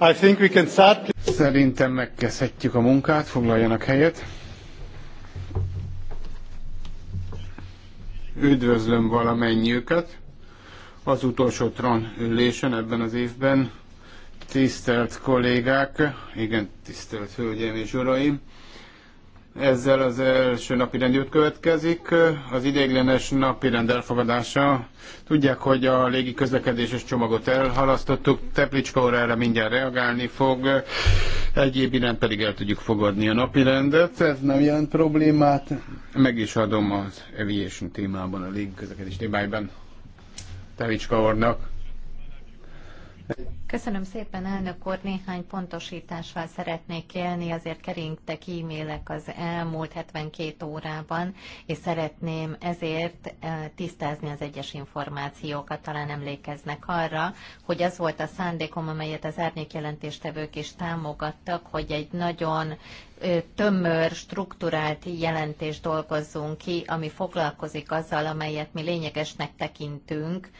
I think we can start. Szerintem megkezdhetjük a munkát, foglaljanak helyet. Üdvözlöm valamennyiüket az utolsó tron ülésen ebben az évben. Tisztelt kollégák, igen, tisztelt hölgyeim és uraim, ezzel az első napi rendjút következik, az ideiglenes napi rend elfogadása. Tudják, hogy a légi közlekedéses csomagot elhalasztottuk, Teplicska órára mindjárt reagálni fog, egyéb iránt pedig el tudjuk fogadni a napi rendet. Ez nem jelent problémát. Meg is adom az aviation témában, a légi közlekedés témájában Teplicska ornak. Köszönöm szépen, elnök úr. Néhány pontosítással szeretnék kérni, azért keringtek e-mailek az elmúlt 72 órában, és szeretném ezért eh, tisztázni az egyes információkat. Talán emlékeznek arra, hogy az volt a szándékom, amelyet az árnyékjelentéstevők is támogattak, hogy egy nagyon eh, tömör, strukturált jelentést dolgozzunk ki, ami foglalkozik azzal, amelyet mi lényegesnek tekintünk,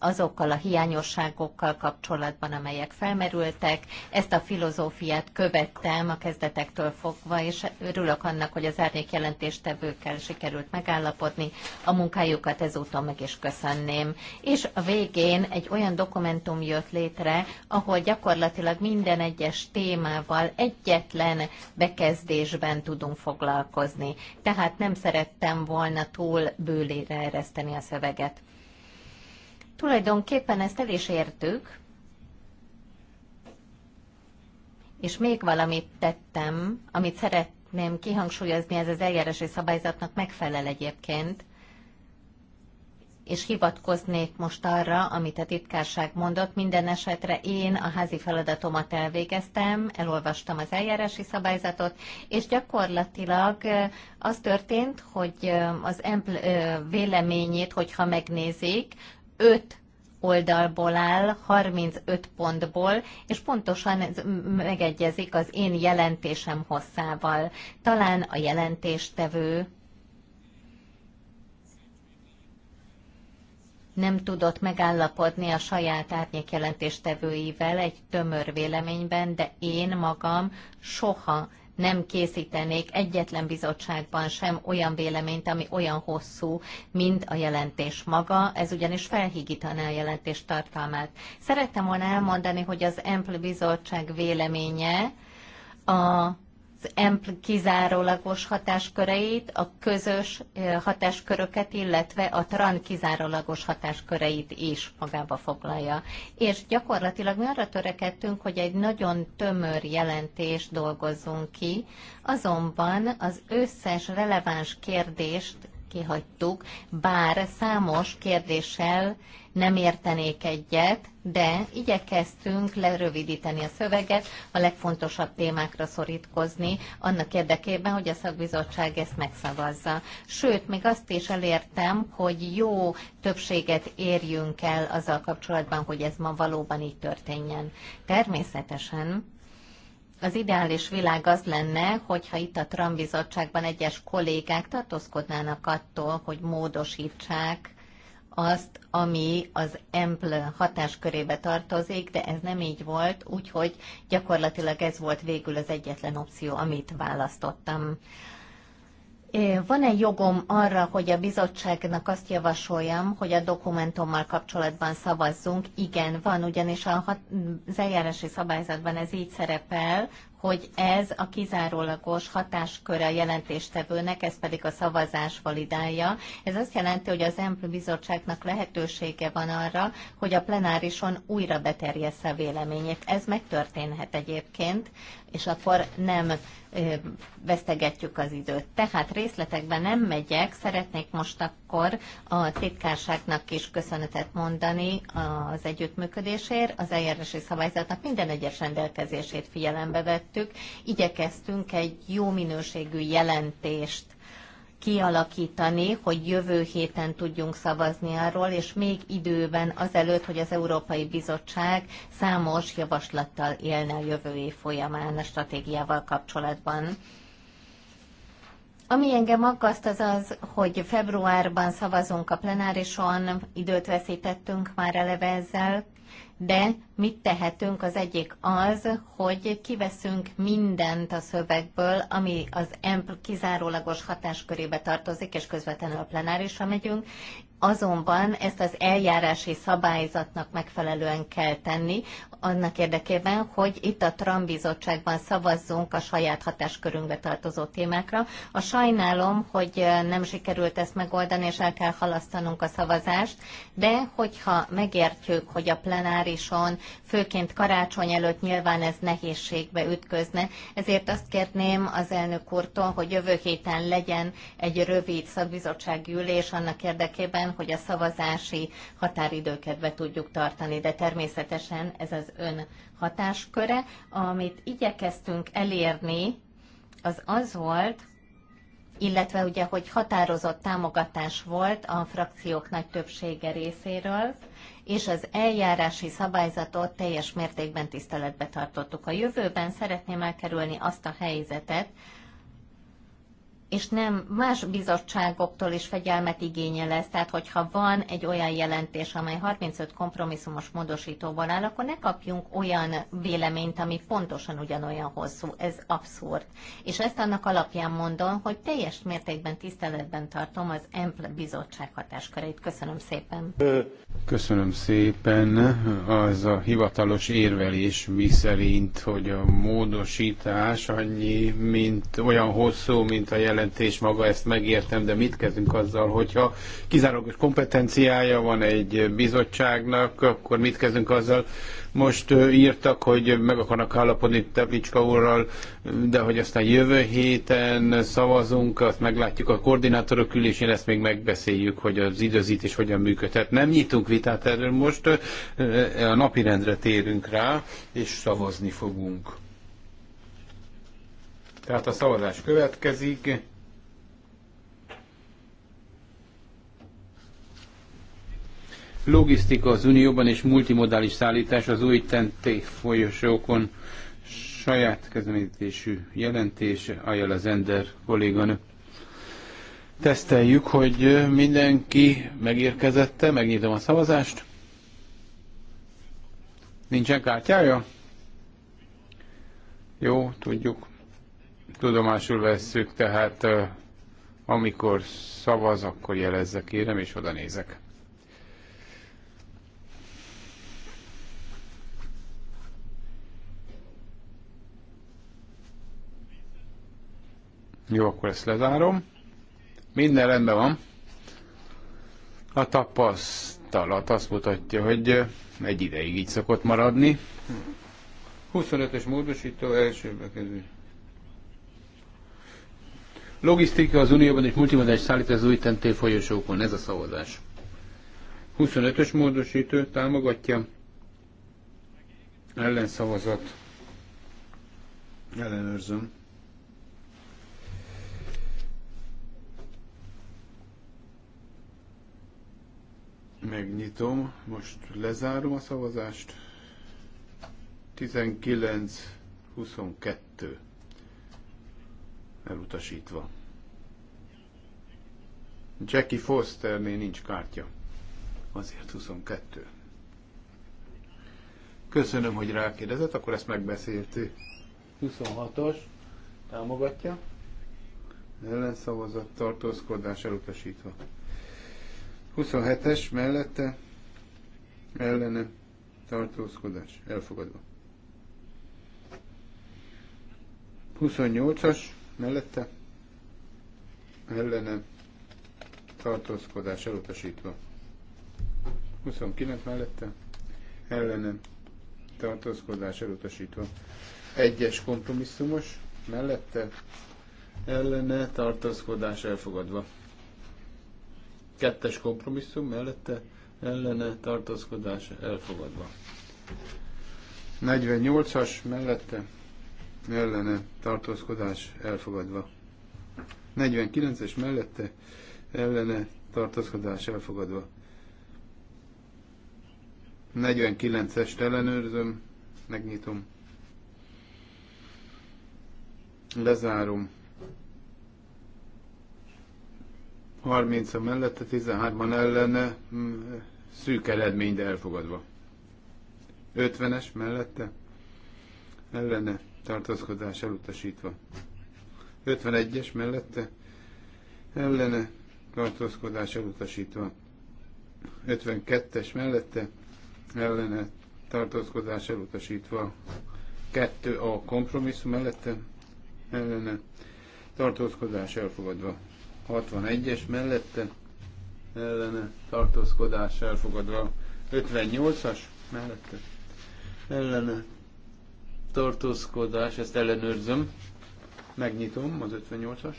azokkal a hiányosságokkal kapcsolatban, amelyek felmerültek. Ezt a filozófiát követtem a kezdetektől fogva, és örülök annak, hogy az árnyék jelentéstevőkkel sikerült megállapodni. A munkájukat ezúton meg is köszönném. És a végén egy olyan dokumentum jött létre, ahol gyakorlatilag minden egyes témával egyetlen bekezdésben tudunk foglalkozni. Tehát nem szerettem volna túl bőlére ereszteni a szöveget. Tulajdonképpen ezt el is értük, és még valamit tettem, amit szeretném kihangsúlyozni, ez az eljárási szabályzatnak megfelel egyébként, és hivatkoznék most arra, amit a titkárság mondott. Minden esetre én a házi feladatomat elvégeztem, elolvastam az eljárási szabályzatot, és gyakorlatilag az történt, hogy az EMPL véleményét, hogyha megnézik, 5 oldalból áll, 35 pontból, és pontosan ez megegyezik az én jelentésem hosszával. Talán a jelentéstevő nem tudott megállapodni a saját árnyék jelentéstevőivel egy tömör véleményben, de én magam soha nem készítenék egyetlen bizottságban sem olyan véleményt, ami olyan hosszú, mint a jelentés maga, ez ugyanis felhigítaná a jelentés tartalmát. Szerettem volna elmondani, hogy az Ample bizottság véleménye a EMPL kizárólagos hatásköreit, a közös hatásköröket, illetve a TRAN kizárólagos hatásköreit is magába foglalja. És gyakorlatilag mi arra törekedtünk, hogy egy nagyon tömör jelentést dolgozzunk ki, azonban az összes releváns kérdést kihagytuk, bár számos kérdéssel nem értenék egyet, de igyekeztünk lerövidíteni a szöveget, a legfontosabb témákra szorítkozni, annak érdekében, hogy a szakbizottság ezt megszavazza. Sőt, még azt is elértem, hogy jó többséget érjünk el azzal kapcsolatban, hogy ez ma valóban így történjen. Természetesen az ideális világ az lenne, hogyha itt a Trump bizottságban egyes kollégák tartózkodnának attól, hogy módosítsák azt, ami az EMPL hatáskörébe tartozik, de ez nem így volt, úgyhogy gyakorlatilag ez volt végül az egyetlen opció, amit választottam. Van-e jogom arra, hogy a bizottságnak azt javasoljam, hogy a dokumentummal kapcsolatban szavazzunk? Igen, van, ugyanis a hat, az eljárási szabályzatban ez így szerepel, hogy ez a kizárólagos hatásköre a jelentéstevőnek, ez pedig a szavazás validálja. Ez azt jelenti, hogy az EMPL bizottságnak lehetősége van arra, hogy a plenárison újra beterjessze a véleményét. Ez megtörténhet egyébként, és akkor nem vesztegetjük az időt. Tehát részletekben nem megyek, szeretnék most a akkor a titkárságnak is köszönetet mondani az együttműködésért, az eljárási szabályzatnak minden egyes rendelkezését figyelembe vettük, igyekeztünk egy jó minőségű jelentést kialakítani, hogy jövő héten tudjunk szavazni arról, és még időben azelőtt, hogy az Európai Bizottság számos javaslattal élne a jövő év folyamán a stratégiával kapcsolatban. Ami engem aggaszt az az, hogy februárban szavazunk a plenárison, időt veszítettünk már eleve ezzel, de mit tehetünk? Az egyik az, hogy kiveszünk mindent a szövegből, ami az EMP kizárólagos hatáskörébe tartozik, és közvetlenül a plenárisra megyünk, Azonban ezt az eljárási szabályzatnak megfelelően kell tenni, annak érdekében, hogy itt a Trump bizottságban szavazzunk a saját hatáskörünkbe tartozó témákra. A sajnálom, hogy nem sikerült ezt megoldani, és el kell halasztanunk a szavazást, de hogyha megértjük, hogy a plenárison, főként karácsony előtt nyilván ez nehézségbe ütközne, ezért azt kérném az elnök úrtól, hogy jövő héten legyen egy rövid szakbizottsági ülés annak érdekében, ügyben, hogy a szavazási határidőket be tudjuk tartani, de természetesen ez az ön hatásköre. Amit igyekeztünk elérni, az az volt, illetve ugye, hogy határozott támogatás volt a frakciók nagy többsége részéről, és az eljárási szabályzatot teljes mértékben tiszteletbe tartottuk. A jövőben szeretném elkerülni azt a helyzetet, és nem más bizottságoktól is fegyelmet igénye lesz. Tehát, hogyha van egy olyan jelentés, amely 35 kompromisszumos módosítóval áll, akkor ne kapjunk olyan véleményt, ami pontosan ugyanolyan hosszú. Ez abszurd. És ezt annak alapján mondom, hogy teljes mértékben tiszteletben tartom az EMPL bizottság hatásköreit. Köszönöm szépen. Köszönöm szépen. Az a hivatalos érvelés mi szerint, hogy a módosítás annyi, mint olyan hosszú, mint a jelentés jelentés maga, ezt megértem, de mit kezdünk azzal, hogyha kizárólagos kompetenciája van egy bizottságnak, akkor mit kezdünk azzal? Most írtak, hogy meg akarnak állapodni Teplicska úrral, de hogy aztán jövő héten szavazunk, azt meglátjuk a koordinátorok ülésén, ezt még megbeszéljük, hogy az időzítés hogyan működhet. Nem nyitunk vitát erről most, a napirendre térünk rá, és szavazni fogunk. Tehát a szavazás következik. Logisztika az Unióban és multimodális szállítás az új TNT folyosókon saját kezdeményezésű jelentés, Ajel az Ender kolléganő. Teszteljük, hogy mindenki megérkezette, megnyitom a szavazást. Nincsen kártyája? Jó, tudjuk tudomásul vesszük, tehát amikor szavaz, akkor jelezze kérem, és oda nézek. Jó, akkor ezt lezárom. Minden rendben van. A tapasztalat azt mutatja, hogy egy ideig így szokott maradni. 25-ös módosító első bekezdés. Logisztika az Unióban és multimodális szállítás az új tenté folyosókon. Ez a szavazás. 25-ös módosítő támogatja. Ellenszavazat. Ellenőrzöm. Megnyitom, most lezárom a szavazást. 19-22 elutasítva. Jackie Fosternél nincs kártya, azért 22. Köszönöm, hogy rákérdezett, akkor ezt megbeszéltük. 26-os támogatja, ellenszavazat, tartózkodás elutasítva. 27-es mellette ellene tartózkodás elfogadva. 28-as mellette ellene tartózkodás elutasítva. 29 mellette ellene tartózkodás elutasítva. Egyes kompromisszumos mellette ellene tartózkodás elfogadva. Kettes kompromisszum mellette ellene tartózkodás elfogadva. 48-as mellette ellene tartózkodás elfogadva. 49-es mellette ellene tartózkodás elfogadva. 49-est ellenőrzöm, megnyitom, lezárom. 30 a mellette, 13-an ellene, szűk eredmény, de elfogadva. 50-es mellette, ellene tartózkodás elutasítva. 51-es mellette ellene tartózkodás elutasítva. 52-es mellette ellene tartózkodás elutasítva. 2 a kompromisszum mellette ellene tartózkodás elfogadva. 61-es mellette ellene tartózkodás elfogadva. 58-as mellette ellene tartózkodás, ezt ellenőrzöm. Megnyitom az 58-ast.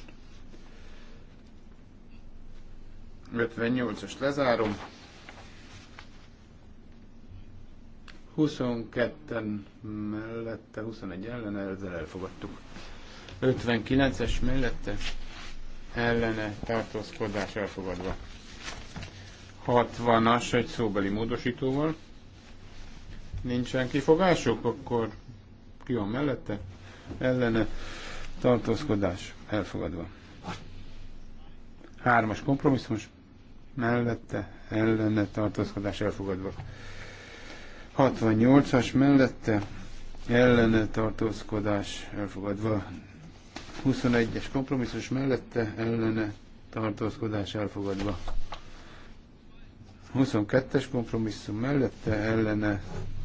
58-ast lezárom. 22-en mellette, 21 ellen, ezzel elfogadtuk. 59-es mellette ellene tartózkodás elfogadva. 60-as egy szóbeli módosítóval. Nincsen kifogások, akkor ki van mellette, ellene, tartózkodás, elfogadva. Hármas kompromisszumos, mellette, ellene, tartózkodás, elfogadva. 68-as mellette, ellene, tartózkodás, elfogadva. 21-es kompromisszumos mellette, ellene, tartózkodás, elfogadva. 22-es kompromisszum mellette, ellene,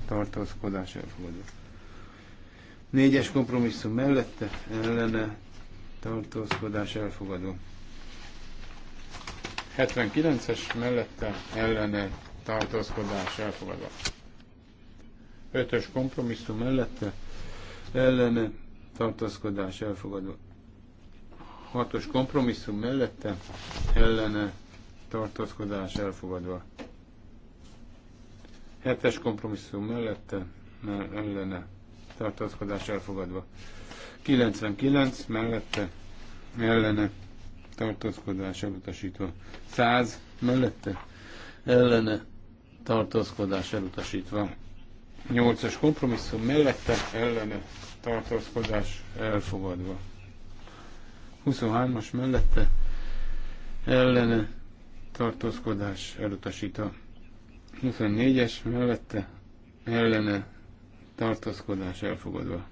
tartózkodás, elfogadva. Négyes kompromisszum mellette ellene tartózkodás elfogadó. 79-es mellette ellene tartózkodás elfogadva. 5-ös kompromisszum mellette ellene tartózkodás elfogadva. 6-os kompromisszum mellette ellene tartózkodás elfogadva. 7-es kompromisszum mellette ellene tartózkodás elfogadva. 99 mellette ellene tartózkodás elutasítva. 100 mellette ellene tartózkodás elutasítva. 8-as kompromisszum mellette ellene tartózkodás elfogadva. 23-as mellette ellene tartózkodás elutasítva. 24-es mellette ellene tartaszkodás elfogadva.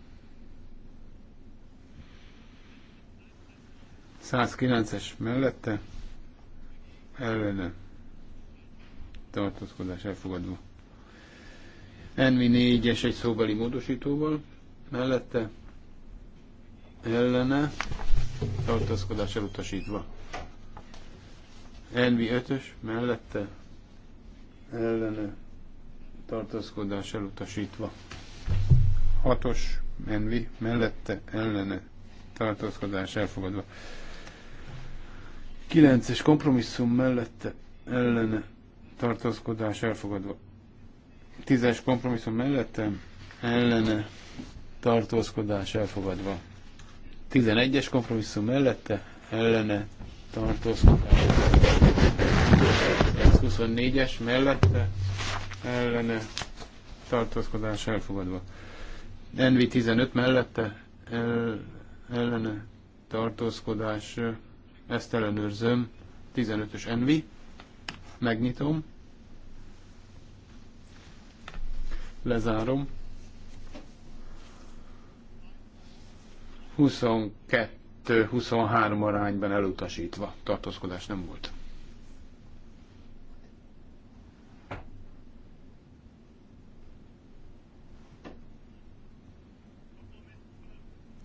109-es mellette ellene tartózkodás elfogadva. Envi 4-es egy szóbeli módosítóval mellette ellene tartózkodás elutasítva. Envi 5-ös mellette ellene tartózkodás elutasítva. Hatos menvi mellette ellene tartózkodás elfogadva. Kilences kompromisszum mellette ellene tartózkodás elfogadva. Tízes kompromisszum mellette ellene tartózkodás elfogadva. Tizenegyes kompromisszum mellette ellene tartózkodás elfogadva. 24-es mellette ellene tartózkodás elfogadva. NV15 mellette el, ellene tartózkodás, ezt ellenőrzöm, 15-ös NV, megnyitom, lezárom, 22-23 arányban elutasítva tartózkodás nem volt.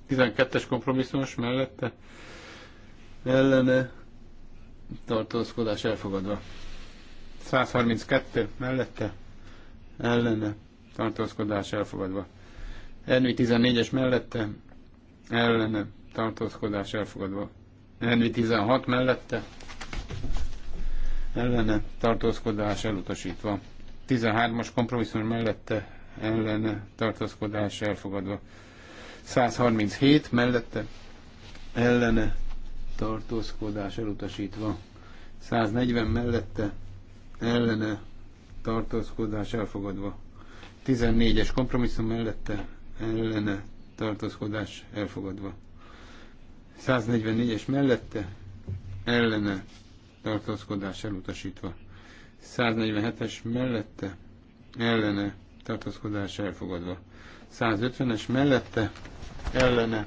12-es kompromisszumos mellette ellene tartózkodás elfogadva. 132 mellette ellene tartózkodás elfogadva. Envi 14-es mellette ellene tartózkodás elfogadva. Envi 16 mellette ellene tartózkodás elutasítva. 13-as kompromisszum mellette ellene tartózkodás elfogadva. 137 mellette ellene tartózkodás elutasítva. 140 mellette ellene tartózkodás elfogadva. 14-es kompromisszum mellette ellene tartózkodás elfogadva. 144-es mellette ellene tartózkodás elutasítva. 147-es mellette ellene tartózkodás elfogadva. 150-es mellette ellene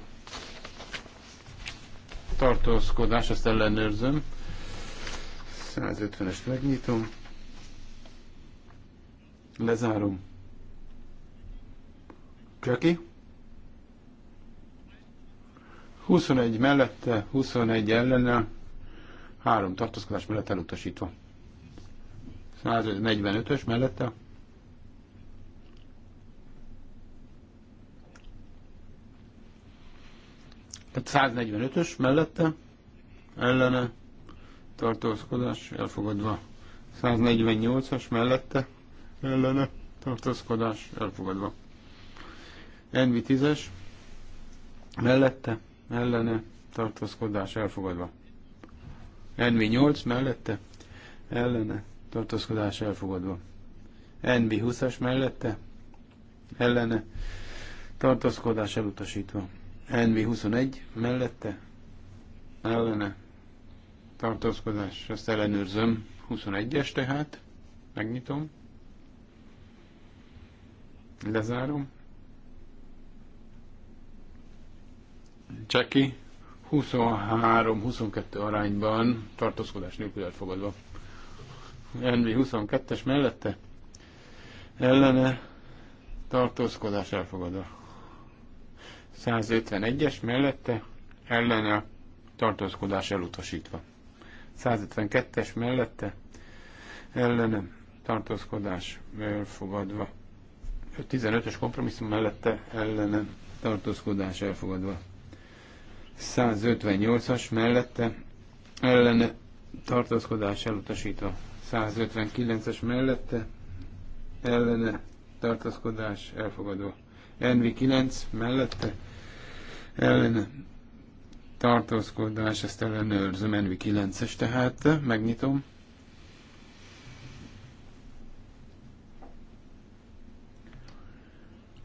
tartózkodás, azt ellenőrzöm. 150-est megnyitom. Lezárom. Csöki. 21 mellette, 21 ellene, 3 tartózkodás mellett elutasítva. 145-ös mellette, 145-ös mellette ellene tartózkodás elfogadva. 148-as mellette ellene tartózkodás elfogadva. Envi 10-es mellette ellene tartózkodás elfogadva. Envi 8 mellette ellene tartózkodás elfogadva. Envi 20-as mellette ellene tartózkodás elutasítva. NV21 mellette ellene tartózkodás, ezt ellenőrzöm. 21-es tehát, megnyitom, lezárom. Cseki 23-22 arányban tartózkodás nélkül elfogadva. NV 22-es mellette ellene tartózkodás elfogadva. 151-es mellette ellene tartózkodás elutasítva. 152-es mellette ellene tartózkodás elfogadva. 15-ös kompromisszum mellette ellene tartózkodás elfogadva. 158-as mellette ellene tartózkodás elutasítva. 159-es mellette ellene tartózkodás elfogadva. Envi 9 mellette ellen tartózkodás, ezt ellenőrzöm, Envi 9-es tehát, megnyitom.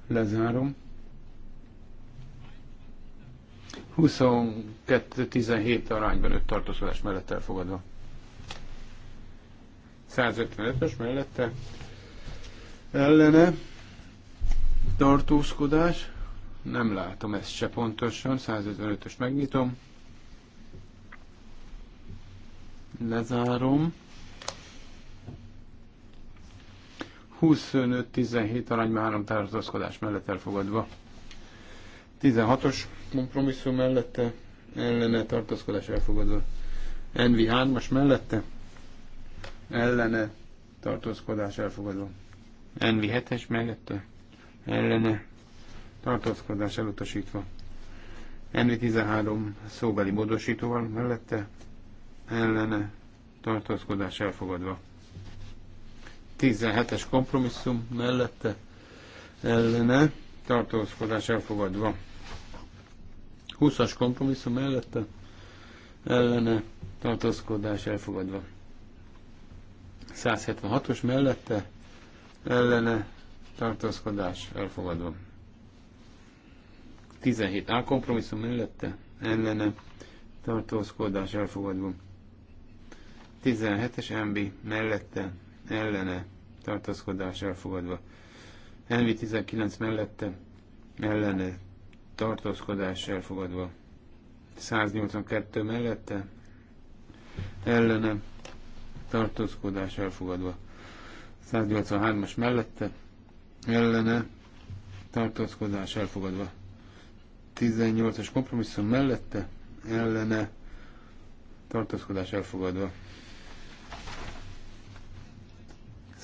Lezárom. 22-17 arányban 5 tartózkodás mellett elfogadva. 155-ös mellette ellene tartózkodás nem látom ezt se pontosan. 155-ös megnyitom. Lezárom. 25-17 arányban három tartózkodás mellett elfogadva. 16-os kompromisszum mellette ellene tartózkodás elfogadva. NV3-as mellette ellene tartózkodás elfogadva. NV7-es mellette ellene tartózkodás elutasítva. MD13 szóbeli módosítóval mellette ellene tartózkodás elfogadva. 17-es kompromisszum mellette ellene tartózkodás elfogadva. 20-as kompromisszum mellette ellene tartózkodás elfogadva. 176-os mellette ellene tartózkodás elfogadva. 17 A kompromisszum mellette ellene tartózkodás elfogadva. 17-es MB mellette ellene tartózkodás elfogadva. NV 19 mellette ellene tartózkodás elfogadva. 182 mellette ellene tartózkodás elfogadva. 183-as mellette ellene tartózkodás elfogadva. 18-as kompromisszum mellette ellene tartózkodás elfogadva.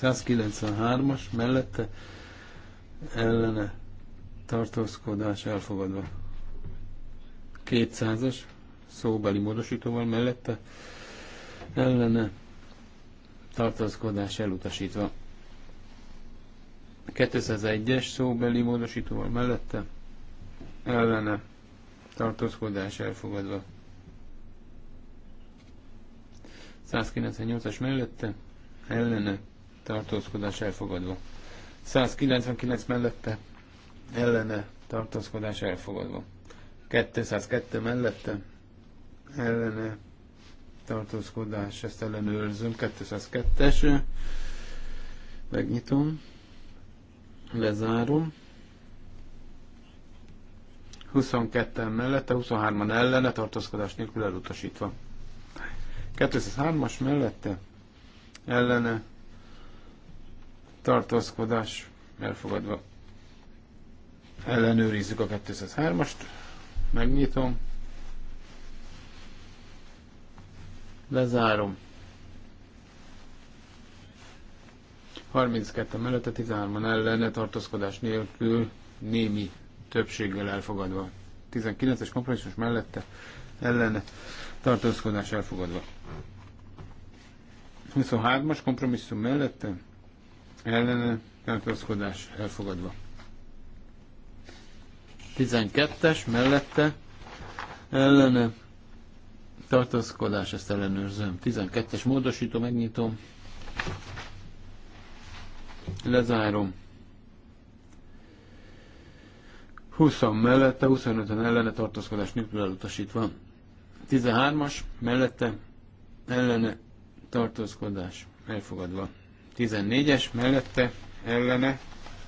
193-as mellette ellene tartózkodás elfogadva. 200-as szóbeli módosítóval mellette ellene tartózkodás elutasítva. 201-es szóbeli módosítóval mellette ellene tartózkodás elfogadva. 198-as mellette ellene tartózkodás elfogadva. 199 mellette ellene tartózkodás elfogadva. 202 mellette ellene tartózkodás, ezt ellenőrzöm, 202-es, megnyitom, lezárom, 22-en mellette, 23-an ellene, tartózkodás nélkül elutasítva. 203-as mellette, ellene, tartózkodás elfogadva. Ellenőrizzük a 203-ast, megnyitom, lezárom. 32 mellette, 13-an ellene, tartózkodás nélkül, némi többséggel elfogadva. 19-es kompromisszus mellette ellene tartózkodás elfogadva. 23-as kompromisszum mellette ellene tartózkodás elfogadva. 12-es mellette ellene tartózkodás, ezt ellenőrzöm. 12-es módosító, megnyitom. Lezárom. 20 mellette, 25-en ellene tartózkodás nélkül elutasítva. 13-as mellette ellene tartózkodás elfogadva. 14-es mellette ellene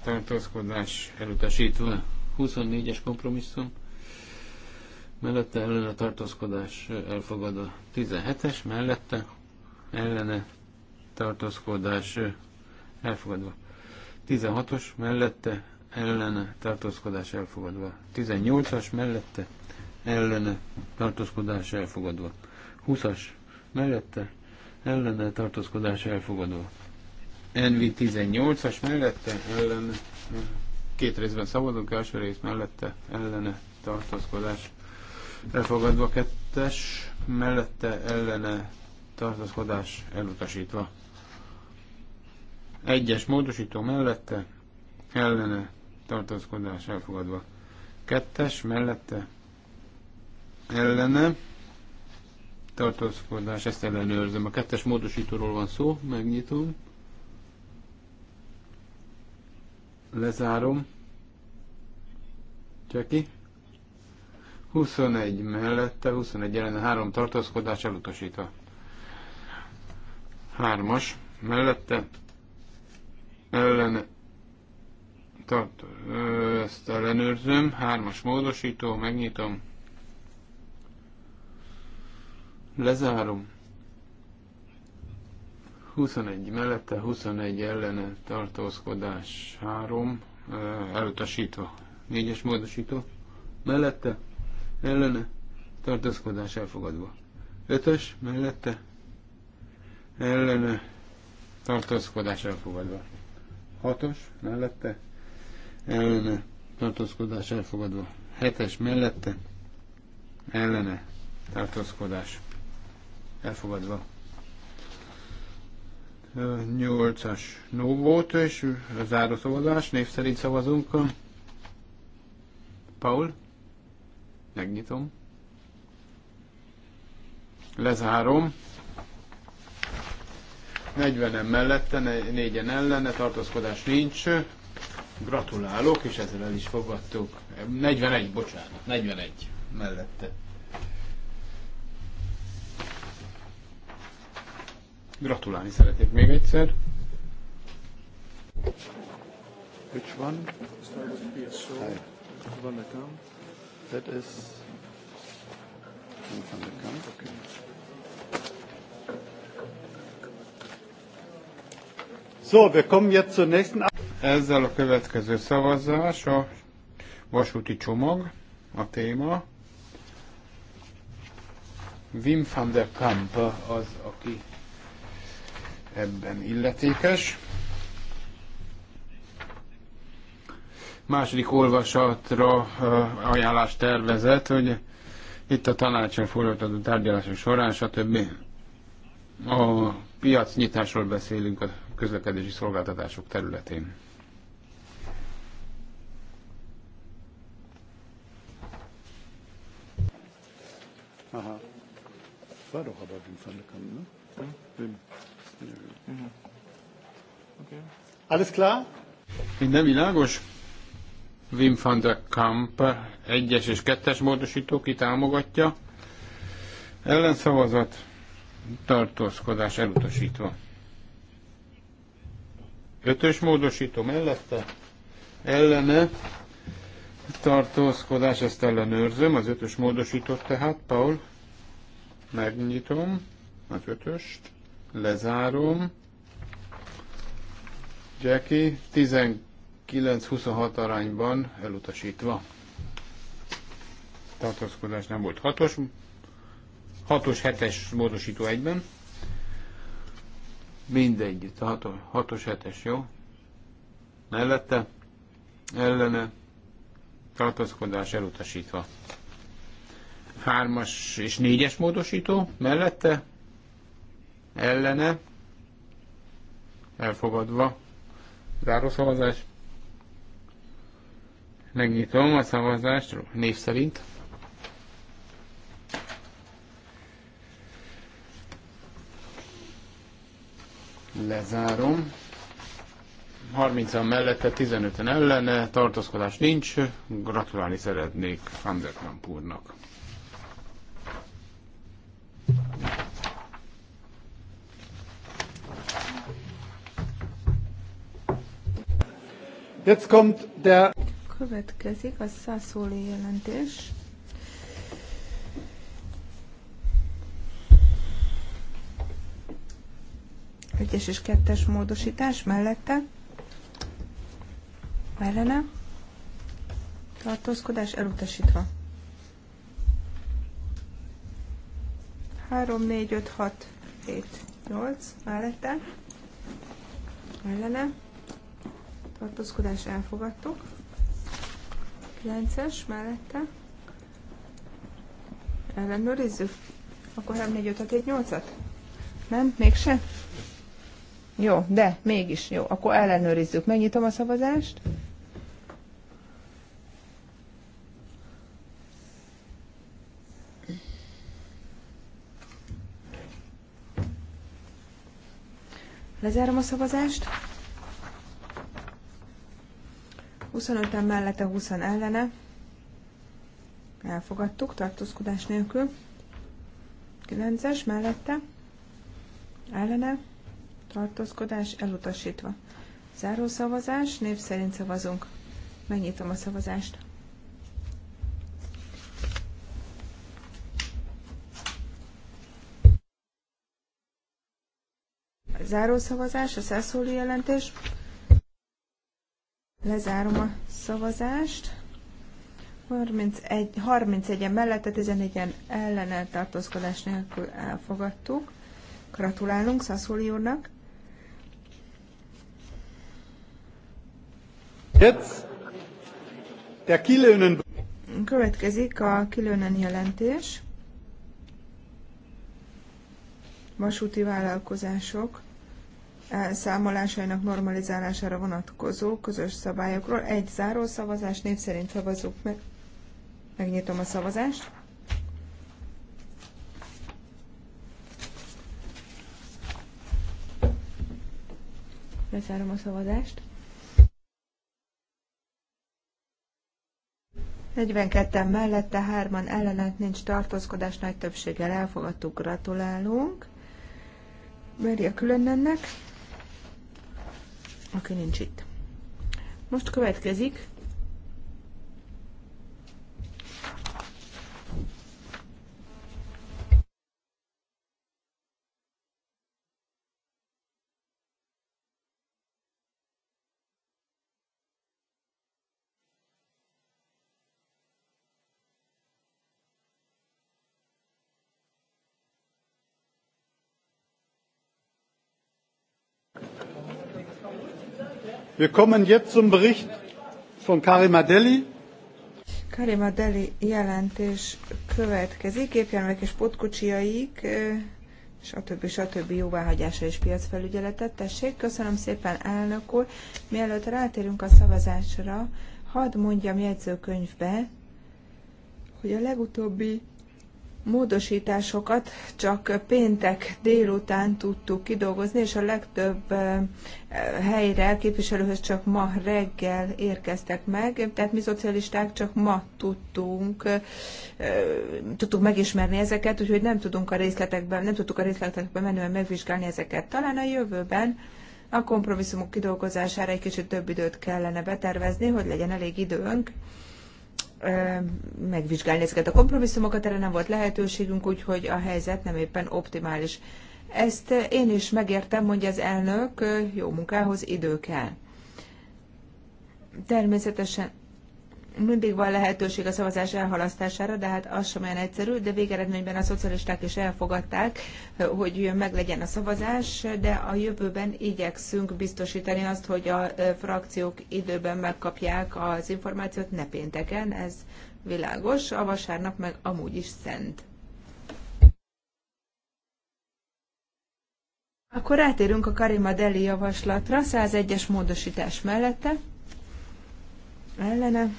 tartózkodás elutasítva. 24-es kompromisszum mellette ellene tartózkodás elfogadva. 17-es mellette ellene tartózkodás elfogadva. 16-os mellette ellene tartózkodás elfogadva. 18-as mellette ellene tartózkodás elfogadva. 20-as mellette ellene tartózkodás elfogadva. Envi 18-as mellette ellene két részben szavazunk, első rész mellette ellene tartózkodás elfogadva, kettes mellette ellene tartózkodás elutasítva. Egyes módosító mellette ellene tartózkodás elfogadva. Kettes mellette ellene tartózkodás, ezt ellenőrzöm. A kettes módosítóról van szó, megnyitom. Lezárom. Cseki. 21 mellette, 21 ellene, 3 tartózkodás elutasítva. 3-as mellette, ellene tart, ezt ellenőrzöm, hármas módosító, megnyitom, lezárom, 21 mellette, 21 ellene tartózkodás 3, elutasítva, 4-es módosító, mellette, ellene, tartózkodás elfogadva, 5-ös, mellette, ellene, tartózkodás elfogadva, 6-os, mellette, ellene tartózkodás elfogadva. Hetes mellette ellene tartózkodás elfogadva. Nyolcas no volt, és a záró szavazás, név szerint szavazunk. Paul, megnyitom. Lezárom. 40 mellette, 4-en ellene, tartózkodás nincs. Gratulálok, és ezzel el is fogadtuk. 41, bocsánat, 41 mellette. Gratulálni szeretnék még egyszer. Which one? Van That is Van the camp. Okay. So, wir kommen jetzt zur nächsten ezzel a következő szavazás a vasúti csomag, a téma. Wim van der Kamp az, aki ebben illetékes. Második olvasatra eh, ajánlást tervezett, hogy itt a tanácson folytatott tárgyalások során, stb. A piacnyitásról beszélünk a közlekedési szolgáltatások területén. Aha. War doch aber den van de ne? Ja, Wim. Okay. Alles klar? Minden világos? Wim van der Kamp egyes és kettes módosító ki támogatja. Ellenszavazat, tartózkodás elutasítva. Ötös módosító mellette, ellene tartózkodás, ezt ellenőrzöm, az ötös módosított tehát, Paul, megnyitom az ötöst, lezárom, Jackie, 19-26 arányban elutasítva. Tartózkodás nem volt hatos, hatos, hetes módosító egyben. Mindegy, a hatos, hatos, hetes, jó? Mellette, ellene, tartózkodás elutasítva. Hármas és négyes módosító mellette, ellene, elfogadva, zárószavazás. Megnyitom a szavazást név szerint. Lezárom. 30-an mellette, 15-en ellene, tartózkodás nincs. Gratulálni szeretnék Van der Kamp úrnak. Jetzt kommt der Következik a szászóli jelentés. Egyes és kettes módosítás mellette ellene, tartózkodás elutasítva. 3, 4, 5, 6, 7, 8 mellette, ellene, tartózkodás elfogadtuk. 9-es mellette, ellenőrizzük. Akkor 3, 4, 5, 6, 7, 8-at? Nem? Mégse? Jó, de mégis jó. Akkor ellenőrizzük. Megnyitom a szavazást. Lezárom a szavazást. 25-en mellette, 20 ellene. Elfogadtuk, tartózkodás nélkül. 9-es mellette, ellene, tartózkodás elutasítva. Záró szavazás, név szerint szavazunk. Megnyitom a szavazást. zárószavazás, a szászóli jelentés. Lezárom a szavazást. 31, 31-en mellette, 11-en ellene tartózkodás nélkül elfogadtuk. Gratulálunk Szaszóli úrnak. Következik a kilőnen jelentés. Vasúti vállalkozások. E, számolásainak normalizálására vonatkozó közös szabályokról. Egy záró szavazás, név szerint szavazunk meg. Megnyitom a szavazást. Lezárom a szavazást. 42-en mellette, hárman ellenet nincs tartózkodás, nagy többséggel elfogadtuk, gratulálunk. külön ennek aki nincs itt. Most következik Wir kommen jetzt zum Bericht von Karima Deli. Karima Deli jelentés következik, gépjárművek és potkocsiaik, stb. stb. jóváhagyása és piacfelügyeletet. Tessék, köszönöm szépen, elnök úr. Mielőtt rátérünk a szavazásra, hadd mondjam jegyzőkönyvbe, hogy a legutóbbi módosításokat csak péntek délután tudtuk kidolgozni, és a legtöbb helyre képviselőhöz csak ma reggel érkeztek meg, tehát mi szocialisták csak ma tudtunk, tudtuk megismerni ezeket, úgyhogy nem tudunk a részletekben, nem tudtuk a részletekben menően megvizsgálni ezeket. Talán a jövőben a kompromisszumok kidolgozására egy kicsit több időt kellene betervezni, hogy legyen elég időnk megvizsgálni ezeket a kompromisszumokat, erre nem volt lehetőségünk, úgyhogy a helyzet nem éppen optimális. Ezt én is megértem, mondja az elnök, jó munkához idő kell. Természetesen mindig van lehetőség a szavazás elhalasztására, de hát az sem olyan egyszerű, de végeredményben a szocialisták is elfogadták, hogy meg legyen a szavazás, de a jövőben igyekszünk biztosítani azt, hogy a frakciók időben megkapják az információt, ne pénteken, ez világos, a vasárnap meg amúgy is szent. Akkor rátérünk a Karima Deli javaslatra, 101-es módosítás mellette, ellene,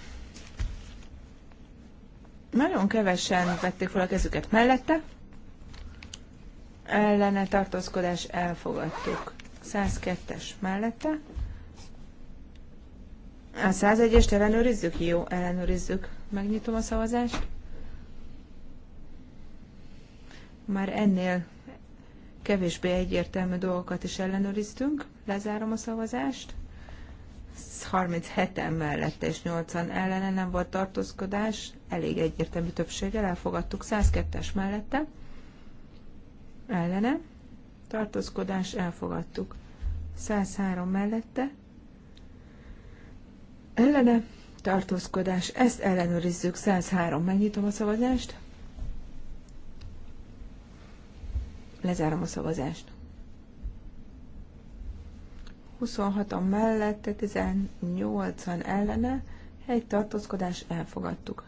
nagyon kevesen vették fel a kezüket mellette. Ellene tartózkodás elfogadtuk. 102-es mellette. A 101-est ellenőrizzük? Jó, ellenőrizzük. Megnyitom a szavazást. Már ennél kevésbé egyértelmű dolgokat is ellenőriztünk. Lezárom a szavazást. 37-en mellette és 80 ellene nem volt tartózkodás, elég egyértelmű többséggel elfogadtuk 102-es mellette, ellene, tartózkodás elfogadtuk 103 mellette, ellene, tartózkodás, ezt ellenőrizzük 103, megnyitom a szavazást, lezárom a szavazást. 26-an mellette, 18-an ellene, egy tartózkodás elfogadtuk.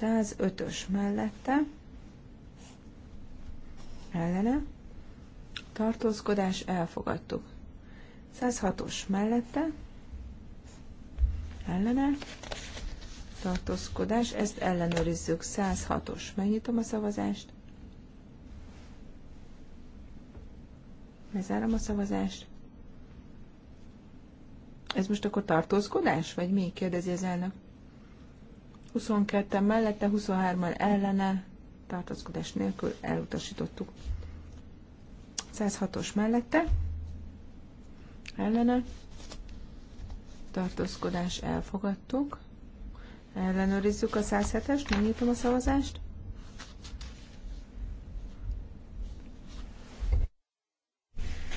105-ös mellette, ellene, tartózkodás elfogadtuk. 106-os mellette, ellene, tartózkodás, ezt ellenőrizzük. 106-os, megnyitom a szavazást. Bezárom a szavazást. Ez most akkor tartózkodás, vagy mi? kérdezi az elnök. 22-en mellette, 23-an ellene, tartózkodás nélkül elutasítottuk. 106-os mellette, ellene, tartózkodás elfogadtuk. Ellenőrizzük a 107-est, megnyitom a szavazást.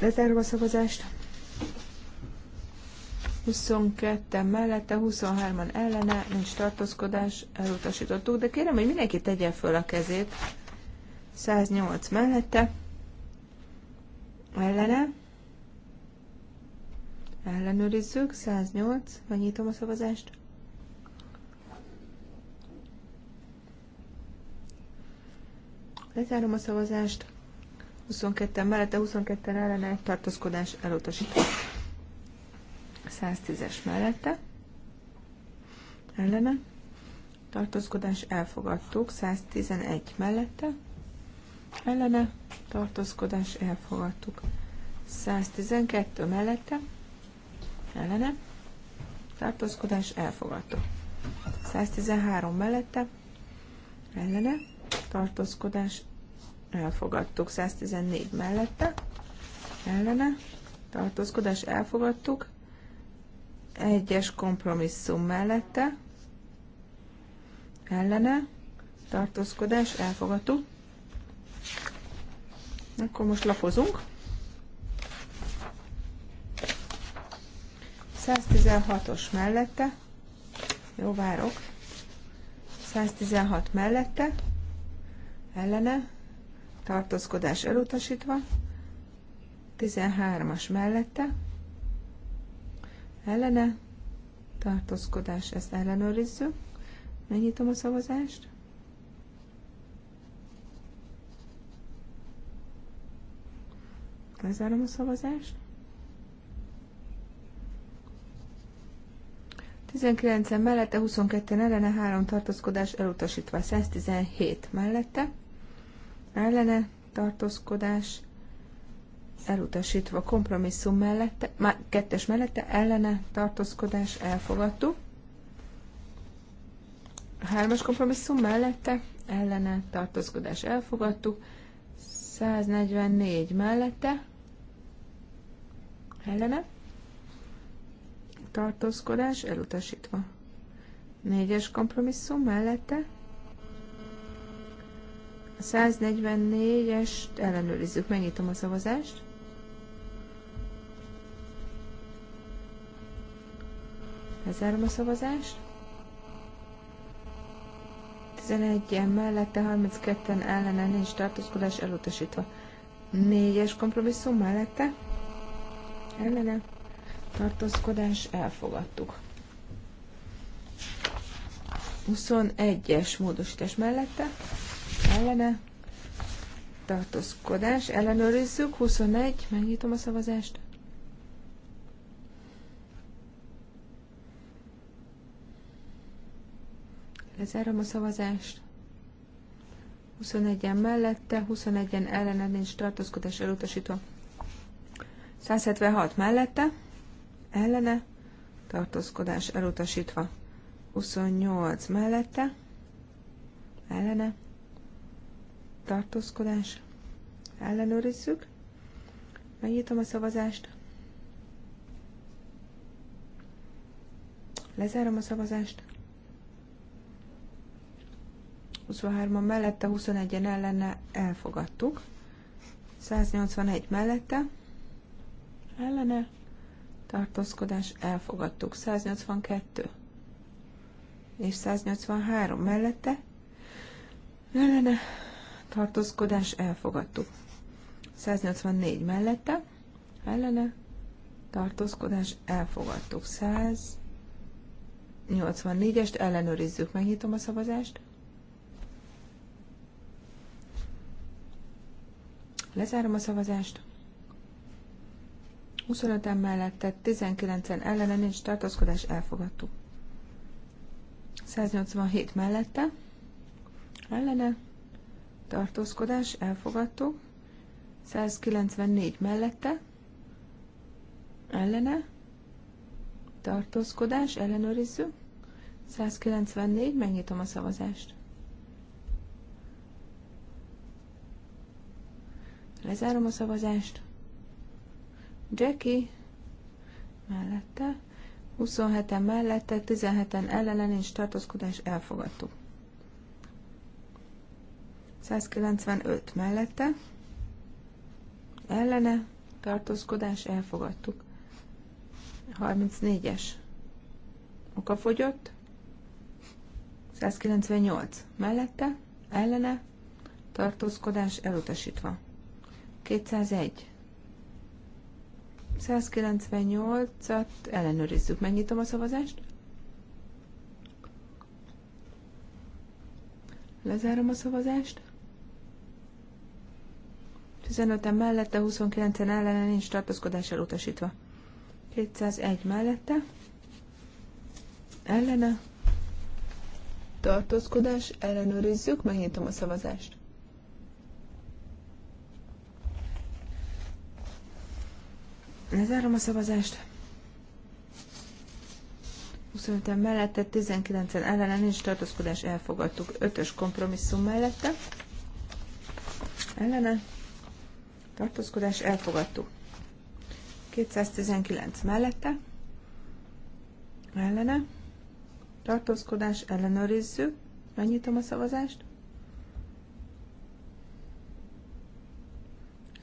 Lezárom a szavazást. 22-en mellette, 23-an ellene, nincs tartózkodás, elutasítottuk, de kérem, hogy mindenki tegye föl a kezét. 108 mellette, ellene, ellenőrizzük, 108, megnyitom a szavazást. Lezárom a szavazást. 22-en mellette, 22-en ellene, tartózkodás elutasítottuk. 110-es mellette, ellene, tartózkodás elfogadtuk, 111 mellette, ellene, tartózkodás elfogadtuk, 112 mellette, ellene, tartózkodás elfogadtuk, 113 mellette, ellene, tartózkodás elfogadtuk, 114 mellette, ellene, tartózkodás elfogadtuk, egyes kompromisszum mellette, ellene, tartózkodás, elfogadó. Akkor most lapozunk. 116-os mellette, jó, várok. 116 mellette, ellene, tartózkodás elutasítva, 13-as mellette, ellene tartózkodás, ezt ellenőrizzük. Megnyitom a szavazást. Lezárom a szavazást. 19 mellette, 22-en ellene, 3 tartózkodás elutasítva, 117 mellette, ellene tartózkodás elutasítva kompromisszum mellette, már kettes mellette ellene tartózkodás elfogadtuk. A hármas kompromisszum mellette ellene tartózkodás elfogadtuk. 144 mellette ellene tartózkodás elutasítva. Négyes kompromisszum mellette 144-est ellenőrizzük. Megnyitom a szavazást. Lezárom a szavazást. 11-en mellette, 32-en ellene nincs tartózkodás elutasítva. 4-es kompromisszum mellette, ellene tartózkodás elfogadtuk. 21-es módosítás mellette, ellene tartózkodás, ellenőrizzük, 21, megnyitom a szavazást. Lezárom a szavazást. 21-en mellette, 21-en ellened nincs tartózkodás elutasítva. 176 mellette, ellene, tartózkodás elutasítva. 28 mellette, ellene, tartózkodás, ellenőrizzük. Megnyitom a szavazást. Lezárom a szavazást. 23-an mellette, 21-en ellene elfogadtuk. 181 mellette, ellene, tartózkodás elfogadtuk. 182 és 183 mellette, ellene, tartózkodás elfogadtuk. 184 mellette, ellene, tartózkodás elfogadtuk. 184-est ellenőrizzük, megnyitom a szavazást. Lezárom a szavazást. 25 mellette, 19-en ellene nincs tartózkodás, elfogadtuk. 187 mellette, ellene, tartózkodás, elfogadtuk. 194 mellette, ellene, tartózkodás, ellenőrizzük. 194, megnyitom a szavazást. Lezárom a szavazást. Jackie mellette. 27-en mellette, 17-en ellene nincs tartózkodás, elfogadtuk. 195 mellette, ellene tartózkodás, elfogadtuk. 34-es fogyott. 198 mellette, ellene tartózkodás elutasítva. 201. 198-at ellenőrizzük. Megnyitom a szavazást. Lezárom a szavazást. 15-en mellette, 29-en ellen nincs tartozkodás elutasítva. 201 mellette, ellene, tartózkodás, ellenőrizzük, megnyitom a szavazást. Lezárom a szavazást. 25-en mellette, 19-en ellene nincs tartózkodás, elfogadtuk. 5-ös kompromisszum mellette. Ellene. Tartózkodás, elfogadtuk. 219 mellette. Ellene. Tartózkodás, ellenőrizzük. Megnyitom a szavazást.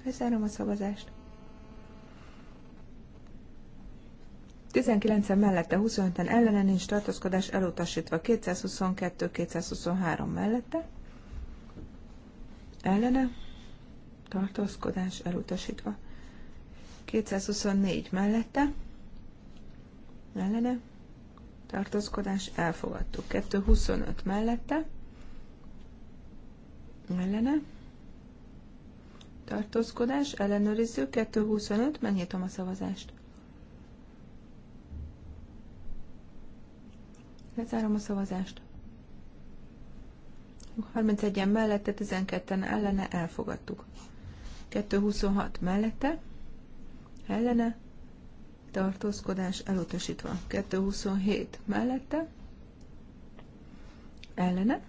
Lezárom a szavazást. 19-en mellette, 25-en ellene nincs tartózkodás elutasítva. 222-223 mellette. Ellene tartózkodás elutasítva. 224 mellette. Ellene tartózkodás elfogadtuk. 225 mellette. Ellene tartózkodás ellenőrizzük. 225 megnyitom a szavazást. Lezárom a szavazást. 31-en mellette, 12-en ellene elfogadtuk. 226 mellette, ellene, tartózkodás elutasítva. 227 mellette, ellene,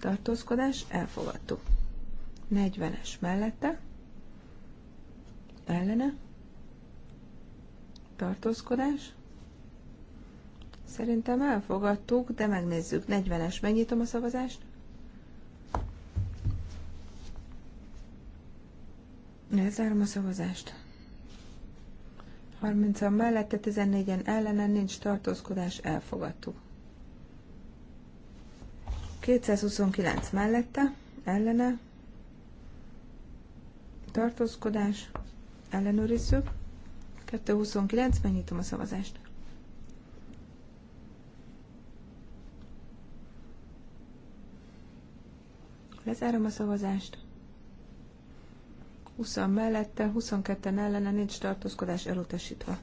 tartózkodás elfogadtuk. 40-es mellette, ellene, tartózkodás Szerintem elfogadtuk, de megnézzük. 40-es, megnyitom a szavazást. Lezárom a szavazást. 30 a mellette, 14-en ellenen nincs tartózkodás, elfogadtuk. 229 mellette, ellene, tartózkodás, ellenőrizzük. 229, megnyitom a szavazást. Lezárom a szavazást. 20 mellette, 22 ellene nincs tartózkodás elutasítva.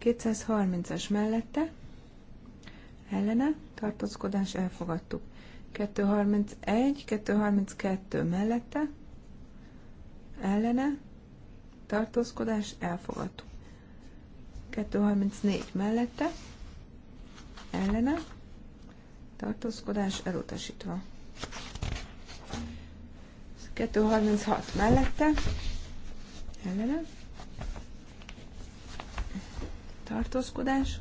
230-as mellette, ellene tartózkodás elfogadtuk. 231, 232 mellette, ellene tartózkodás elfogadtuk. 234 mellette, ellene tartózkodás elutasítva. 236 mellette, ellene, tartózkodás,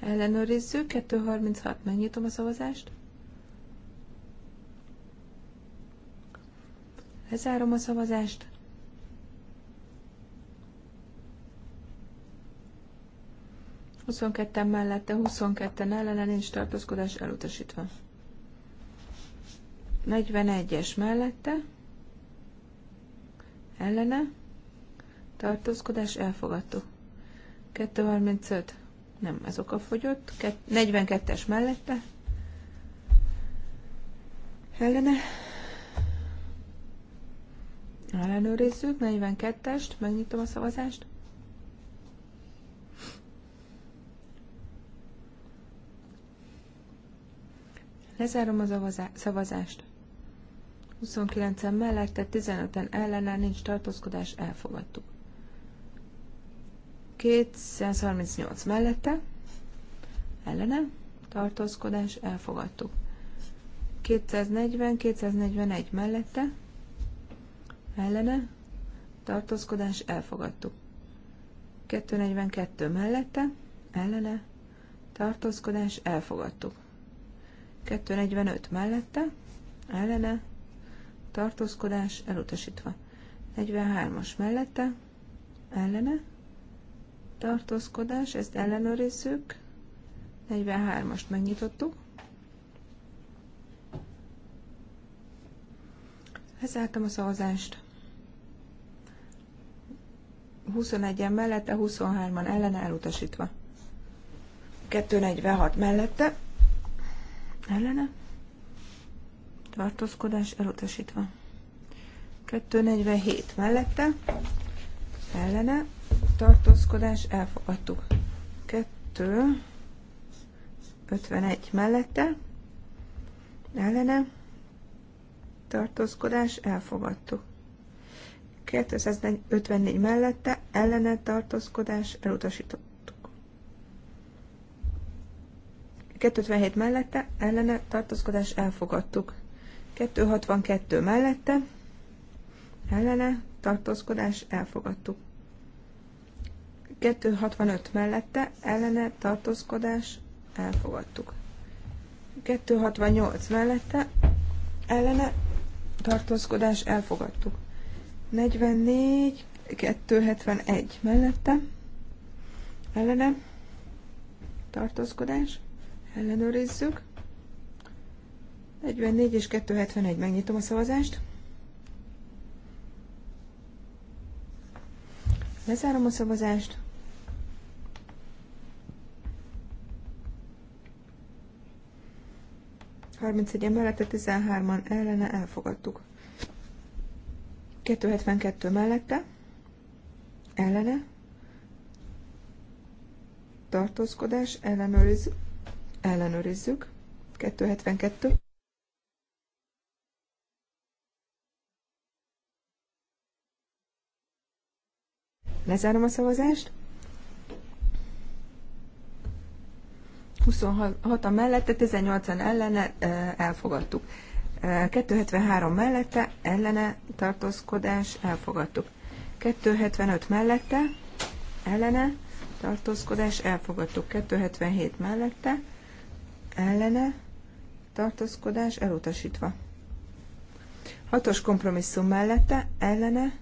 ellenőrizzük, 236, megnyitom a szavazást, lezárom a szavazást, Huszonketten mellette, 22 ellene nincs tartózkodás elutasítva. 41-es mellette, ellene, tartózkodás elfogadtuk. 235, nem, ez oka fogyott. 42-es mellette, ellene, ellenőrizzük, 42-est, megnyitom a szavazást. Lezárom a szavazást. 29-en mellette, 15-en ellene, nincs tartózkodás, elfogadtuk. 238 mellette, ellene, tartózkodás, elfogadtuk. 240, 241 mellette, ellene, tartózkodás, elfogadtuk. 242 mellette, ellene, tartózkodás, elfogadtuk. 245 mellette, ellene, tartózkodás elutasítva. 43-as mellette, ellene, tartózkodás, ezt ellenőrizzük. 43-ast megnyitottuk. Lezártam a szavazást. 21-en mellette, 23-an ellene elutasítva. 246 mellette, ellene, tartózkodás elutasítva. 247 mellette, ellene, tartózkodás elfogadtuk. 251 mellette, ellene, tartózkodás elfogadtuk. 254 mellette, ellene, tartózkodás elutasítottuk. 257 mellette, ellene, tartózkodás elfogadtuk. 262 mellette, ellene, tartózkodás, elfogadtuk. 265 mellette, ellene, tartózkodás, elfogadtuk. 268 mellette, ellene, tartózkodás, elfogadtuk. 44, 271 mellette, ellene, tartózkodás, ellenőrizzük. 44 és 271. Megnyitom a szavazást. Lezárom a szavazást. egy mellette, 13-an ellene elfogadtuk. 272 mellette, ellene, tartózkodás, ellenőrizzük, ellenőrizzük, 272. Lezárom a szavazást. 26 a mellette, 18-an ellene elfogadtuk. 273 mellette, ellene tartózkodás elfogadtuk. 275 mellette, ellene tartózkodás elfogadtuk. 277 mellette, ellene tartózkodás elutasítva. Hatos kompromisszum mellette, ellene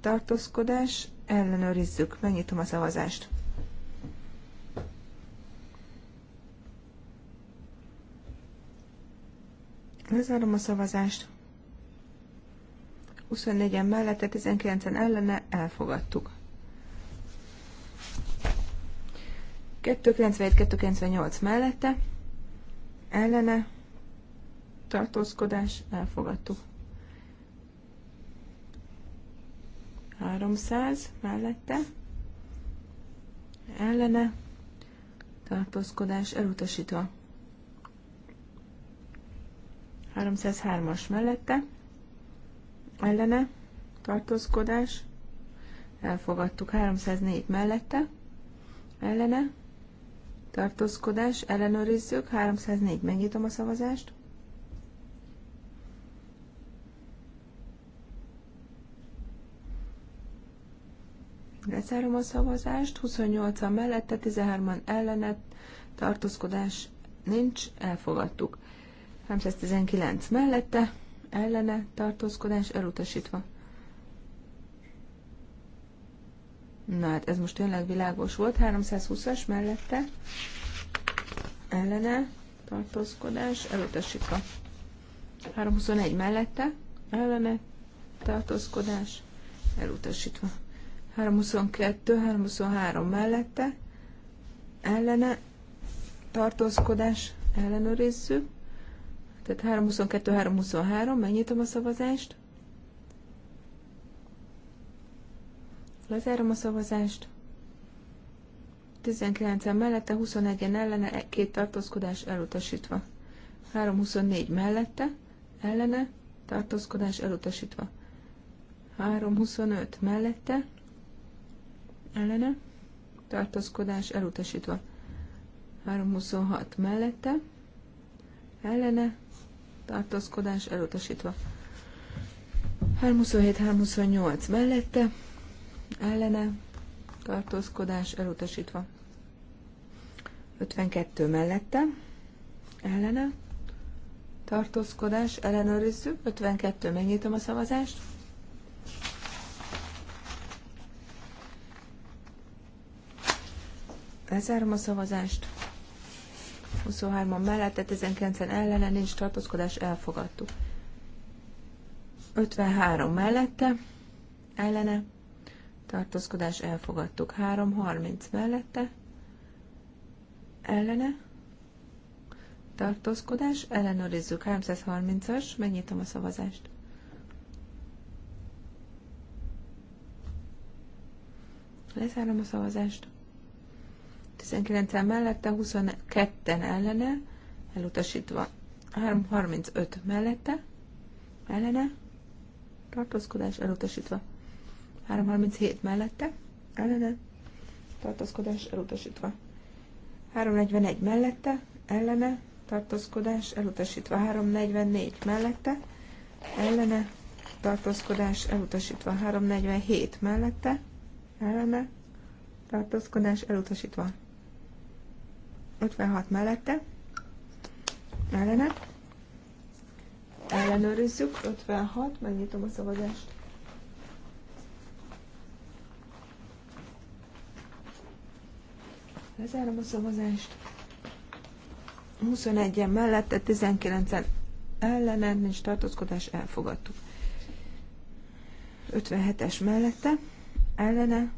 tartózkodás ellenőrizzük, megnyitom a szavazást. Lezárom a szavazást. 24-en mellette, 19-en ellene elfogadtuk. 297-298 mellette, ellene, tartózkodás, elfogadtuk. 300 mellette, ellene, tartózkodás elutasítva. 303-as mellette, ellene, tartózkodás, elfogadtuk 304 mellette, ellene, tartózkodás, ellenőrizzük, 304, megnyitom a szavazást, Lezárom a szavazást. 28-an mellette, 13-an ellenet, tartózkodás nincs, elfogadtuk. 319 mellette, ellene, tartózkodás elutasítva. Na hát ez most tényleg világos volt. 320-as mellette, ellene, tartózkodás elutasítva. 321 mellette, ellene, tartózkodás elutasítva. 322, 323 mellette, ellene, tartózkodás, ellenőrizzük. Tehát 322, 323, megnyitom a szavazást. Lezárom a szavazást. 19 mellette, 21-en ellene, két tartózkodás elutasítva. 324 mellette, ellene, tartózkodás elutasítva. 325 mellette, ellene, tartózkodás elutasítva. 326 mellette, ellene, tartózkodás elutasítva. 327-328 mellette, ellene, tartózkodás elutasítva. 52 mellette, ellene, tartózkodás, ellenőrizzük, 52, megnyitom a szavazást. Lezárom a szavazást. 23-an mellette, 19-en ellene, nincs tartózkodás, elfogadtuk. 53 mellette, ellene, tartózkodás, elfogadtuk. 3.30 mellette, ellene, tartózkodás, ellenőrizzük. 330-as, megnyitom a szavazást. Lezárom a szavazást. 19-en mellette, 22-en ellene, elutasítva. 335 mellette, ellene, tartózkodás elutasítva. 337 mellette, ellene, tartózkodás elutasítva. 341 mellette, ellene, tartózkodás elutasítva. 344 mellette, ellene, tartózkodás elutasítva. 347 mellette, ellene, tartózkodás elutasítva. 56 mellette, ellene, ellenőrizzük, 56, megnyitom a szavazást. Lezárom a szavazást. 21-en mellette, 19-en ellene, nincs tartózkodás, elfogadtuk. 57-es mellette, ellene,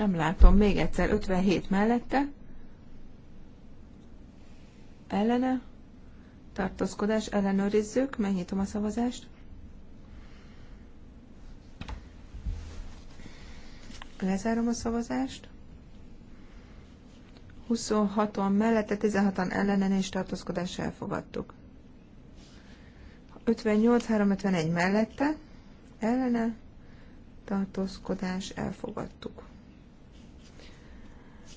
Nem látom. Még egyszer. 57 mellette. Ellene. Tartózkodás. Ellenőrizzük. Megnyitom a szavazást. Lezárom a szavazást. 26-on mellette, 16-an ellenen és tartózkodás elfogadtuk. 58-351 mellette, ellene, tartózkodás elfogadtuk.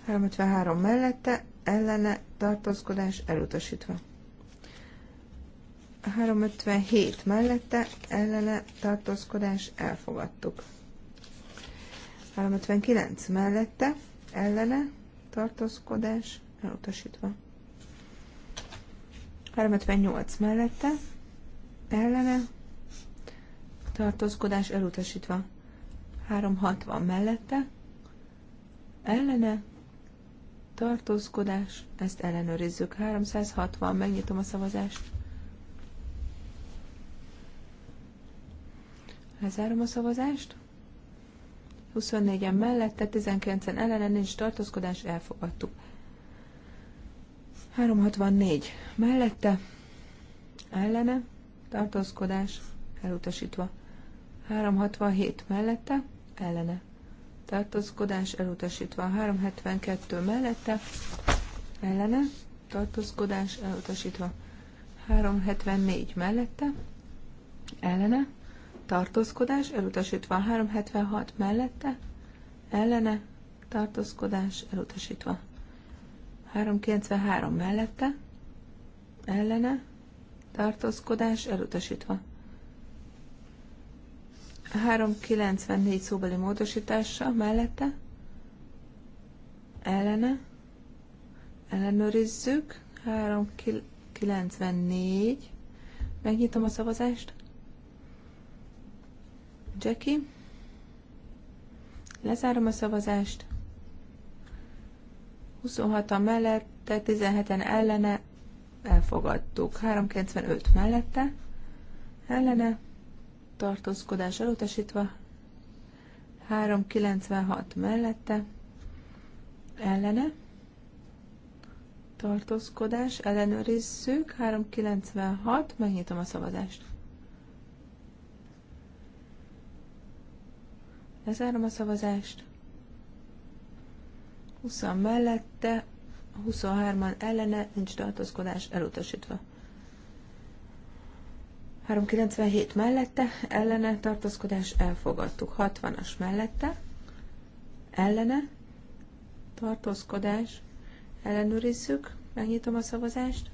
353 mellette, ellene tartózkodás elutasítva. 357 mellette, ellene tartózkodás elfogadtuk. 359 mellette, ellene tartózkodás elutasítva. 358 mellette, ellene tartózkodás elutasítva. 360 mellette, ellene tartózkodás, ezt ellenőrizzük. 360, megnyitom a szavazást. Lezárom a szavazást. 24-en mellette, 19-en ellene nincs tartózkodás, elfogadtuk. 364 mellette, ellene, tartózkodás, elutasítva. 367 mellette, ellene, tartózkodás elutasítva. 372 mellette ellene tartózkodás elutasítva. 374 mellette ellene tartózkodás elutasítva. 376 mellette ellene tartózkodás elutasítva. 393 mellette ellene tartózkodás elutasítva. 394 szóbeli módosítása mellette, ellene, ellenőrizzük, 394, megnyitom a szavazást, Jackie, lezárom a szavazást, 26 a mellette, 17-en ellene, elfogadtuk, 395 mellette, ellene, tartózkodás elutasítva, 396 mellette, ellene, tartózkodás, ellenőrizzük, 396, megnyitom a szavazást. Lezárom a szavazást. 20 mellette, 23-an ellene, nincs tartózkodás elutasítva. 397 mellette, ellene tartózkodás elfogadtuk. 60-as mellette, ellene tartózkodás ellenőrizzük. Megnyitom a szavazást.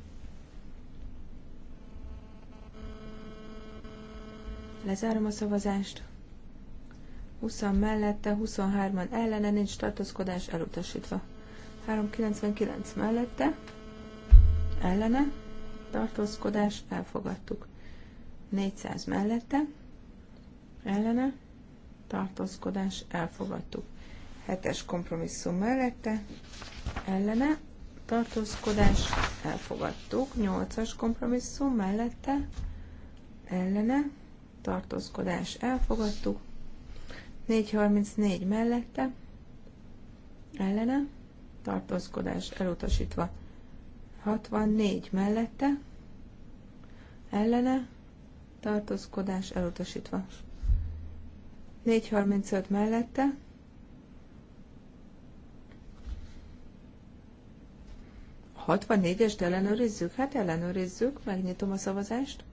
Lezárom a szavazást. 20 mellette, 23-an ellene, nincs tartózkodás elutasítva. 399 mellette, ellene, tartózkodás, elfogadtuk. 400 mellette, ellene, tartózkodás, elfogadtuk. 7-es kompromisszum mellette, ellene, tartózkodás, elfogadtuk. 8-as kompromisszum mellette, ellene, tartózkodás, elfogadtuk. 434 mellette, ellene, tartózkodás, elutasítva. 64 mellette, ellene, tartózkodás elutasítva. 4.35 mellette, A 64-est ellenőrizzük? Hát ellenőrizzük, megnyitom a szavazást.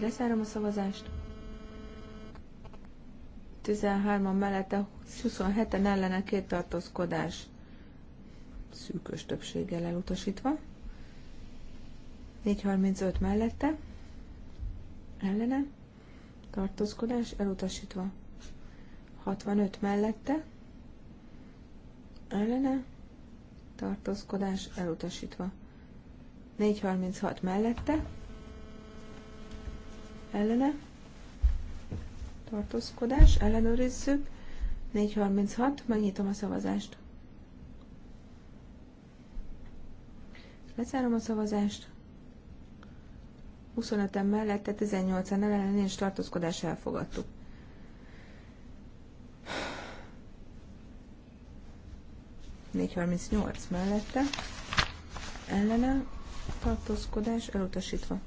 Leszárom a szavazást. 13-an mellette, 27-en ellene két tartózkodás szűkös többséggel elutasítva. 435 mellette, ellene, tartózkodás elutasítva. 65 mellette, ellene, tartózkodás elutasítva. 436 mellette, ellene, tartózkodás, ellenőrizzük. 436, megnyitom a szavazást. Lezárom a szavazást. 25-en mellette, 18-en ellen nincs tartózkodás, elfogadtuk. Négy mellette, ellene tartózkodás elutasítva.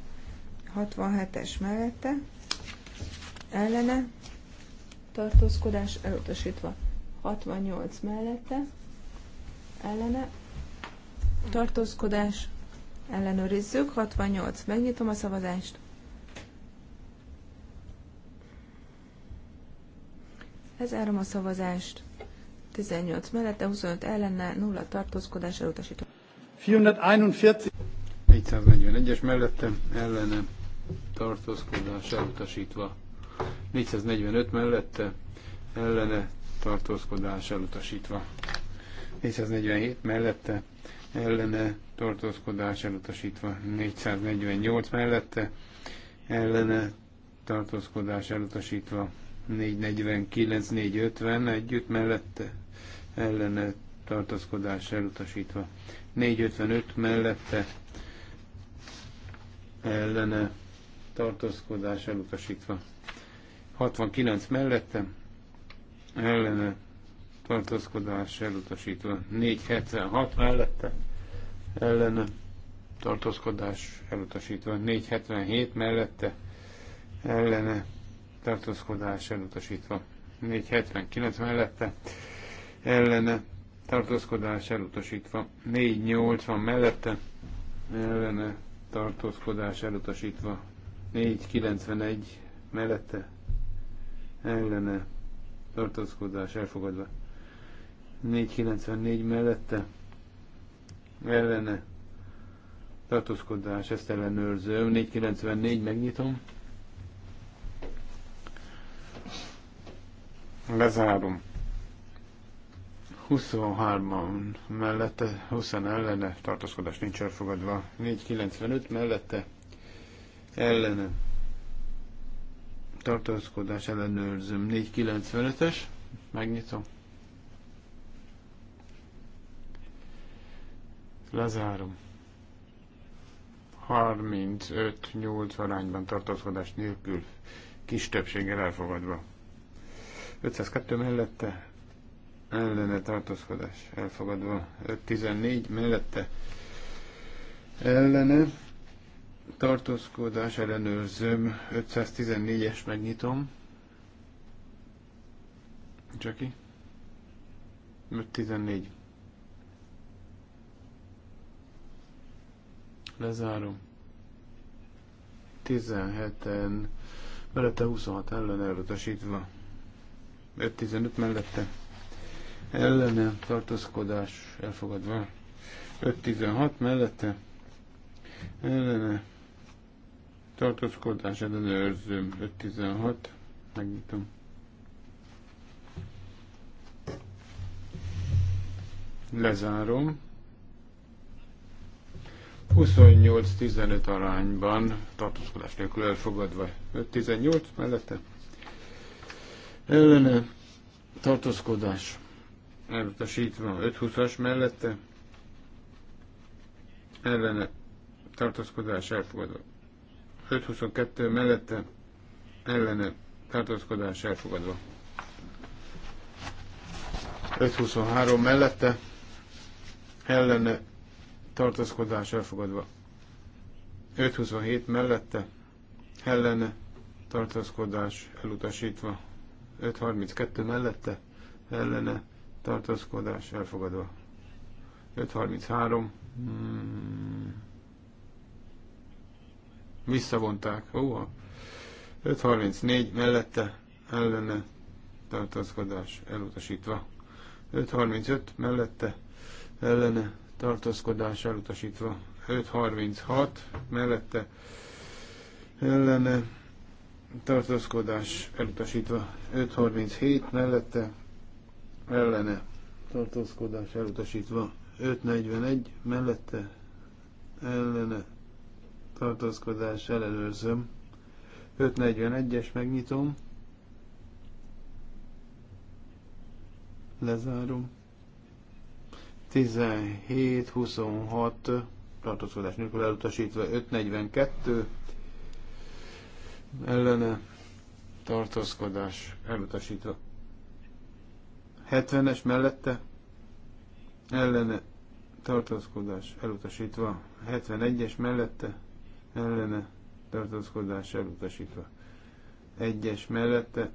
67-es mellette, ellene tartózkodás elutasítva. 68 mellette, ellene tartózkodás ellenőrizzük. 68. Megnyitom a szavazást. Lezárom a szavazást. 18 mellette, 25 ellenne, 0 tartózkodás elutasító. 441. 441-es mellette, ellene, tartózkodás elutasítva. 445 mellette, ellene, tartózkodás elutasítva. 447 mellette, ellene tartózkodás elutasítva 448 mellette, ellene tartózkodás elutasítva 449, 450 együtt mellette, ellene tartózkodás elutasítva 455 mellette, ellene tartózkodás elutasítva 69 mellette, ellene tartózkodás elutasítva. 476 mellette ellene tartózkodás elutasítva. 477 mellette ellene tartózkodás elutasítva. 479 mellette ellene tartózkodás elutasítva. 480 mellette ellene tartózkodás elutasítva. 491 mellette ellene tartózkodás elfogadva. 494 mellette ellene tartózkodás, ezt ellenőrzöm. 494 megnyitom. Lezárom. 23-an mellette, 20 ellene, tartózkodás nincs elfogadva. 495 mellette, ellene, tartózkodás ellenőrzöm. 495-es, megnyitom. Lezárom. 35-8 arányban tartózkodás nélkül, kis többséggel elfogadva. 502 mellette ellene tartózkodás elfogadva. 514 mellette ellene tartózkodás ellenőrzöm. 514-es megnyitom. Csaki. 514. lezárom. 17-en, mellette 26 ellen elutasítva. 5-15 mellette ellene tartózkodás elfogadva. 5-16 mellette ellene tartózkodás ellenőrző 5-16 megnyitom. Lezárom. 28-15 arányban tartózkodás nélkül elfogadva. 18 mellette ellene tartózkodás elutasítva. 5-20-as mellette ellene tartózkodás elfogadva. 5-22 mellette ellene tartózkodás elfogadva. 5-23 mellette ellene tartózkodás elfogadva. 527 mellette ellene tartózkodás elutasítva. 532 mellette ellene tartózkodás elfogadva. 533 hmm. visszavonták. Húha. 534 mellette ellene tartózkodás elutasítva. 535 mellette ellene tartózkodás elutasítva. 5.36 mellette ellene tartózkodás elutasítva. 5.37 mellette ellene tartózkodás elutasítva. 5.41 mellette ellene tartózkodás ellenőrzöm. 541-es megnyitom. Lezárom. 17-26 tartózkodás nélkül elutasítva 542 ellene tartózkodás elutasítva 70-es mellette ellene tartózkodás elutasítva 71-es mellette ellene tartózkodás elutasítva 1-es mellette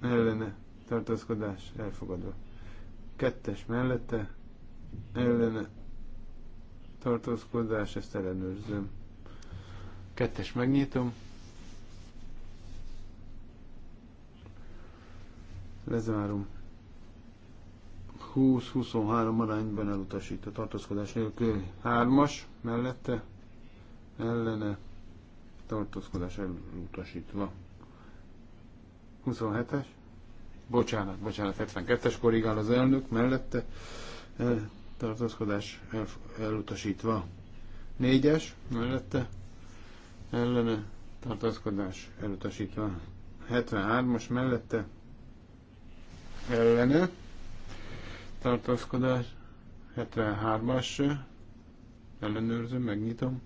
ellene tartózkodás elfogadva 2-es mellette ellen tartózkodás, ezt ellenőrzöm. Kettes megnyitom. Lezárom. 20-23 arányban elutasít a tartózkodás nélkül. Hármas mellette ellene tartózkodás elutasítva. 27-es. Bocsánat, bocsánat, 72-es korrigál az elnök mellette. Eh, tartózkodás el, elutasítva. Négyes, mellette ellene tartózkodás elutasítva. 73-as mellette ellene tartózkodás 73-as ellenőrzöm, megnyitom.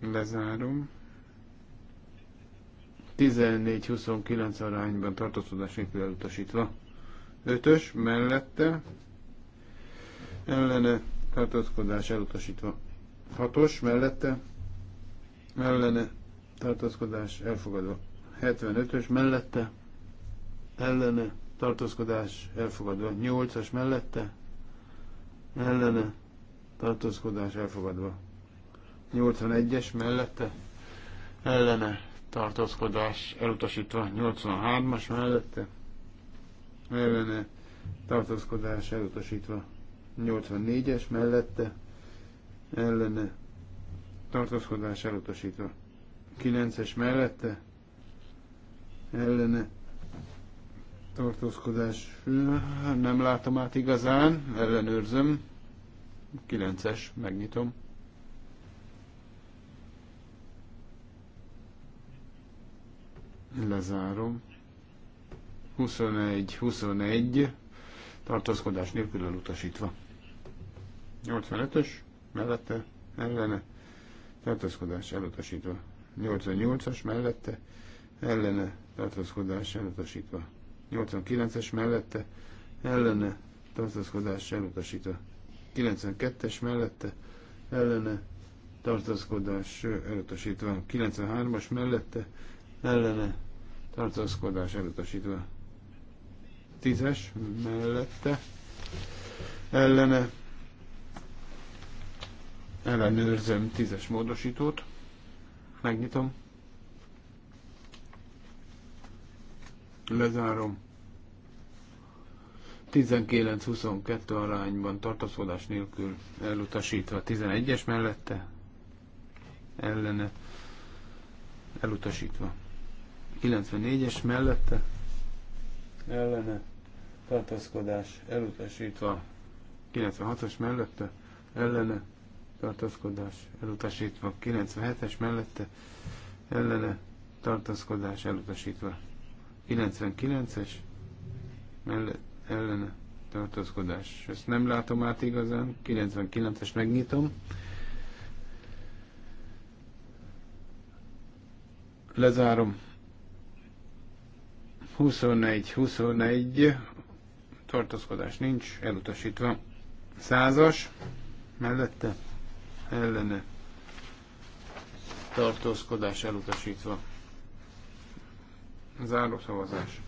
Lezárom. 14-29 arányban tartózkodás nélkül elutasítva. Ötös mellette ellene tartózkodás elutasítva. Hatos mellette ellene tartózkodás elfogadva. 75-ös mellette ellene tartózkodás elfogadva. 8-as mellette ellene tartózkodás elfogadva. 81-es mellette ellene tartózkodás elutasítva. 83-as mellette ellene tartózkodás elutasítva. 84-es mellette ellene tartózkodás elutasítva. 9-es mellette ellene tartózkodás nem látom át igazán, ellenőrzöm. 9-es, megnyitom. Lezárom. 21-21 tartózkodás nélkül elutasítva. 85-ös mellette ellene tartózkodás elutasítva. 88-as mellette ellene tartózkodás elutasítva. 89-es mellette ellene tartózkodás elutasítva. 92-es mellette ellene tartózkodás elutasítva. 93-as mellette ellene tartózkodás elutasítva tízes mellette ellene ellenőrzöm tízes módosítót. Megnyitom. Lezárom. 19-22 arányban tartózkodás nélkül elutasítva 11-es mellette ellene elutasítva 94-es mellette ellene tartaszkodás elutasítva. 96 as mellette ellene tartaszkodás elutasítva. 97-es mellette ellene tartaszkodás elutasítva. 99-es mellett ellene tartaszkodás. Ezt nem látom át igazán. 99-es megnyitom. Lezárom. 21-21 Tartozkodás nincs, elutasítva. Százas mellette ellene tartózkodás elutasítva. Záró szavazás.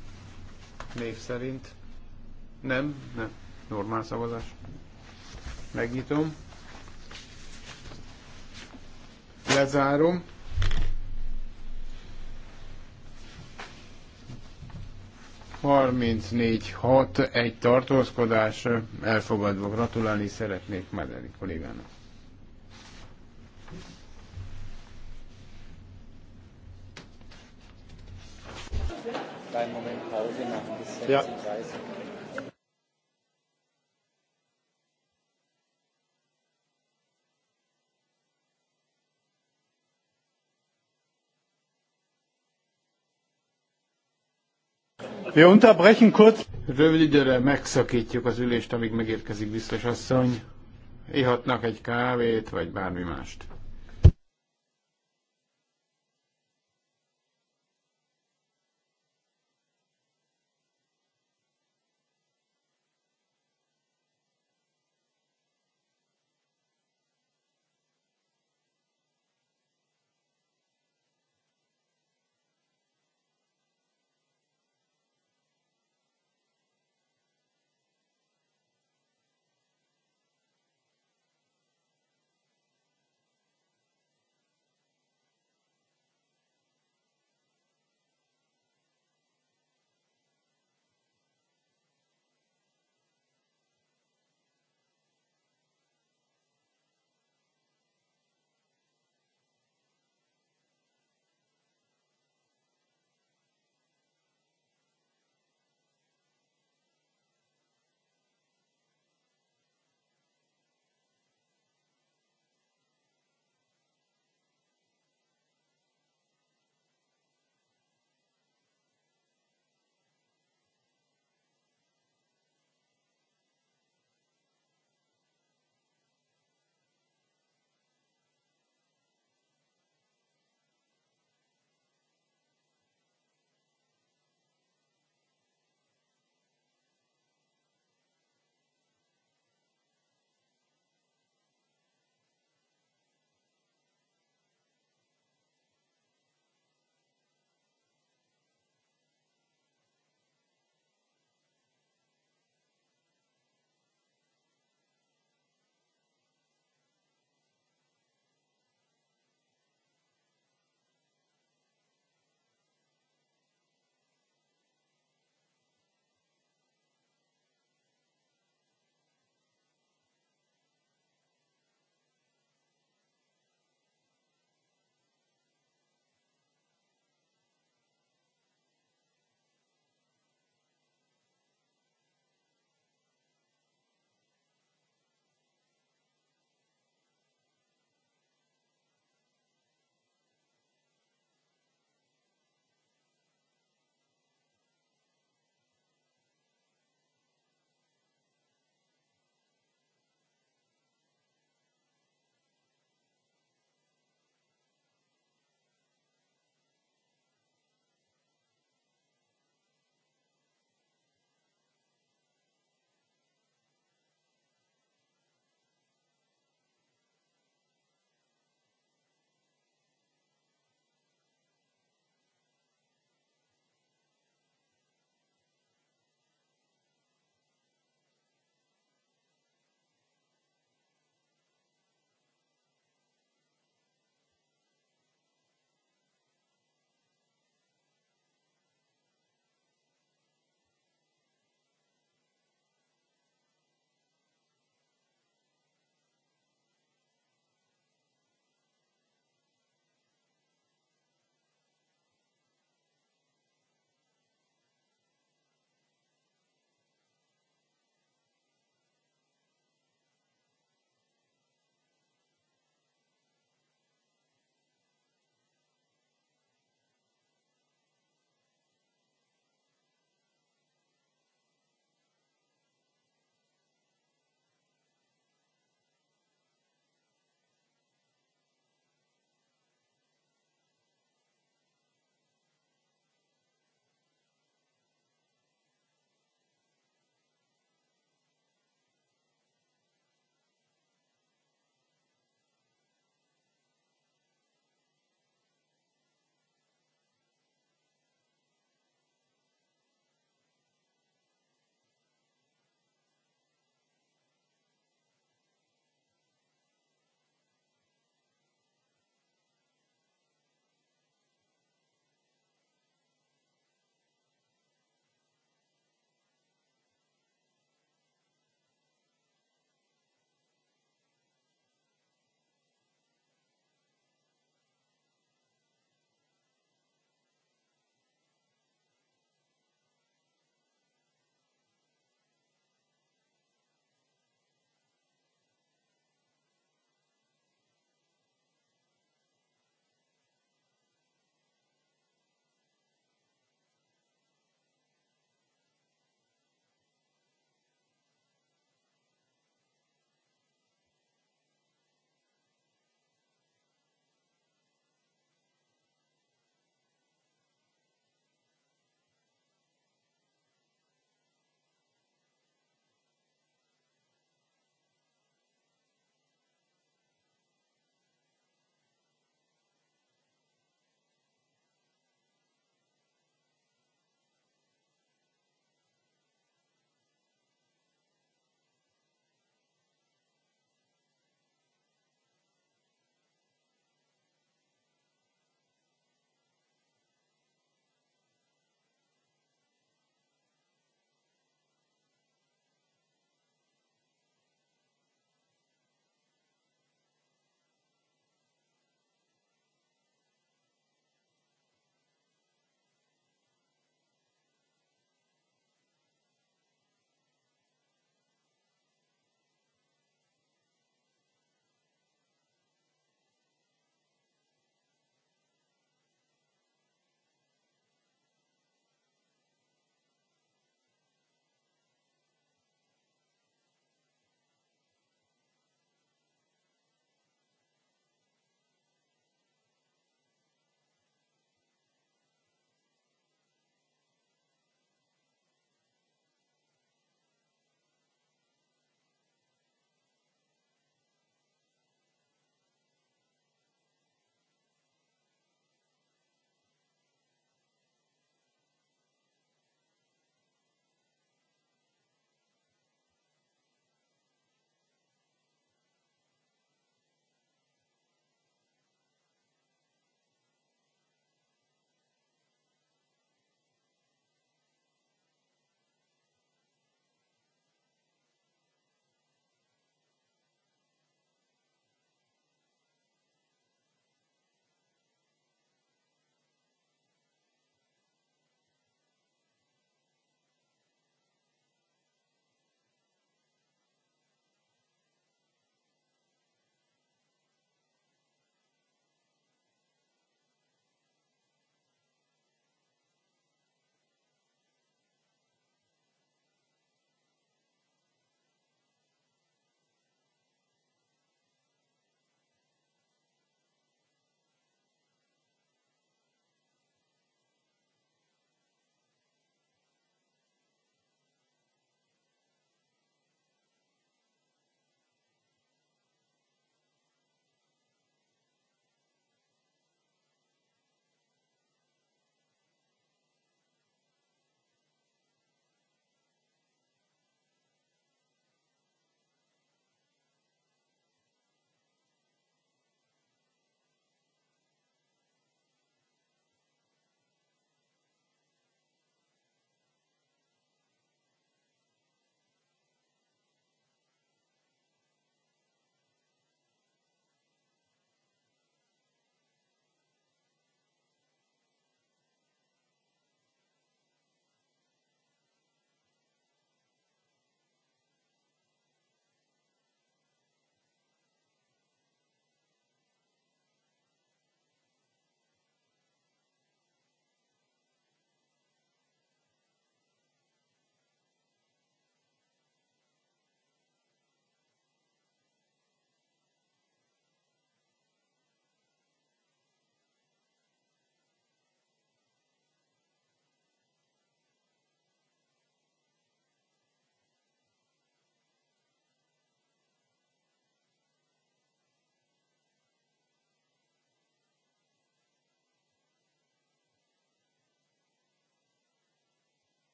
Név szerint. Nem, nem. Normál szavazás. Megnyitom. Lezárom. 34-6 egy tartózkodás elfogadva. Gratulálni szeretnék Medeli kollégának. Beim Wir unterbrechen kurz. Rövid időre megszakítjuk az ülést, amíg megérkezik biztos asszony. Ihatnak egy kávét, vagy bármi mást.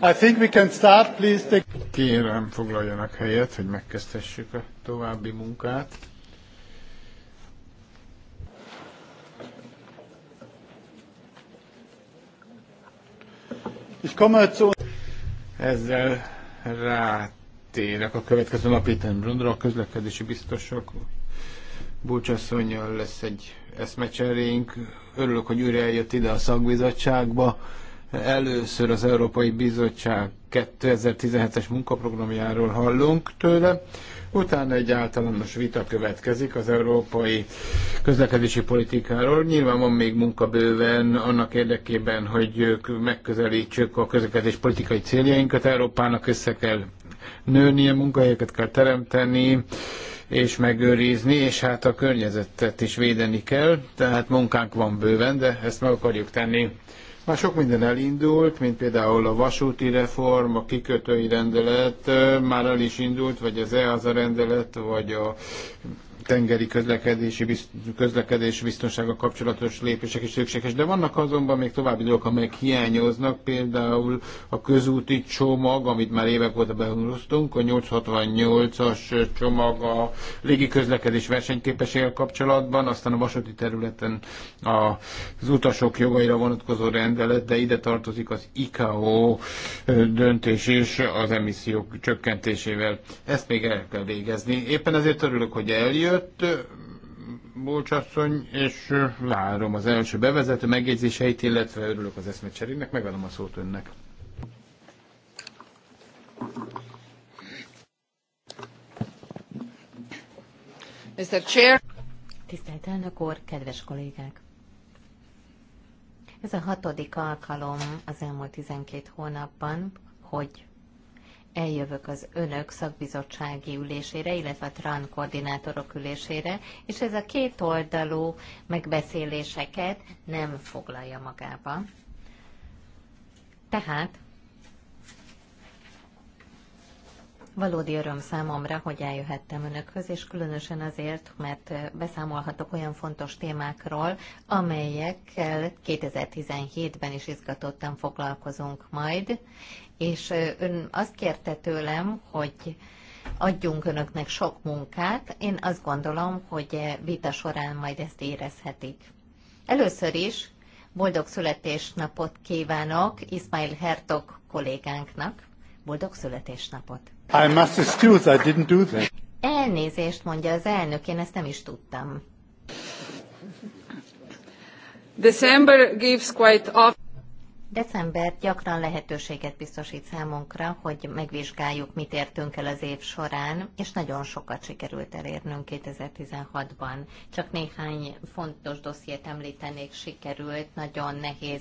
I think we can start, please. Take... Kérem, foglaljanak helyet, hogy megkezdhessük a további munkát. Ich komme zu... Ezzel rátérek a következő napi tendrondra, a közlekedési biztosok. Búcsasszonyjal lesz egy eszmecserénk. Örülök, hogy újra eljött ide a szakbizottságba Először az Európai Bizottság 2017-es munkaprogramjáról hallunk tőle, utána egy általános vita következik az európai közlekedési politikáról. Nyilván van még munka bőven annak érdekében, hogy megközelítsük a közlekedés politikai céljainkat. Európának össze kell nőnie, munkahelyeket kell teremteni, és megőrizni, és hát a környezetet is védeni kell, tehát munkánk van bőven, de ezt meg akarjuk tenni. Már sok minden elindult, mint például a vasúti reform, a kikötői rendelet már el is indult, vagy az EASA rendelet, vagy a tengeri közlekedési, közlekedés biztonsága kapcsolatos lépések is szükséges, de vannak azonban még további dolgok, amelyek hiányoznak, például a közúti csomag, amit már évek óta behúztunk, a 868-as csomag a légi közlekedés versenyképességgel kapcsolatban, aztán a vasúti területen az utasok jogaira vonatkozó rendelet, de ide tartozik az ICAO döntés is az emissziók csökkentésével. Ezt még el kell végezni. Éppen ezért örülök, hogy eljön, jött Bulcsasszony, és várom az első bevezető megjegyzéseit, illetve örülök az eszmecserének, megadom a szót önnek. Mr. Chair. Tisztelt elnök úr, kedves kollégák! Ez a hatodik alkalom az elmúlt 12 hónapban, hogy eljövök az önök szakbizottsági ülésére, illetve a TRAN koordinátorok ülésére, és ez a két oldalú megbeszéléseket nem foglalja magába. Tehát Valódi öröm számomra, hogy eljöhettem önökhöz, és különösen azért, mert eh, beszámolhatok olyan fontos témákról, amelyekkel 2017-ben is izgatottan foglalkozunk majd, és eh, ön azt kérte tőlem, hogy adjunk önöknek sok munkát. Én azt gondolom, hogy eh, vita során majd ezt érezhetik. Először is boldog születésnapot kívánok Ismail Hertog kollégánknak. Boldog születésnapot! I must excuse, I didn't do that. Elnézést mondja az elnök, én ezt nem is tudtam. December gives quite often. December gyakran lehetőséget biztosít számunkra, hogy megvizsgáljuk, mit értünk el az év során, és nagyon sokat sikerült elérnünk 2016-ban. Csak néhány fontos dossziét említenék, sikerült nagyon nehéz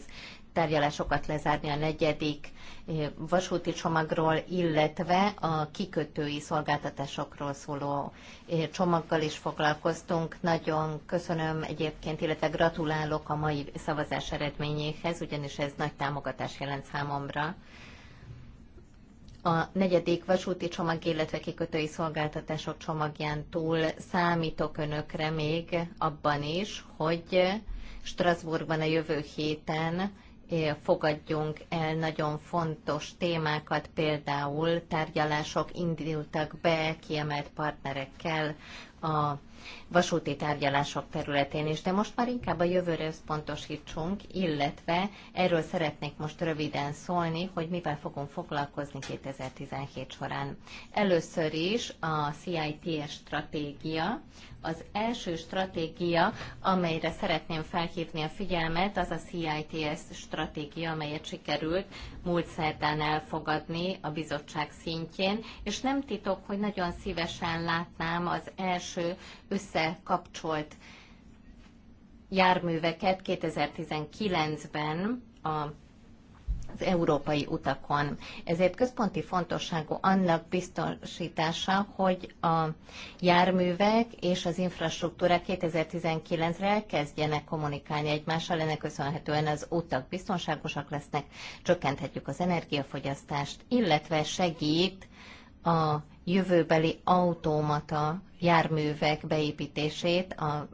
tárgyalásokat lezárni a negyedik eh, vasúti csomagról, illetve a kikötői szolgáltatásokról szóló eh, csomaggal is foglalkoztunk. Nagyon köszönöm egyébként, illetve gratulálok a mai szavazás eredményéhez, ugyanis ez nagy támogatás jelent számomra. A negyedik vasúti csomag, illetve kikötői szolgáltatások csomagján túl számítok önökre még abban is, hogy Strasbourgban a jövő héten Eh, fogadjunk el nagyon fontos témákat, például tárgyalások indultak be kiemelt partnerekkel a vasúti tárgyalások területén is, de most már inkább a jövőre összpontosítsunk, illetve erről szeretnék most röviden szólni, hogy mivel fogunk foglalkozni 2017 során. Először is a CITS stratégia, az első stratégia, amelyre szeretném felhívni a figyelmet, az a CITS stratégia, amelyet sikerült múlt szerdán elfogadni a bizottság szintjén, és nem titok, hogy nagyon szívesen látnám az első összekapcsolt járműveket 2019-ben a az európai utakon. Ezért központi fontosságú annak biztosítása, hogy a járművek és az infrastruktúra 2019-re elkezdjenek kommunikálni egymással, ennek köszönhetően az utak biztonságosak lesznek, csökkenthetjük az energiafogyasztást, illetve segít a jövőbeli automata járművek beépítését a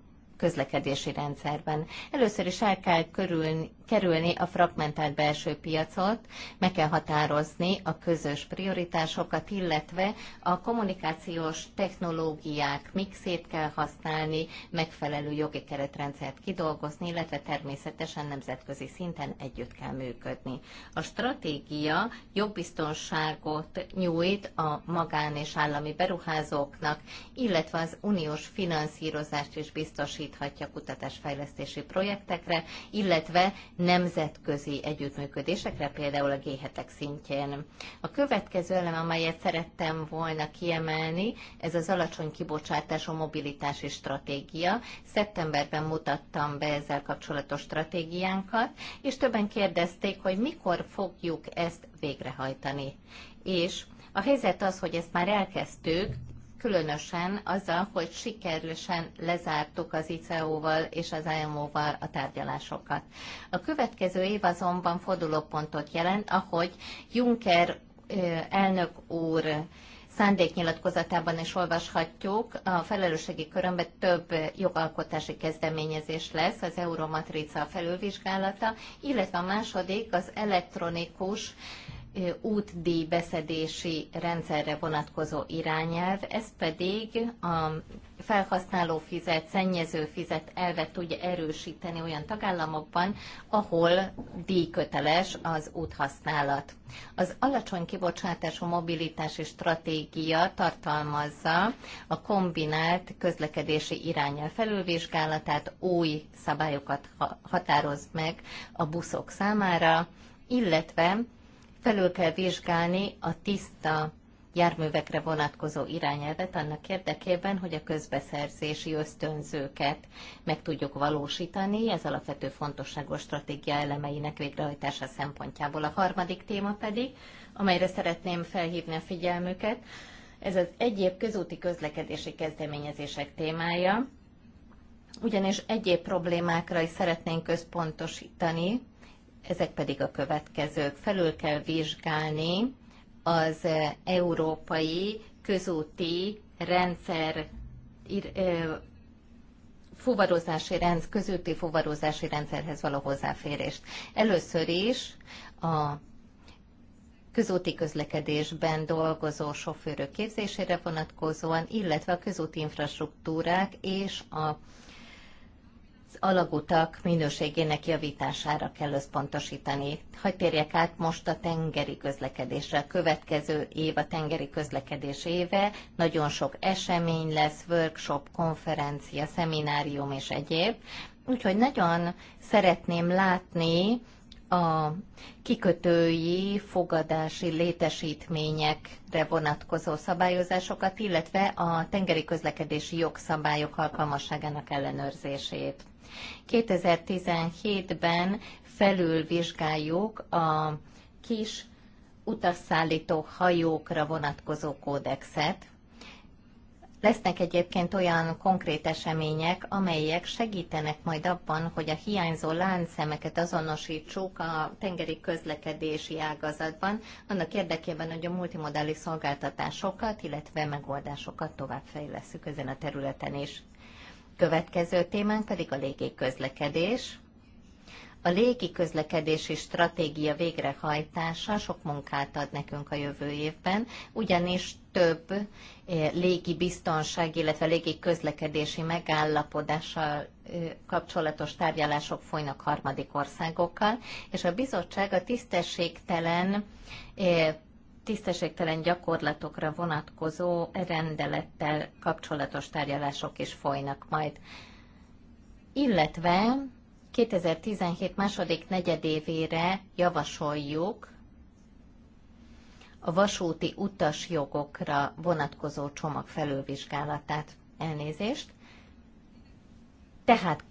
közlekedési rendszerben. Először is el kell körül, kerülni a fragmentált belső piacot, meg kell határozni a közös prioritásokat, illetve a kommunikációs technológiák mixét kell használni, megfelelő jogi keretrendszert kidolgozni, illetve természetesen nemzetközi szinten együtt kell működni. A stratégia jogbiztonságot nyújt a magán és állami beruházóknak, illetve az uniós finanszírozást is biztosít fordíthatja kutatásfejlesztési projektekre, illetve nemzetközi együttműködésekre, például a g szintjén. A következő elem, amelyet szerettem volna kiemelni, ez az alacsony kibocsátású mobilitási stratégia. Szeptemberben mutattam be ezzel kapcsolatos stratégiánkat, és többen kérdezték, hogy mikor fogjuk ezt végrehajtani. És a helyzet az, hogy ezt már elkezdtük, különösen azzal, hogy sikerülsen lezártuk az ICO-val e és az IMO-val a tárgyalásokat. A következő év azonban fordulópontot jelent, ahogy Juncker elnök úr szándéknyilatkozatában is olvashatjuk, a felelősségi körömben több jogalkotási kezdeményezés lesz, az Euromatrica felülvizsgálata, illetve a második az elektronikus útdíj beszedési rendszerre vonatkozó irányelv, ez pedig a felhasználó fizet, szennyező fizet elvet tudja erősíteni olyan tagállamokban, ahol díjköteles az úthasználat. Az alacsony kibocsátású mobilitási stratégia tartalmazza a kombinált közlekedési irányel felülvizsgálatát, új szabályokat határoz meg a buszok számára, illetve felül kell vizsgálni a tiszta járművekre vonatkozó irányelvet annak érdekében, hogy a közbeszerzési ösztönzőket meg tudjuk valósítani, ez alapvető fontosságos stratégia elemeinek végrehajtása szempontjából. A harmadik téma pedig, amelyre szeretném felhívni a figyelmüket, ez az egyéb közúti közlekedési kezdeményezések témája, ugyanis egyéb problémákra is szeretnénk központosítani, ezek pedig a következők. Felül kell vizsgálni az európai közúti rendszer fuvarozási rendszer, közúti fuvarozási rendszerhez való hozzáférést. Először is a közúti közlekedésben dolgozó sofőrök képzésére vonatkozóan, illetve a közúti infrastruktúrák és a alagutak minőségének javítására kell összpontosítani. Hogy térjek át most a tengeri közlekedésre. A következő év a tengeri közlekedés éve. Nagyon sok esemény lesz, workshop, konferencia, szeminárium és egyéb. Úgyhogy nagyon szeretném látni a kikötői fogadási létesítményekre vonatkozó szabályozásokat, illetve a tengeri közlekedési jogszabályok alkalmasságának ellenőrzését. 2017-ben felülvizsgáljuk a kis utasszállító hajókra vonatkozó kódexet, Lesznek egyébként olyan konkrét események, amelyek segítenek majd abban, hogy a hiányzó láncszemeket azonosítsuk a tengeri közlekedési ágazatban, annak érdekében, hogy a multimodális szolgáltatásokat, illetve megoldásokat továbbfejleszünk ezen a területen is. Következő témánk pedig a légiközlekedés. A légi közlekedési stratégia végrehajtása sok munkát ad nekünk a jövő évben, ugyanis több eh, légi biztonság, illetve légi közlekedési megállapodással eh, kapcsolatos tárgyalások folynak harmadik országokkal, és a bizottság a tisztességtelen eh, tisztességtelen gyakorlatokra vonatkozó rendelettel kapcsolatos tárgyalások is folynak majd. Illetve 2017 második negyedévére javasoljuk a vasúti utasjogokra vonatkozó csomag felülvizsgálatát. Elnézést. Tehát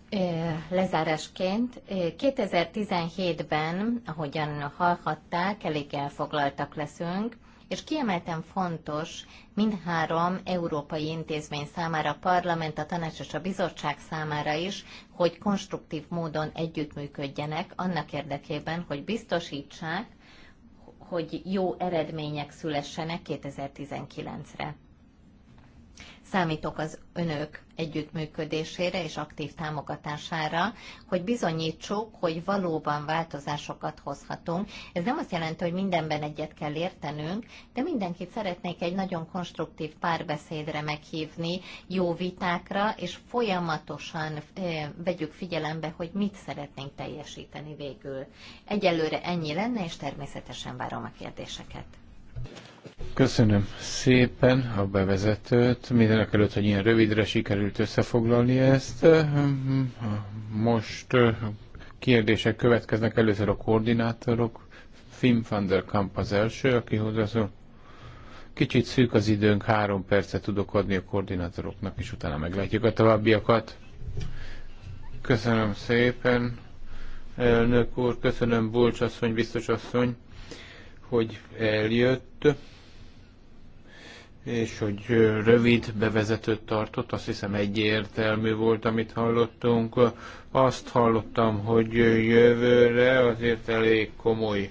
lezárásként 2017-ben, ahogyan hallhatták, elég elfoglaltak leszünk, és kiemelten fontos mindhárom európai intézmény számára, a parlament, a tanács és a bizottság számára is, hogy konstruktív módon együttműködjenek annak érdekében, hogy biztosítsák, hogy jó eredmények szülessenek 2019-re. Számítok az önök együttműködésére és aktív támogatására, hogy bizonyítsuk, hogy valóban változásokat hozhatunk. Ez nem azt jelenti, hogy mindenben egyet kell értenünk, de mindenkit szeretnék egy nagyon konstruktív párbeszédre meghívni, jó vitákra, és folyamatosan vegyük figyelembe, hogy mit szeretnénk teljesíteni végül. Egyelőre ennyi lenne, és természetesen várom a kérdéseket. Köszönöm szépen a bevezetőt. Mindenek előtt, hogy ilyen rövidre sikerült összefoglalni ezt. Most kérdések következnek. Először a koordinátorok. Fim van der Kamp az első, aki hozzászól. Kicsit szűk az időnk, három percet tudok adni a koordinátoroknak, és utána meglátjuk a továbbiakat. Köszönöm szépen, elnök úr, köszönöm Bulcs asszony, biztos asszony hogy eljött, és hogy rövid bevezetőt tartott, azt hiszem egyértelmű volt, amit hallottunk. Azt hallottam, hogy jövőre azért elég komoly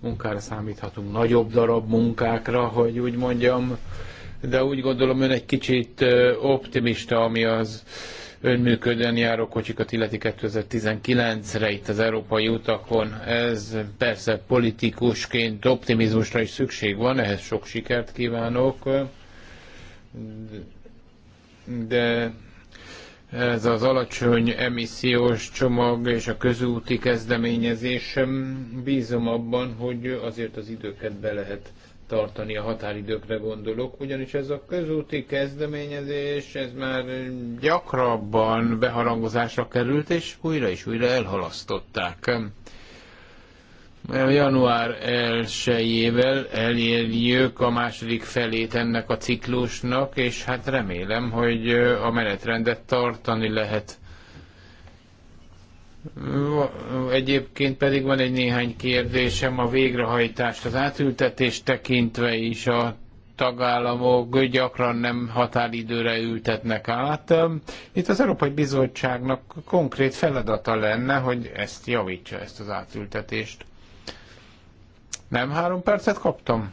munkára számíthatunk, nagyobb darab munkákra, hogy úgy mondjam, de úgy gondolom ön egy kicsit optimista, ami az önműködően járó kocsikat illeti 2019-re itt az európai utakon. Ez persze politikusként optimizmusra is szükség van, ehhez sok sikert kívánok. De ez az alacsony emissziós csomag és a közúti kezdeményezés bízom abban, hogy azért az időket be lehet tartani a határidőkre gondolok, ugyanis ez a közúti kezdeményezés, ez már gyakrabban beharangozásra került, és újra és újra elhalasztották. Január 1-ével elérjük a második felét ennek a ciklusnak, és hát remélem, hogy a menetrendet tartani lehet. Egyébként pedig van egy néhány kérdésem a végrehajtást, az átültetést tekintve is a tagállamok gyakran nem határidőre ültetnek át. Itt az Európai Bizottságnak konkrét feladata lenne, hogy ezt javítsa, ezt az átültetést. Nem három percet kaptam?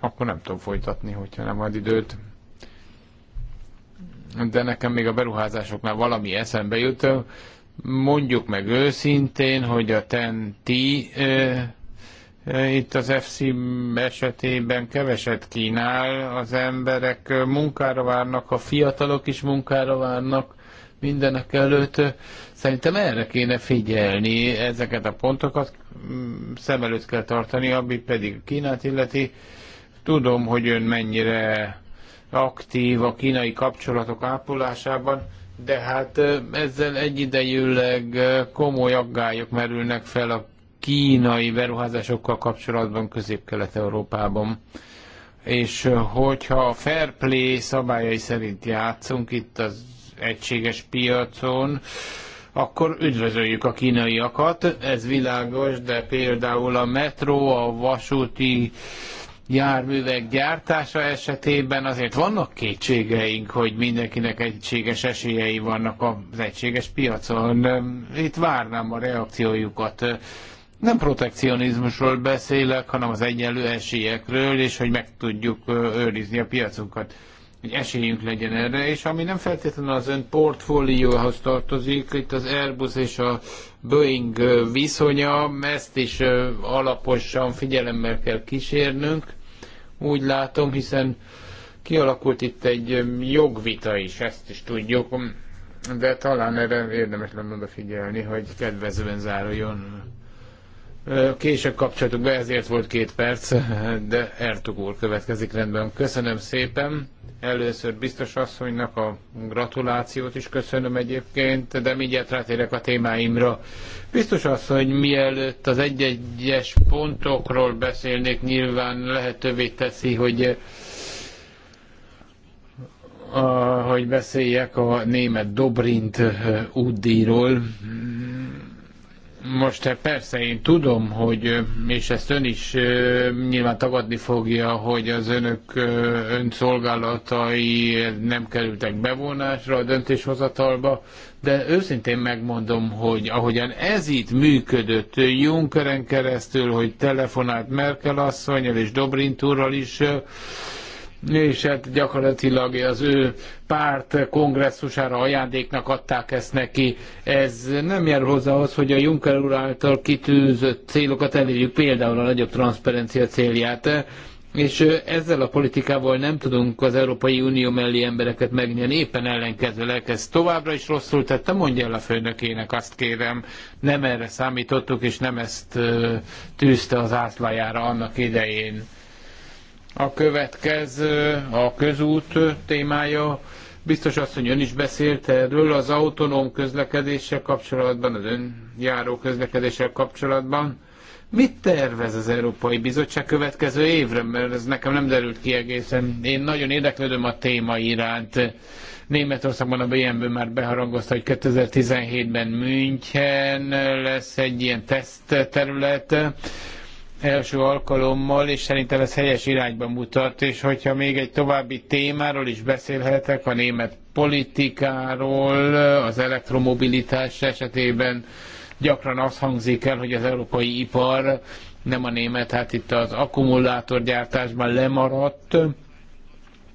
Akkor nem tudom folytatni, hogyha nem ad időt. De nekem még a beruházásoknál valami eszembe jut. Mondjuk meg őszintén, hogy a ten e, itt az FC esetében keveset kínál, az emberek munkára várnak, a fiatalok is munkára várnak mindenek előtt. Szerintem erre kéne figyelni, ezeket a pontokat szem előtt kell tartani, ami pedig Kínát illeti. Tudom, hogy ön mennyire aktív a kínai kapcsolatok ápolásában de hát ezzel egyidejűleg komoly aggályok merülnek fel a kínai beruházásokkal kapcsolatban Közép-Kelet-Európában. És hogyha a fair play szabályai szerint játszunk itt az egységes piacon, akkor üdvözöljük a kínaiakat, ez világos, de például a metró, a vasúti járművek gyártása esetében azért vannak kétségeink, hogy mindenkinek egységes esélyei vannak az egységes piacon. Itt várnám a reakciójukat. Nem protekcionizmusról beszélek, hanem az egyenlő esélyekről, és hogy meg tudjuk őrizni a piacunkat hogy esélyünk legyen erre, és ami nem feltétlenül az ön portfólióhoz tartozik, itt az Airbus és a Boeing viszonya, ezt is alaposan figyelemmel kell kísérnünk, úgy látom, hiszen kialakult itt egy jogvita is, ezt is tudjuk, de talán erre érdemes lenne odafigyelni, hogy kedvezően záruljon. Később kapcsolatuk be, ezért volt két perc, de Ertug úr következik rendben. Köszönöm szépen. Először biztos asszonynak a gratulációt is köszönöm egyébként, de mindjárt rátérek a témáimra. Biztos asszony, mielőtt az egy-egyes pontokról beszélnék, nyilván lehetővé teszi, hogy a, hogy beszéljek a német Dobrint útdíjról. Most hát persze én tudom, hogy, és ezt ön is nyilván tagadni fogja, hogy az önök önszolgálatai nem kerültek bevonásra a döntéshozatalba, de őszintén megmondom, hogy ahogyan ez itt működött Junckeren keresztül, hogy telefonált Merkel asszonyjal és Dobrint úrral is, és hát gyakorlatilag az ő párt kongresszusára ajándéknak adták ezt neki. Ez nem jár hozzá az, hogy a Juncker úr által kitűzött célokat elérjük, például a nagyobb transzparencia célját, és ezzel a politikával nem tudunk az Európai Unió mellé embereket megnyerni, éppen ellenkezőleg ez továbbra is rosszul tette, mondja el a főnökének, azt kérem, nem erre számítottuk, és nem ezt tűzte az ászlájára annak idején. A következő a közút témája. Biztos azt, hogy ön is beszélt erről az autonóm közlekedéssel kapcsolatban, az önjáró közlekedéssel kapcsolatban. Mit tervez az Európai Bizottság következő évre? Mert ez nekem nem derült ki egészen. Én nagyon érdeklődöm a téma iránt. Németországban a BMW már beharangozta, hogy 2017-ben München lesz egy ilyen tesztterület első alkalommal, és szerintem ez helyes irányba mutat, és hogyha még egy további témáról is beszélhetek, a német politikáról, az elektromobilitás esetében gyakran az hangzik el, hogy az európai ipar nem a német, hát itt az akkumulátorgyártásban lemaradt,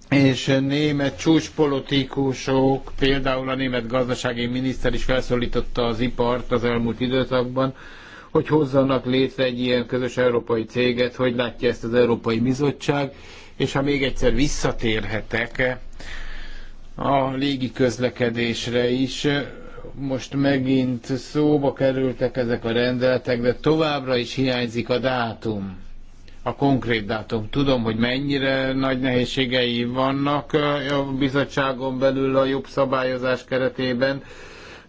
és német csúcspolitikusok, például a német gazdasági miniszter is felszólította az ipart az elmúlt időszakban, hogy hozzanak létre egy ilyen közös európai céget, hogy látja ezt az Európai Bizottság, és ha még egyszer visszatérhetek a légi közlekedésre is, most megint szóba kerültek ezek a rendeletek, de továbbra is hiányzik a dátum a konkrét dátum. Tudom, hogy mennyire nagy nehézségei vannak a bizottságon belül a jobb szabályozás keretében,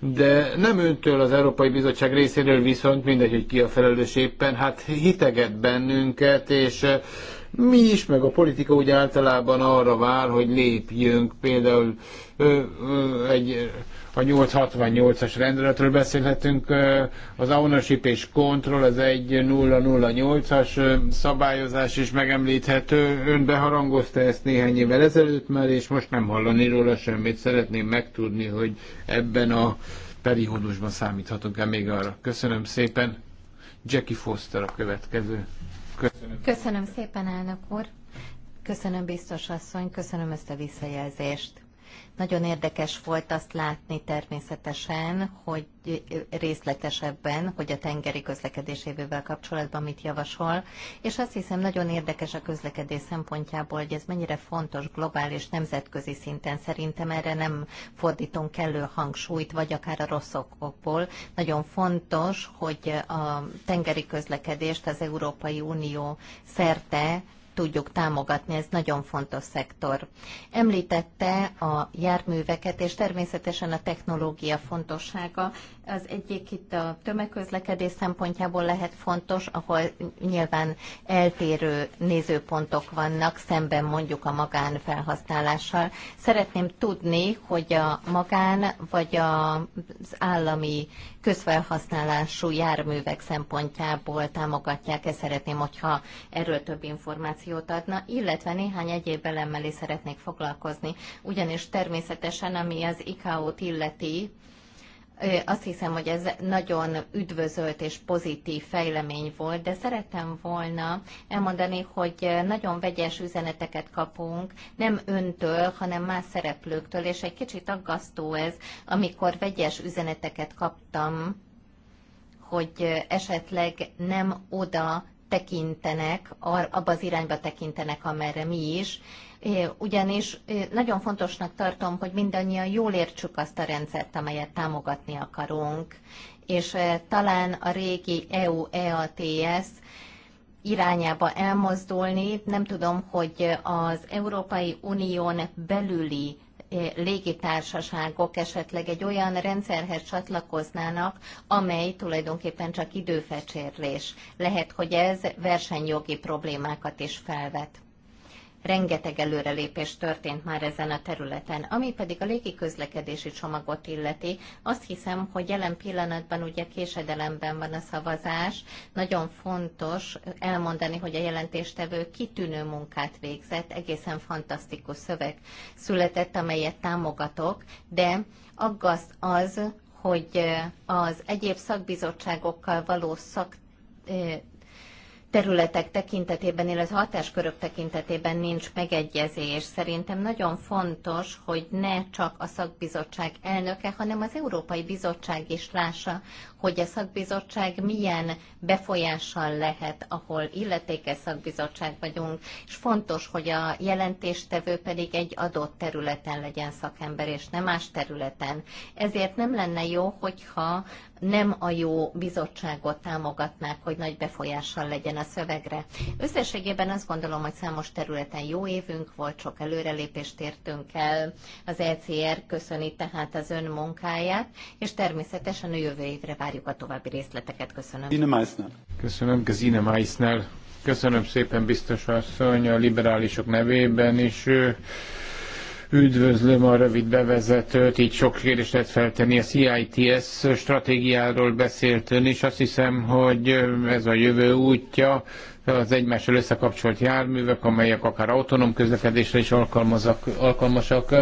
de nem öntől az Európai Bizottság részéről viszont mindegy, hogy ki a felelős éppen, hát hiteget bennünket, és mi is, meg a politika úgy általában arra vár, hogy lépjünk. Például ö, ö, egy, a 868-as rendeletről beszélhetünk, az ownership és control, ez egy 008-as szabályozás is megemlíthető. Ön beharangozta ezt néhány évvel ezelőtt már, és most nem hallani róla semmit. Szeretném megtudni, hogy ebben a periódusban számíthatunk-e még arra. Köszönöm szépen. Jackie Foster a következő. Köszönöm. Köszönöm szépen, elnök úr. Köszönöm, biztos asszony, köszönöm ezt a visszajelzést. Nagyon érdekes volt azt látni természetesen, hogy részletesebben, hogy a tengeri közlekedés kapcsolatban mit javasol, és azt hiszem nagyon érdekes a közlekedés szempontjából, hogy ez mennyire fontos globális nemzetközi szinten. Szerintem erre nem fordítunk kellő hangsúlyt, vagy akár a rossz okokból. Nagyon fontos, hogy a tengeri közlekedést az Európai Unió szerte tudjuk támogatni, ez nagyon fontos szektor. Említette a járműveket, és természetesen a technológia fontossága, az egyik itt a tömegközlekedés szempontjából lehet fontos, ahol nyilván eltérő nézőpontok vannak szemben mondjuk a felhasználással. Szeretném tudni, hogy a magán vagy az állami közfelhasználású járművek szempontjából támogatják-e, szeretném, hogyha erről több információt adna, illetve néhány egyéb elemmel is szeretnék foglalkozni, ugyanis természetesen, ami az ICAO-t illeti, azt hiszem, hogy ez nagyon üdvözölt és pozitív fejlemény volt, de szerettem volna elmondani, hogy nagyon vegyes üzeneteket kapunk, nem öntől, hanem más szereplőktől, és egy kicsit aggasztó ez, amikor vegyes üzeneteket kaptam, hogy esetleg nem oda tekintenek, abba az irányba tekintenek, amerre mi is, ugyanis nagyon fontosnak tartom, hogy mindannyian jól értsük azt a rendszert, amelyet támogatni akarunk, és e, talán a régi EU-EATS irányába elmozdulni. Nem tudom, hogy az Európai Unión belüli e, légitársaságok esetleg egy olyan rendszerhez csatlakoznának, amely tulajdonképpen csak időfecsérlés. Lehet, hogy ez versenyjogi problémákat is felvet rengeteg előrelépés történt már ezen a területen. Ami pedig a légi közlekedési csomagot illeti, azt hiszem, hogy jelen pillanatban ugye késedelemben van a szavazás. Nagyon fontos elmondani, hogy a jelentéstevő kitűnő munkát végzett, egészen fantasztikus szöveg született, amelyet támogatok, de aggaszt az, hogy az egyéb szakbizottságokkal való szak területek tekintetében, illetve hatáskörök tekintetében nincs megegyezés. Szerintem nagyon fontos, hogy ne csak a szakbizottság elnöke, hanem az Európai Bizottság is lássa, hogy a szakbizottság milyen befolyással lehet, ahol illetékes szakbizottság vagyunk, és fontos, hogy a jelentéstevő pedig egy adott területen legyen szakember, és nem más területen. Ezért nem lenne jó, hogyha nem a jó bizottságot támogatnák, hogy nagy befolyással legyen a szövegre. Összességében azt gondolom, hogy számos területen jó évünk volt, sok előrelépést értünk el. Az ECR köszöni tehát az ön munkáját, és természetesen a jövő évre várjuk a további részleteket. Köszönöm. Zine Köszönöm, Zine Meissner. Köszönöm szépen, biztos asszony, a liberálisok nevében is. Üdvözlöm a rövid bevezetőt, így sok kérdést lehet feltenni. A CITS stratégiáról beszélt ön is, azt hiszem, hogy ez a jövő útja, az egymással összekapcsolt járművek, amelyek akár autonóm közlekedésre is alkalmasak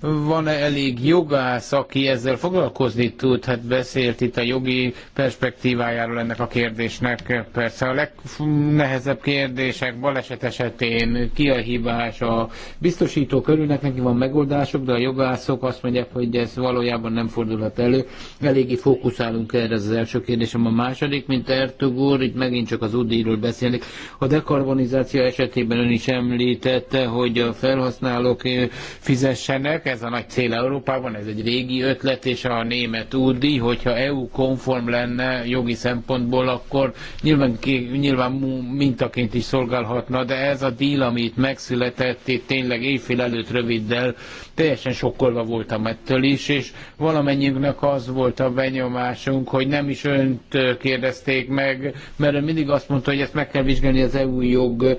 van-e elég jogász, aki ezzel foglalkozni tud? Hát beszélt itt a jogi perspektívájáról ennek a kérdésnek. Persze a legnehezebb kérdések baleset esetén ki a hibás, a biztosító körülnek neki van megoldások, de a jogászok azt mondják, hogy ez valójában nem fordulhat elő. Eléggé fókuszálunk erre, az első kérdésem. A második, mint Ertug úr, itt megint csak az UDI-ről beszélnek. A dekarbonizáció esetében ön is említette, hogy a felhasználók eh, fizessenek, ez a nagy cél Európában, ez egy régi ötlet, és a német údi, hogyha EU-konform lenne jogi szempontból, akkor nyilván, nyilván mintaként is szolgálhatna, de ez a díl, amit megszületett itt tényleg éjfél előtt röviddel, teljesen sokkolva voltam ettől is, és valamennyiünknek az volt a benyomásunk, hogy nem is önt kérdezték meg, mert ő mindig azt mondta, hogy ezt meg kell vizsgálni az EU jog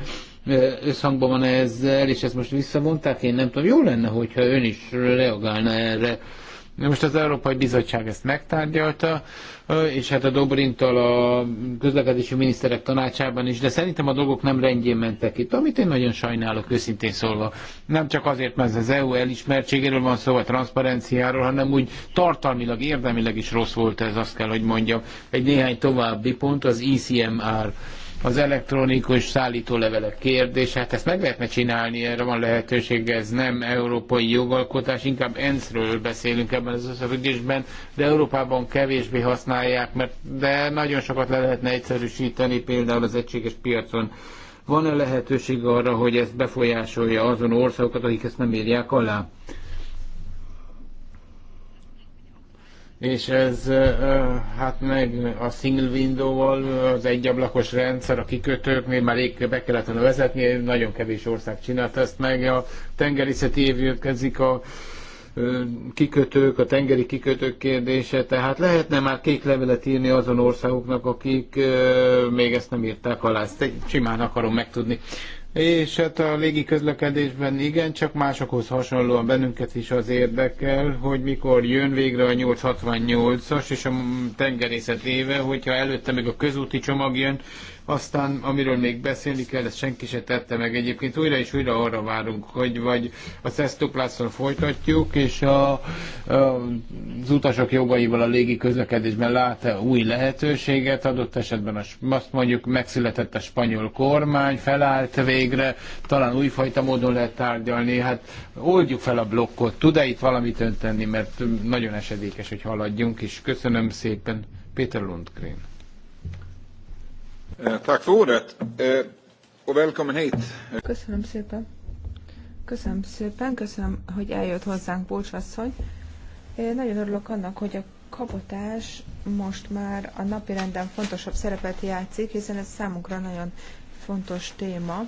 összhangban van ezzel, és ezt most visszavonták, én nem tudom, jó lenne, hogyha ön is reagálna erre. De most az Európai Bizottság ezt megtárgyalta, és hát a Dobrintal a közlekedési miniszterek tanácsában is, de szerintem a dolgok nem rendjén mentek itt, amit én nagyon sajnálok, őszintén szólva. Nem csak azért, mert ez az EU elismertségéről van szó, vagy transzparenciáról, hanem úgy tartalmilag, érdemileg is rossz volt ez, azt kell, hogy mondjam. Egy néhány további pont, az ICMR e az elektronikus szállítólevelek kérdés, hát ezt meg lehetne csinálni, erre van lehetőség, ez nem európai jogalkotás, inkább ENSZ-ről beszélünk ebben az összefüggésben, de Európában kevésbé használják, mert de nagyon sokat le lehetne egyszerűsíteni, például az egységes piacon. Van-e lehetőség arra, hogy ezt befolyásolja azon országokat, akik ezt nem írják alá? és ez hát meg a single window-val, az egyablakos rendszer a kikötőknél már rég be kellett volna vezetni, nagyon kevés ország csinált ezt meg, a tengerészeti évjönkezik a kikötők, a tengeri kikötők kérdése, tehát lehetne már kék levelet írni azon országoknak, akik még ezt nem írták alá, ezt simán akarom megtudni. És hát a légi közlekedésben igen, csak másokhoz hasonlóan bennünket is az érdekel, hogy mikor jön végre a 868-as és a tengerészet éve, hogyha előtte még a közúti csomag jön, aztán, amiről még beszélni kell, ezt senki se tette meg egyébként. Újra és újra arra várunk, hogy vagy a Szesztoplászon folytatjuk, és a, a, az utasok jogaival a légi közlekedésben lát-e új lehetőséget. Adott esetben a, azt mondjuk megszületett a spanyol kormány, felállt végre, talán újfajta módon lehet tárgyalni. Hát oldjuk fel a blokkot. Tud-e itt valamit öntenni, mert nagyon esedékes, hogy haladjunk, és köszönöm szépen. Péter Lundgren. Eh, tack för ordet eh, och välkommen hit. Köszönöm szépen. Köszönöm szépen, köszönöm, hogy eljött hozzánk Bócsasszony. Én eh, nagyon örülök annak, hogy a kapotás most már a napi renden fontosabb szerepet játszik, hiszen ez számunkra nagyon fontos téma.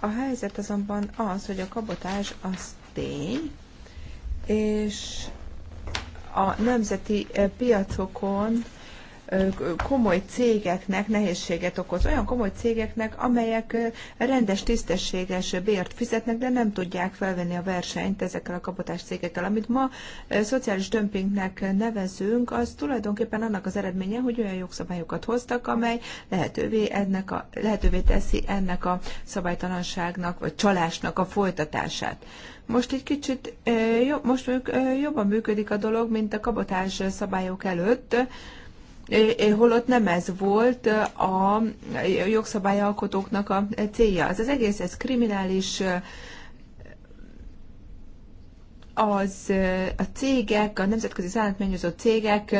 A helyzet azonban az, hogy a kabotás az tény, és a nemzeti piacokon komoly cégeknek nehézséget okoz. Olyan komoly cégeknek, amelyek rendes, tisztességes bért fizetnek, de nem tudják felvenni a versenyt ezekkel a kapotás cégekkel. Amit ma szociális dömpingnek nevezünk, az tulajdonképpen annak az eredménye, hogy olyan jogszabályokat hoztak, amely lehetővé, ennek a, lehetővé teszi ennek a szabálytalanságnak vagy csalásnak a folytatását. Most egy kicsit most jobban működik a dolog, mint a kabotás szabályok előtt holott nem ez volt a jogszabályalkotóknak a célja. Az, az egész, ez kriminális, az a cégek, a nemzetközi szállatmányozó cégek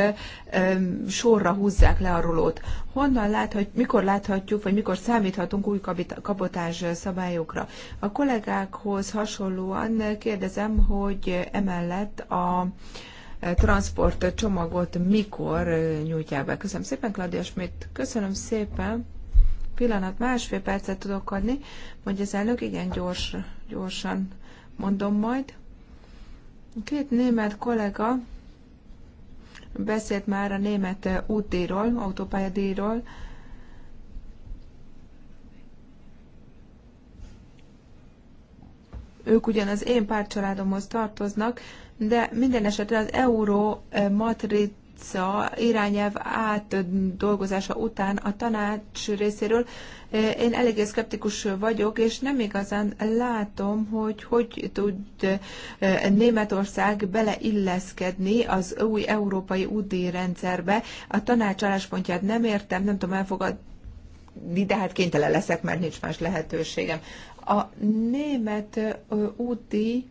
sorra húzzák le a rulót. Honnan láthat, mikor láthatjuk, vagy mikor számíthatunk új kabotás szabályokra? A kollégákhoz hasonlóan kérdezem, hogy emellett a transport csomagot mikor nyújtják be. Köszönöm szépen, Claudia Schmidt. Köszönöm szépen. Pillanat, másfél percet tudok adni, Mondja az elnök igen gyors, gyorsan mondom majd. Két német kollega beszélt már a német útdíjról, autópályadíjról, ők ugyan az én pártcsaládomhoz tartoznak, de minden esetre az euró eh, matric irányelv át dolgozása után a tanács részéről eh, én eléggé szkeptikus vagyok, és nem igazán látom, hogy hogy tud eh, Németország beleilleszkedni az új európai UDI rendszerbe. A tanács álláspontját nem értem, nem tudom elfogadni, de hát kénytelen leszek, mert nincs más lehetőségem. A német UDI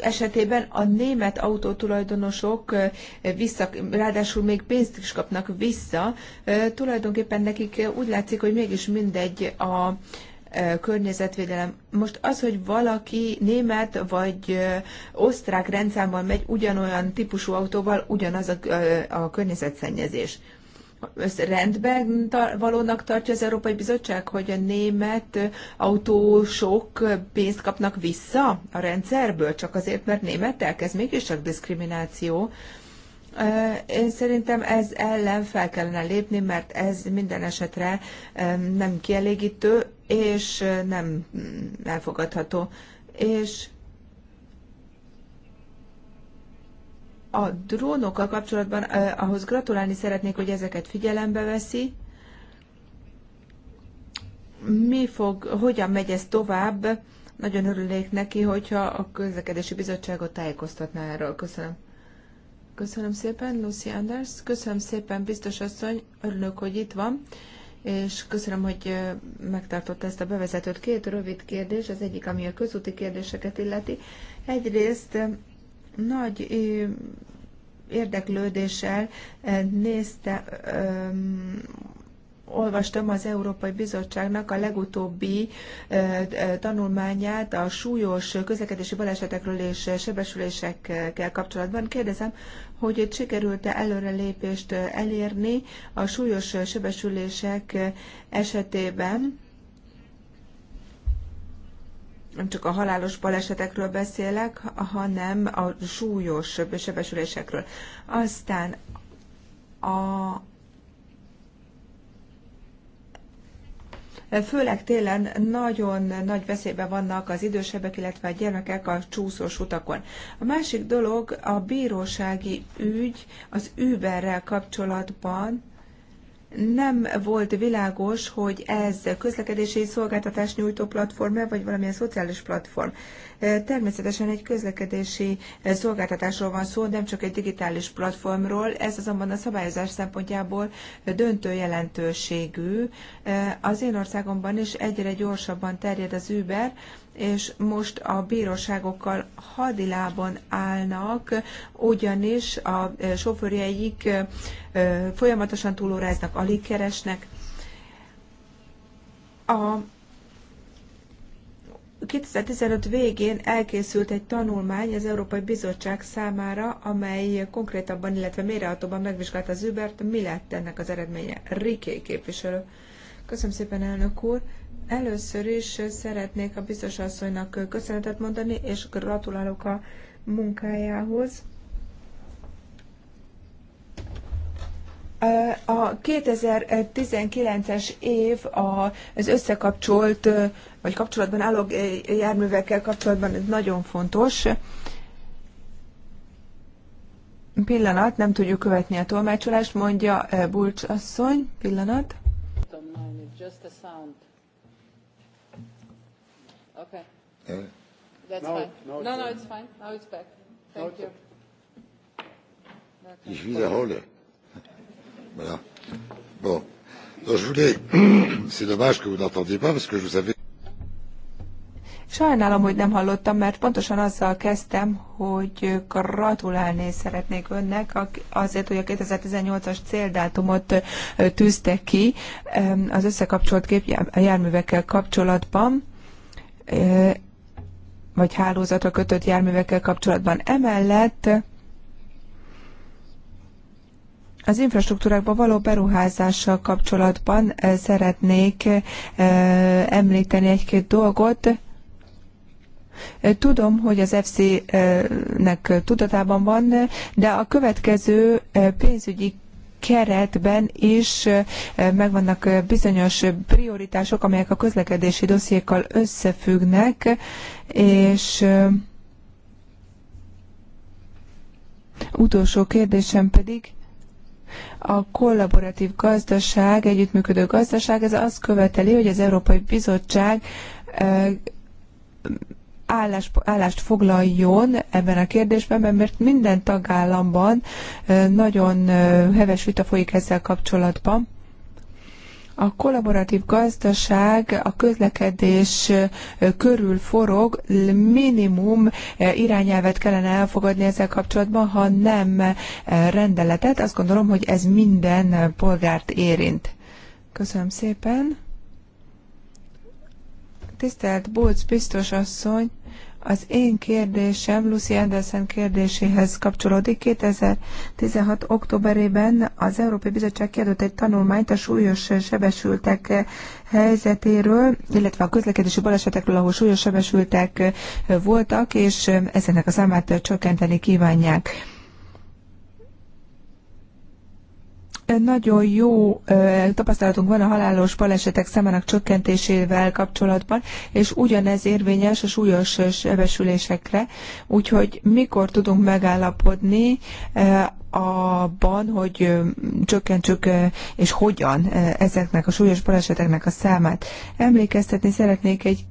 esetében a német autótulajdonosok vissza, ráadásul még pénzt is kapnak vissza, tulajdonképpen nekik úgy látszik, hogy mégis mindegy a környezetvédelem. Most az, hogy valaki német vagy osztrák rendszámban megy ugyanolyan típusú autóval, ugyanaz a, a környezetszennyezés rendben valónak tartja az Európai Bizottság, hogy a német autósok pénzt kapnak vissza a rendszerből, csak azért, mert németek? Ez mégiscsak diszkrimináció. Én szerintem ez ellen fel kellene lépni, mert ez minden esetre nem kielégítő, és nem mm, elfogadható. És A drónokkal kapcsolatban ahhoz gratulálni szeretnék, hogy ezeket figyelembe veszi. Mi fog, hogyan megy ez tovább? Nagyon örülnék neki, hogyha a közlekedési bizottságot tájékoztatná erről. Köszönöm. Köszönöm szépen, Lucy Anders. Köszönöm szépen, biztos asszony. Örülök, hogy itt van. És köszönöm, hogy megtartott ezt a bevezetőt. Két rövid kérdés, az egyik, ami a közúti kérdéseket illeti. Egyrészt nagy érdeklődéssel nézte, olvastam az Európai Bizottságnak a legutóbbi tanulmányát a súlyos közlekedési balesetekről és sebesülésekkel kapcsolatban. Kérdezem, hogy itt sikerült-e előrelépést elérni a súlyos sebesülések esetében, nem csak a halálos balesetekről beszélek, hanem a súlyos sebesülésekről. Aztán a Főleg télen nagyon nagy veszélyben vannak az idősebbek, illetve a gyermekek a csúszós utakon. A másik dolog a bírósági ügy az Uberrel kapcsolatban, nem volt világos, hogy ez közlekedési szolgáltatás nyújtó platform-e, vagy valamilyen szociális platform. Természetesen egy közlekedési szolgáltatásról van szó, nem csak egy digitális platformról, ez azonban a szabályozás szempontjából döntő jelentőségű. Az én országomban is egyre gyorsabban terjed az Uber, és most a bíróságokkal hadilában állnak, ugyanis a e, sofőrjeik e, e, folyamatosan túlóráznak, alig keresnek. A 2015 végén elkészült egy tanulmány az Európai Bizottság számára, amely konkrétabban, illetve mérehatóban megvizsgálta az Übert, mi lett ennek az eredménye. Riké képviselő. Köszönöm szépen, elnök úr. Először is szeretnék a biztos asszonynak köszönetet mondani, és gratulálok a munkájához. A 2019-es év az összekapcsolt, vagy kapcsolatban álló járművekkel kapcsolatban ez nagyon fontos. Pillanat, nem tudjuk követni a tolmácsolást, mondja Bulcs asszony. Pillanat just the sound. Okay. Uh, That's now, fine. no, no, it's fine. Now it's back. Thank you. Ich wiederhole. Voilà. Bon. Donc je voulais. C'est dommage que vous n'entendiez pas parce que je vous avais. Sajnálom, hogy nem hallottam, mert pontosan azzal kezdtem, hogy gratulálni szeretnék önnek azért, hogy a 2018-as céldátumot tűzte ki az összekapcsolt gépjárművekkel kapcsolatban vagy hálózatra kötött járművekkel kapcsolatban. Emellett az infrastruktúrákba való beruházással kapcsolatban szeretnék említeni egy-két dolgot. Tudom, hogy az FC-nek tudatában van, de a következő pénzügyi keretben is megvannak bizonyos prioritások, amelyek a közlekedési dossziékkal összefüggnek, és utolsó kérdésem pedig, a kollaboratív gazdaság, együttműködő gazdaság, ez azt követeli, hogy az Európai Bizottság állás, állást foglaljon ebben a kérdésben, mert minden tagállamban nagyon heves vita folyik ezzel kapcsolatban. A kollaboratív gazdaság a közlekedés körül forog, minimum irányelvet kellene elfogadni ezzel kapcsolatban, ha nem rendeletet. Azt gondolom, hogy ez minden polgárt érint. Köszönöm szépen. Tisztelt Bulc biztos asszony, az én kérdésem Lucy Anderson kérdéséhez kapcsolódik. 2016. októberében az Európai Bizottság kiadott egy tanulmányt a súlyos sebesültek helyzetéről, illetve a közlekedési balesetekről, ahol súlyos sebesültek voltak, és ezeknek a számát csökkenteni kívánják Nagyon jó tapasztalatunk van a halálos balesetek számának csökkentésével kapcsolatban, és ugyanez érvényes a súlyos sebesülésekre, úgyhogy mikor tudunk megállapodni abban, hogy csökkentsük és hogyan ezeknek a súlyos baleseteknek a számát. Emlékeztetni szeretnék egy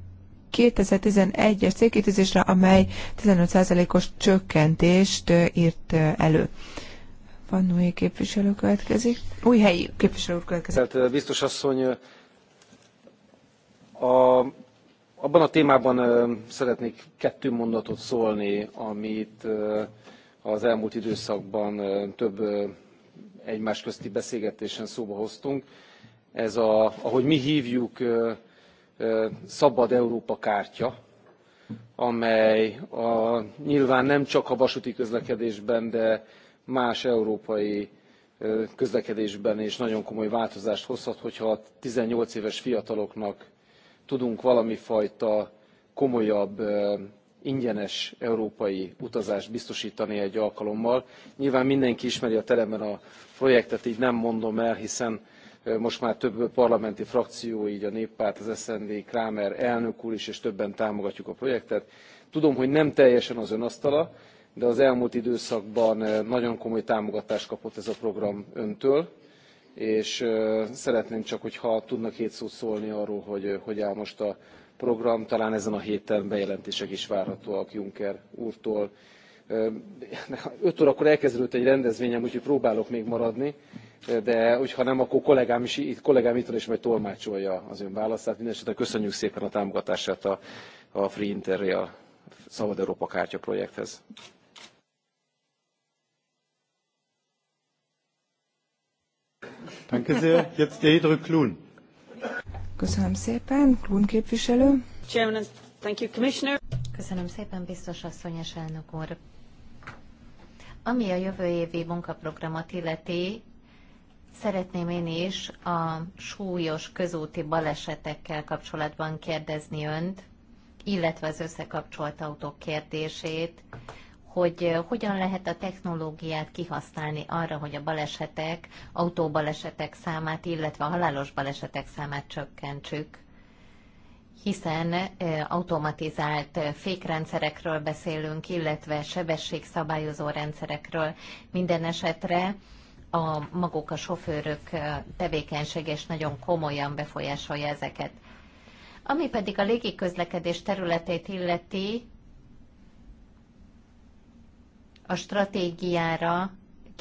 2011-es célkitűzésre, amely 15%-os csökkentést írt elő. Van képviselő következik. Új helyi képviselő következik. Tehát biztos asszony, a, abban a témában szeretnék kettő mondatot szólni, amit az elmúlt időszakban több egymás közti beszélgetésen szóba hoztunk. Ez a, ahogy mi hívjuk, Szabad Európa kártya, amely a, nyilván nem csak a vasúti közlekedésben, de más európai közlekedésben is nagyon komoly változást hozhat, hogyha a 18 éves fiataloknak tudunk valami fajta komolyabb ingyenes európai utazást biztosítani egy alkalommal. Nyilván mindenki ismeri a teremben a projektet, így nem mondom el, hiszen most már több parlamenti frakció, így a Néppárt, az SZND, Kramer elnök úr is, és többen támogatjuk a projektet. Tudom, hogy nem teljesen az ön asztala, de az elmúlt időszakban eh, nagyon komoly támogatást kapott ez a program öntől, és eh, szeretném csak, hogyha tudnak hét szót szólni arról, hogy eh, hogy áll most a program, talán ezen a héten bejelentések is várhatóak Juncker úrtól. Öt órakor elkezdődött egy rendezvényem, úgyhogy próbálok még maradni, de hogyha nem, akkor kollégám, is, itt, kollégám itt van, és majd tolmácsolja az ön válaszát. Mindenesetre köszönjük szépen a támogatását a, a Free Interrail Szabad Európa kártya projekthez. Danke sehr. Jetzt Deidre Köszönöm szépen. Klun képviselő. Chairman, thank you, Commissioner. Köszönöm szépen, biztos asszony és elnök úr. Ami a jövő évi munkaprogramot illeti, szeretném én is a súlyos közúti balesetekkel kapcsolatban kérdezni önt, illetve az összekapcsolt autók kérdését hogy hogyan lehet a technológiát kihasználni arra, hogy a balesetek, autóbalesetek számát, illetve a halálos balesetek számát csökkentsük hiszen automatizált fékrendszerekről beszélünk, illetve sebességszabályozó rendszerekről. Minden esetre a maguk a sofőrök tevékenysége és nagyon komolyan befolyásolja ezeket. Ami pedig a légiközlekedés területét illeti, a stratégiára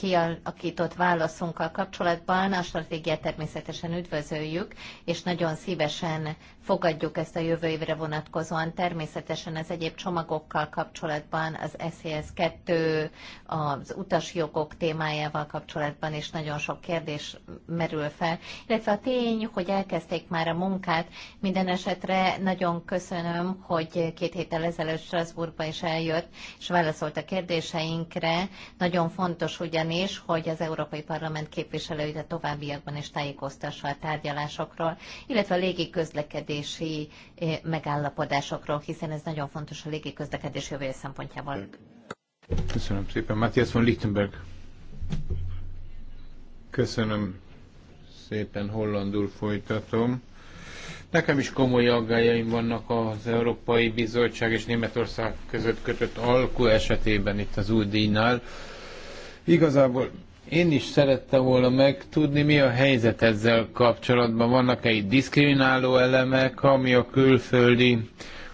kialakított válaszunkkal kapcsolatban a stratégiát természetesen üdvözöljük, és nagyon szívesen fogadjuk ezt a jövő évre vonatkozóan. Természetesen az egyéb csomagokkal kapcsolatban, az SZSZ-2, e az utasjogok témájával kapcsolatban is nagyon sok kérdés merül fel, illetve a tény, hogy elkezdték már a munkát. Minden esetre nagyon köszönöm, hogy két héttel ezelőtt Strasbourgba is eljött, és válaszolt a kérdéseinkre. Nagyon fontos ugyan abban is, hogy az Európai Parlament képviselőit a továbbiakban is tájékoztassa a tárgyalásokról, illetve a légiközlekedési eh, megállapodásokról, hiszen ez nagyon fontos a légiközlekedés jövője szempontjából. Köszönöm szépen. Matthias von Lichtenberg. Köszönöm szépen, hollandul folytatom. Nekem is komoly aggájaim vannak az Európai Bizottság és Németország között kötött alkú esetében itt az új díjnál. Igazából én is szerettem volna megtudni, mi a helyzet ezzel kapcsolatban. Vannak-e itt diszkrimináló elemek, ami a külföldi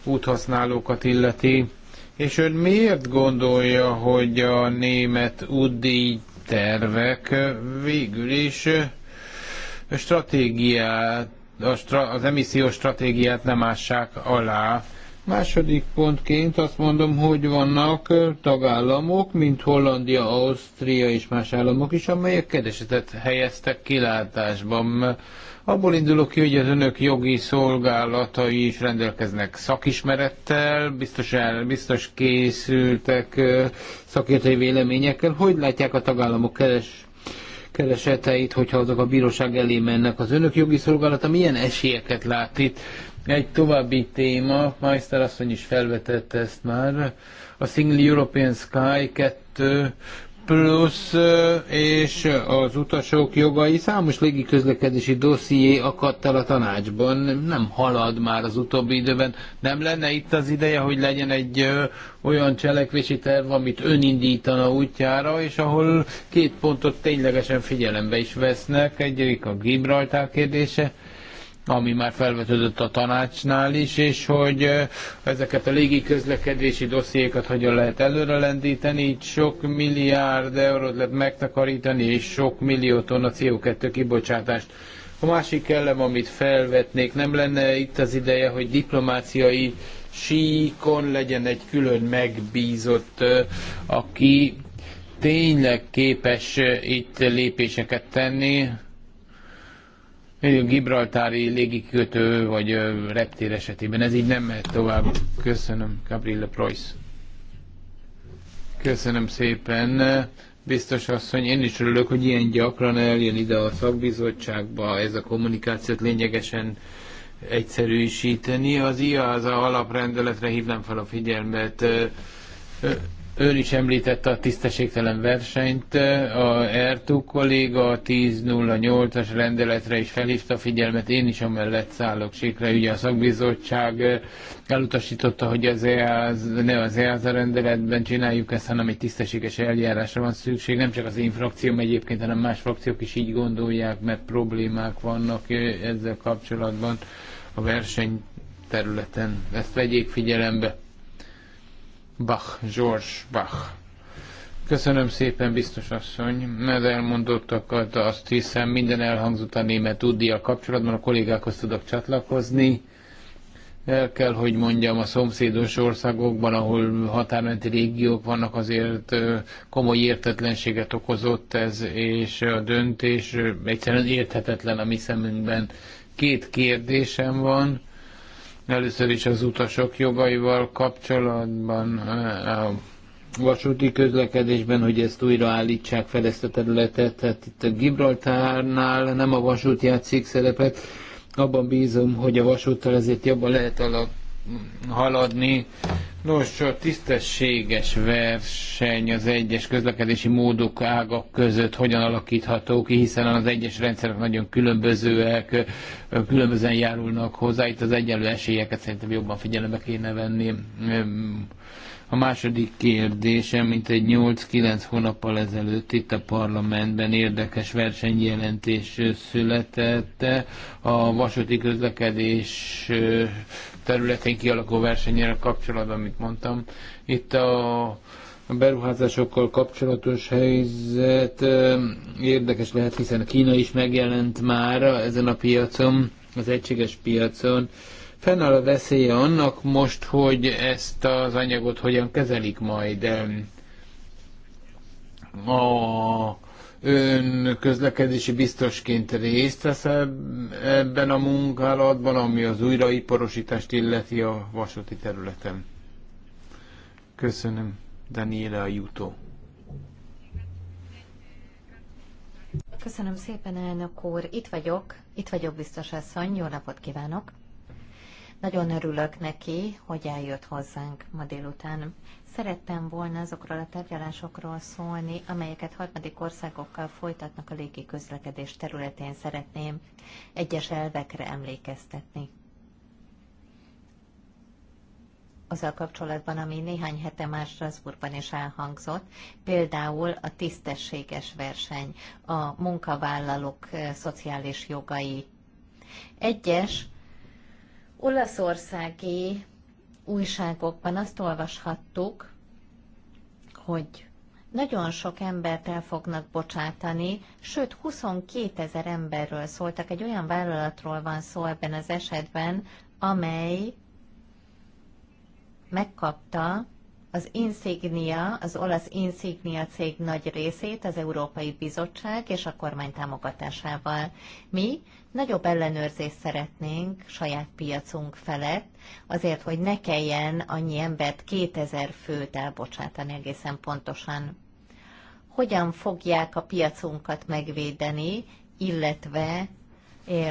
úthasználókat illeti? És ön miért gondolja, hogy a német útdíj tervek végül is a stratégiát, az emissziós stratégiát nem ássák alá? Második pontként azt mondom, hogy vannak tagállamok, mint Hollandia, Ausztria és más államok is, amelyek keresetet helyeztek kilátásban. Abból indulok ki, hogy az önök jogi szolgálatai is rendelkeznek szakismerettel, biztos, el, biztos készültek szakértői véleményekkel. Hogy látják a tagállamok keres, kereseteit, hogyha azok a bíróság elé mennek? Az önök jogi szolgálata milyen esélyeket lát itt? Egy további téma, Meister asszony is felvetette ezt már, a Single European Sky 2 plusz és az utasok jogai számos légiközlekedési dosszié akadt el a tanácsban, nem halad már az utóbbi időben. Nem lenne itt az ideje, hogy legyen egy olyan cselekvési terv, amit indítana útjára, és ahol két pontot ténylegesen figyelembe is vesznek, egyik a Gibraltár kérdése, ami már felvetődött a tanácsnál is, és hogy ezeket a légi közlekedési dossziékat hogyan lehet előre lendíteni, így sok milliárd eurót lehet megtakarítani, és sok millió tonna CO2 kibocsátást. A másik elem, amit felvetnék, nem lenne itt az ideje, hogy diplomáciai síkon legyen egy külön megbízott, aki tényleg képes itt lépéseket tenni, Gibraltári légikötő vagy reptér esetében. Ez így nem mehet tovább. Köszönöm, Gabriela Preuss. Köszönöm szépen. Biztos asszony, én is örülök, hogy ilyen gyakran eljön ide a szakbizottságba, ez a kommunikációt lényegesen egyszerűsíteni. Az IA, az a alaprendeletre hívnám fel a figyelmet Ön is említette a tisztességtelen versenyt, a Ertug kolléga a 10.08-as rendeletre is felhívta a figyelmet, én is amellett szállok sikre. ugye a szakbizottság elutasította, hogy az EAZ, ne az EAZ rendeletben csináljuk ezt, hanem egy tisztességes eljárásra van szükség, nem csak az én frakcióm egyébként, hanem más frakciók is így gondolják, mert problémák vannak ezzel kapcsolatban a verseny területen. Ezt vegyék figyelembe Bach, George Bach. Köszönöm szépen, biztos asszony, mert elmondottakat azt hiszem minden elhangzott a német a kapcsolatban, a kollégákhoz tudok csatlakozni. El kell, hogy mondjam, a szomszédos országokban, ahol határmenti régiók vannak, azért komoly értetlenséget okozott ez, és a döntés egyszerűen érthetetlen a mi szemünkben. Két kérdésem van Először is az utasok jogaival kapcsolatban eh, a vasúti közlekedésben, hogy ezt újra állítsák fel ezt a területet. Tehát itt a Gibraltárnál nem a vasút játszik szerepet. Abban bízom, hogy a vasúttal ezért jobban lehet alap haladni. Nos, a tisztességes verseny az egyes közlekedési módok ágak között hogyan alakítható ki, hiszen az egyes rendszerek nagyon különbözőek, különbözően járulnak hozzá. Itt az egyenlő esélyeket szerintem jobban figyelembe kéne venni. A második kérdésem, mint egy 8-9 hónappal ezelőtt itt a parlamentben érdekes versenyjelentés született a vasúti közlekedés területén kialakuló versenyére kapcsolatban, amit mondtam. Itt a a beruházásokkal kapcsolatos helyzet érdekes lehet, hiszen a Kína is megjelent már ezen a piacon, az egységes piacon. Fennáll a veszélye annak most, hogy ezt az anyagot hogyan kezelik majd. A Ön közlekedési biztosként részt vesz ebben a munkálatban, ami az újraiparosítást illeti a vasúti területen. Köszönöm. Daniela Jutó. Köszönöm szépen, elnök úr. Itt vagyok, itt vagyok, biztos asszony. Jó napot kívánok. Nagyon örülök neki, hogy eljött hozzánk ma délután. Szerettem volna azokról a tárgyalásokról szólni, amelyeket harmadik országokkal folytatnak a légi közlekedés területén szeretném egyes elvekre emlékeztetni. Azzal kapcsolatban, ami néhány hete már Strasbourgban is elhangzott, például a tisztességes verseny, a munkavállalók eh, szociális jogai. Egyes olaszországi újságokban azt olvashattuk, hogy nagyon sok embert el fognak bocsátani, sőt 22 ezer emberről szóltak. Egy olyan vállalatról van szó ebben az esetben, amely megkapta az Insignia, az olasz Insignia cég nagy részét az Európai Bizottság és a kormány támogatásával. Mi nagyobb ellenőrzést szeretnénk saját piacunk felett, azért, hogy ne kelljen annyi embert 2000 főt elbocsátani egészen pontosan. Hogyan fogják a piacunkat megvédeni, illetve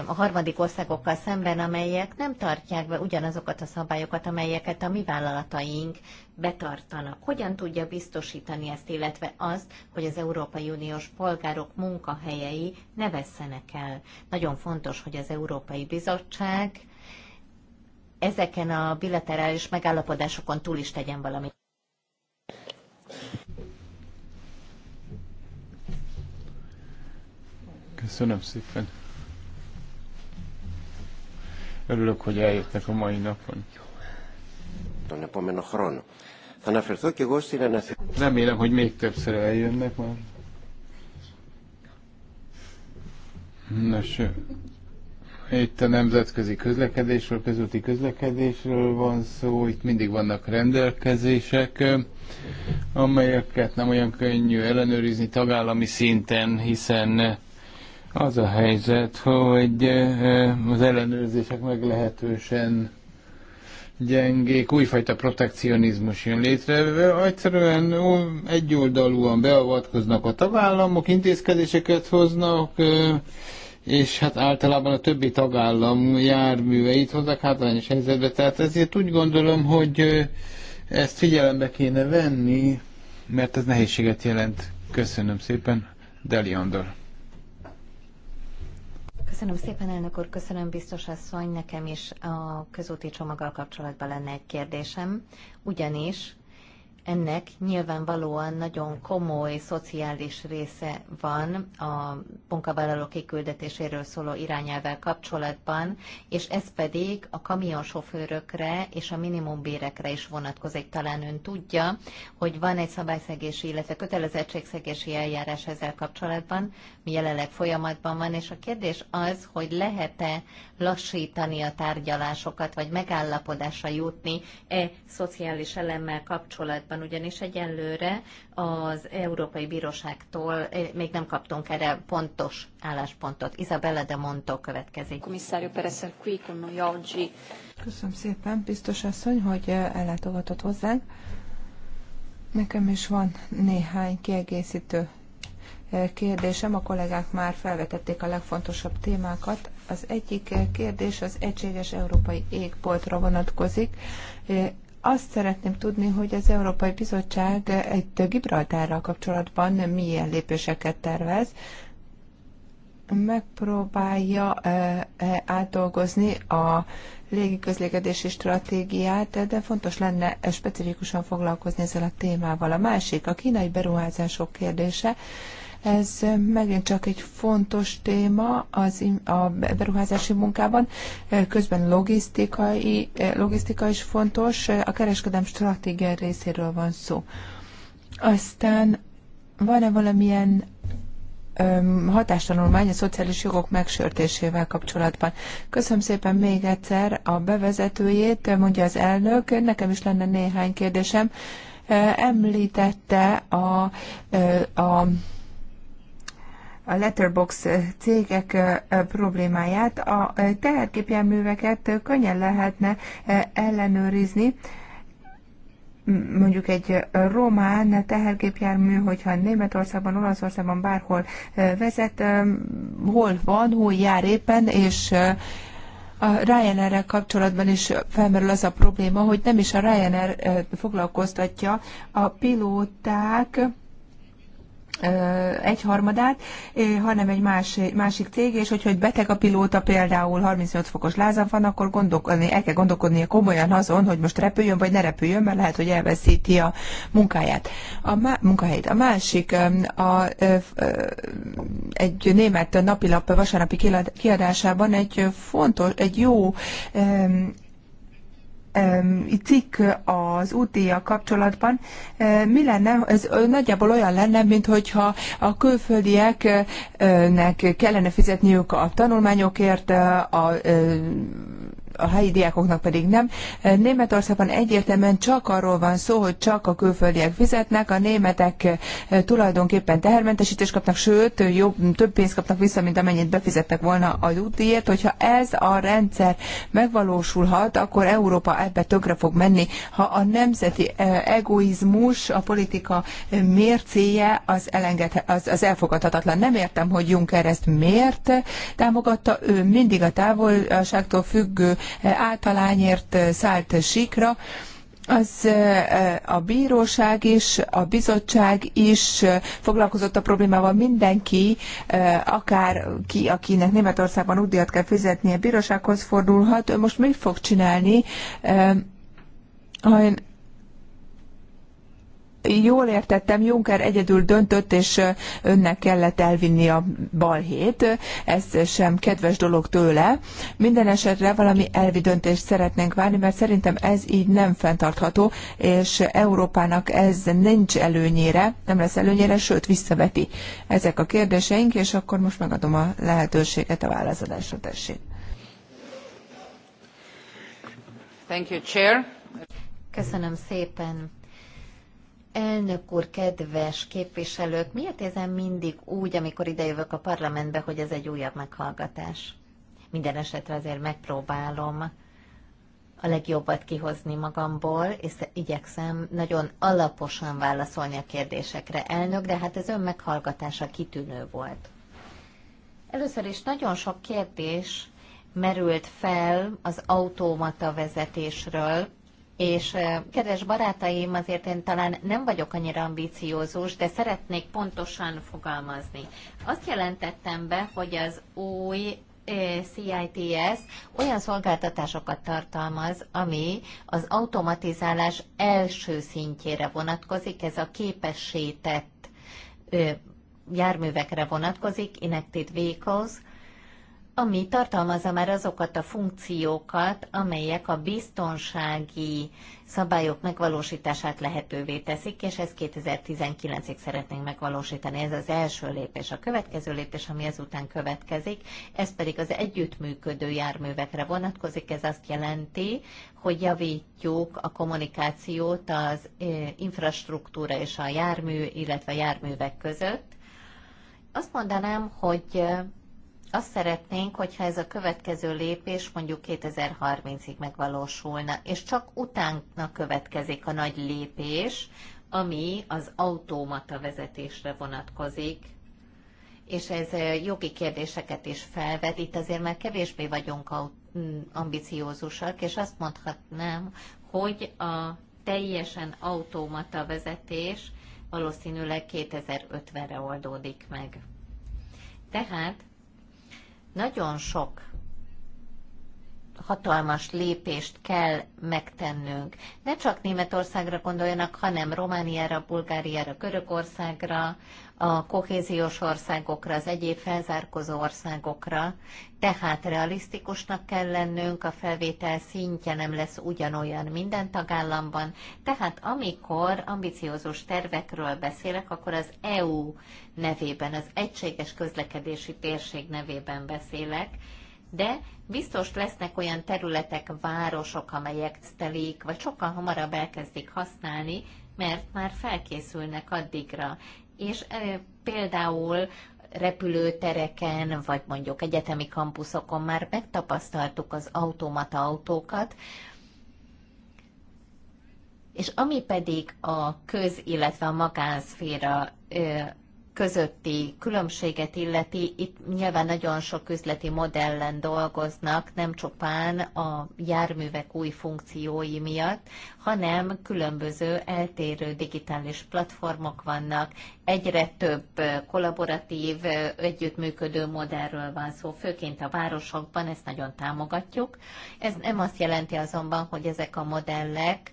a harmadik országokkal szemben, amelyek nem tartják be ugyanazokat a szabályokat, amelyeket a mi vállalataink betartanak. Hogyan tudja biztosítani ezt, illetve azt, hogy az Európai Uniós polgárok munkahelyei ne vesszenek el? Nagyon fontos, hogy az Európai Bizottság ezeken a bilaterális megállapodásokon túl is tegyen valamit. Köszönöm szépen. Örülök, hogy eljöttek a mai napon. Remélem, hogy még többször eljönnek már. Nos, itt a nemzetközi közlekedésről, közúti közlekedésről van szó, itt mindig vannak rendelkezések, amelyeket nem olyan könnyű ellenőrizni tagállami szinten, hiszen az a helyzet, hogy eh, az ellenőrzések meglehetősen gyengék, újfajta protekcionizmus jön létre. Egyszerűen egyoldalúan beavatkoznak a tagállamok, intézkedéseket hoznak, eh, és hát általában a többi tagállam járműveit hozzák hátrányos helyzetbe, tehát ezért úgy gondolom, hogy ezt figyelembe kéne venni, mert ez nehézséget jelent. Köszönöm szépen, Deli Andor. Köszönöm szépen, elnök úr, köszönöm biztos asszony, nekem is a közúti csomaggal kapcsolatban lenne egy kérdésem, ugyanis ennek nyilvánvalóan nagyon komoly szociális része van a munkavállalók kiküldetéséről szóló irányelvvel kapcsolatban, és ez pedig a kamionsofőrökre és a minimumbérekre is vonatkozik. Talán ön tudja, hogy van egy szabályszegési, illetve kötelezettségszegési eljárás ezzel kapcsolatban, mi jelenleg folyamatban van, és a kérdés az, hogy lehet-e lassítani a tárgyalásokat, vagy megállapodásra jutni e szociális elemmel kapcsolatban, kapcsolatban, ugyanis egyelőre az Európai Bíróságtól eh, még nem kaptunk erre pontos álláspontot. Isabella de Monto következik. Komisszárió Pereszer qui con Köszönöm szépen, biztos asszony, hogy eh, ellátogatott hozzánk. Nekem is van néhány kiegészítő eh, kérdésem. A kollégák már felvetették a legfontosabb témákat. Az egyik kérdés az egységes európai égboltra vonatkozik. Azt szeretném tudni, hogy az Európai Bizottság egy Gibraltárral kapcsolatban milyen lépéseket tervez, megpróbálja átdolgozni a légiközlekedési stratégiát, de fontos lenne specifikusan foglalkozni ezzel a témával. A másik, a kínai beruházások kérdése. Ez megint csak egy fontos téma az, a beruházási munkában. Közben logisztikai, logisztika is fontos. A kereskedelem stratégia részéről van szó. Aztán van-e valamilyen hatástanulmány a szociális jogok megsértésével kapcsolatban. Köszönöm szépen még egyszer a bevezetőjét, mondja az elnök. Nekem is lenne néhány kérdésem. Említette a, a a letterbox cégek problémáját. A teherképjárműveket könnyen lehetne ellenőrizni, mondjuk egy román teherképjármű, hogyha Németországban, Olaszországban, bárhol vezet, hol van, hol jár éppen, és a ryanair kapcsolatban is felmerül az a probléma, hogy nem is a Ryanair foglalkoztatja a pilóták, egyharmadát, hanem egy más, másik cég, és hogyha egy beteg a pilóta, például 38 fokos lázan van, akkor gondolkodni, el kell gondolkodnia komolyan azon, hogy most repüljön, vagy ne repüljön, mert lehet, hogy elveszíti a munkáját. A má, munkahelyét. A másik, a, a, egy német napilap vasárnapi kiadásában egy fontos, egy jó cikk az útdíja kapcsolatban, mi lenne, ez nagyjából olyan lenne, mint hogyha a külföldieknek kellene fizetniük a tanulmányokért, a a helyi diákoknak pedig nem. Németországban egyértelműen csak arról van szó, hogy csak a külföldiek fizetnek, a németek eh, tulajdonképpen tehermentesítést kapnak, sőt, jobb, több pénzt kapnak vissza, mint amennyit befizettek volna a útdíjért. Hogyha ez a rendszer megvalósulhat, akkor Európa ebbe tökre fog menni. Ha a nemzeti eh, egoizmus, a politika mércéje az, elenged, az, az elfogadhatatlan. Nem értem, hogy Juncker ezt miért támogatta. Ő mindig a távolságtól függő általányért eh, szállt sikra, az eh, a bíróság is, a bizottság is eh, foglalkozott a problémával, mindenki, akár ki, akinek Németországban útdíjat kell fizetnie, bírósághoz fordulhat, most mit fog csinálni? jól értettem, Juncker egyedül döntött, és önnek kellett elvinni a balhét. Ez sem kedves dolog tőle. Minden esetre valami elvi döntést szeretnénk várni, mert szerintem ez így nem fenntartható, és Európának ez nincs előnyére, nem lesz előnyére, sőt visszaveti. Ezek a kérdéseink, és akkor most megadom a lehetőséget a válaszadásra, tessék. Thank you, Chair. Köszönöm szépen. Elnök úr, kedves képviselők, miért érzem mindig úgy, amikor idejövök a parlamentbe, hogy ez egy újabb meghallgatás? Minden esetre azért megpróbálom a legjobbat kihozni magamból, és igyekszem nagyon alaposan válaszolni a kérdésekre. Elnök, de hát ez ön meghallgatása kitűnő volt. Először is nagyon sok kérdés merült fel az automata vezetésről, és kedves barátaim, azért én talán nem vagyok annyira ambiciózus, de szeretnék pontosan fogalmazni. Azt jelentettem be, hogy az új CITS olyan szolgáltatásokat tartalmaz, ami az automatizálás első szintjére vonatkozik, ez a képessétett járművekre vonatkozik, Inactive Vehicles, ami tartalmazza már azokat a funkciókat, amelyek a biztonsági szabályok megvalósítását lehetővé teszik, és ezt 2019-ig szeretnénk megvalósítani. Ez az első lépés. A következő lépés, ami ezután következik, ez pedig az együttműködő járművekre vonatkozik. Ez azt jelenti, hogy javítjuk a kommunikációt az infrastruktúra és a jármű, illetve a járművek között. Azt mondanám, hogy azt szeretnénk, hogyha ez a következő lépés mondjuk 2030-ig megvalósulna, és csak utána következik a nagy lépés, ami az automata vezetésre vonatkozik, és ez jogi kérdéseket is felvet. Itt azért már kevésbé vagyunk mm, ambiciózusak, és azt mondhatnám, hogy a teljesen automata vezetés valószínűleg 2050-re oldódik meg. Tehát nagyon sok hatalmas lépést kell megtennünk. Ne csak Németországra gondoljanak, hanem Romániára, Bulgáriára, Görögországra, a kohéziós országokra, az egyéb felzárkozó országokra, tehát realisztikusnak kell lennünk, a felvétel szintje nem lesz ugyanolyan minden tagállamban, tehát amikor ambiciózus tervekről beszélek, akkor az EU nevében, az Egységes Közlekedési Térség nevében beszélek, de biztos lesznek olyan területek, városok, amelyek telik, vagy sokkal hamarabb elkezdik használni, mert már felkészülnek addigra, és például repülőtereken, vagy mondjuk egyetemi kampuszokon már megtapasztaltuk az automata autókat, és ami pedig a köz, illetve a magánszféra közötti különbséget illeti, itt nyilván nagyon sok üzleti modellen dolgoznak, nem csupán a járművek új funkciói miatt, hanem különböző eltérő digitális platformok vannak, egyre több kollaboratív, együttműködő modellről van szó, főként a városokban, ezt nagyon támogatjuk. Ez nem azt jelenti azonban, hogy ezek a modellek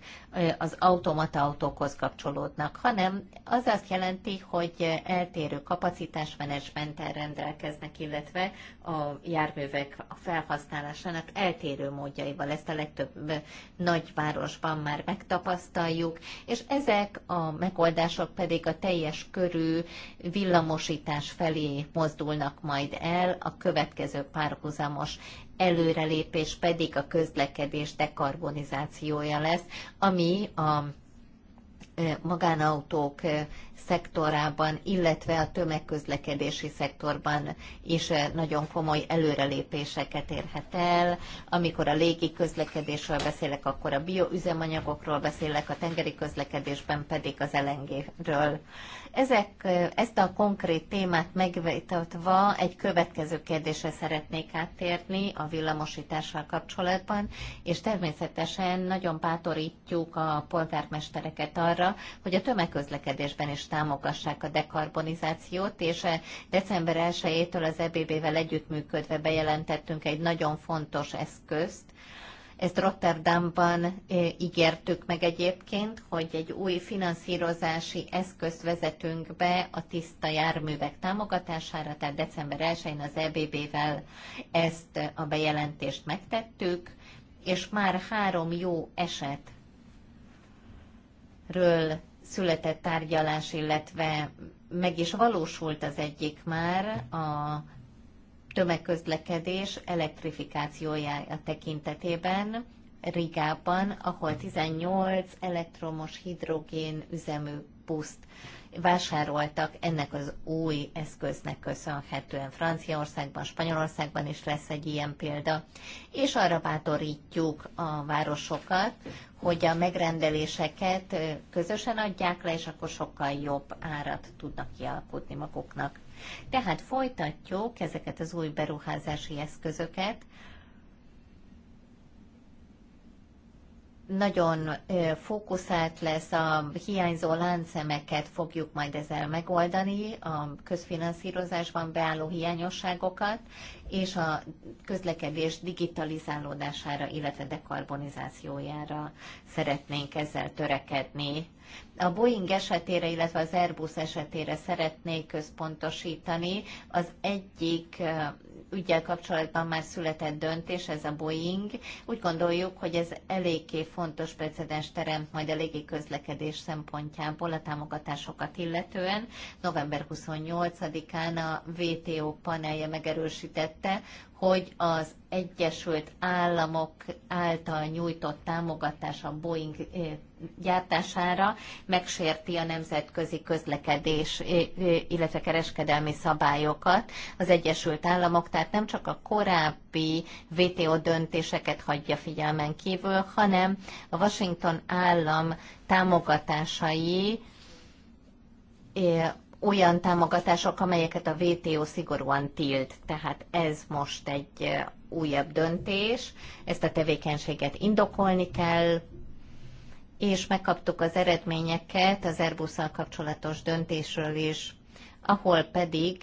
az automata autókhoz kapcsolódnak, hanem az azt jelenti, hogy eltérő kapacitásmenedzsmenttel rendelkeznek, illetve a járművek felhasználásának eltérő módjaival. Ezt a legtöbb nagyvárosban már megtapasztaljuk, és ezek a megoldások pedig a teljes körű villamosítás felé mozdulnak majd el a következő párhuzamos előrelépés pedig a közlekedés dekarbonizációja lesz, ami a magánautók szektorában, illetve a tömegközlekedési szektorban is nagyon komoly előrelépéseket érhet el. Amikor a légi közlekedésről beszélek, akkor a bioüzemanyagokról beszélek, a tengeri közlekedésben pedig az LNG-ről. Ezek, ezt a konkrét témát megvitatva egy következő kérdésre szeretnék áttérni a villamosítással kapcsolatban, és természetesen nagyon bátorítjuk a polgármestereket arra, hogy a tömegközlekedésben is támogassák a dekarbonizációt, és december 1-től az EBB-vel együttműködve bejelentettünk egy nagyon fontos eszközt, ezt Rotterdamban ígértük meg egyébként, hogy egy új finanszírozási eszközt vezetünk be a tiszta járművek támogatására, tehát december 1-én az EBB-vel ezt a bejelentést megtettük, és már három jó esetről született tárgyalás, illetve meg is valósult az egyik már, a tömegközlekedés elektrifikációjája tekintetében Rigában, ahol 18 elektromos hidrogén üzemű puszt vásároltak ennek az új eszköznek köszönhetően. Franciaországban, Spanyolországban is lesz egy ilyen példa, és arra bátorítjuk a városokat, hogy a megrendeléseket közösen adják le, és akkor sokkal jobb árat tudnak kialkotni maguknak. Tehát folytatjuk ezeket az új beruházási eszközöket, nagyon fókuszált lesz, a hiányzó láncemeket fogjuk majd ezzel megoldani, a közfinanszírozásban beálló hiányosságokat, és a közlekedés digitalizálódására, illetve dekarbonizációjára szeretnénk ezzel törekedni. A Boeing esetére, illetve az Airbus esetére szeretnék központosítani. Az egyik ügyel kapcsolatban már született döntés, ez a Boeing. Úgy gondoljuk, hogy ez eléggé fontos precedens teremt majd a légiközlekedés szempontjából a támogatásokat illetően. November 28-án a WTO panelje megerősítette, hogy az Egyesült Államok által nyújtott támogatás a Boeing eh, gyártására megsérti a nemzetközi közlekedés, eh, eh, illetve kereskedelmi szabályokat az Egyesült Államok, tehát nem csak a korábbi WTO döntéseket hagyja figyelmen kívül, hanem a Washington állam támogatásai olyan támogatások, amelyeket a WTO szigorúan tilt. Tehát ez most egy eh, újabb döntés, ezt a tevékenységet indokolni kell, és megkaptuk az eredményeket az airbus kapcsolatos döntésről is, ahol pedig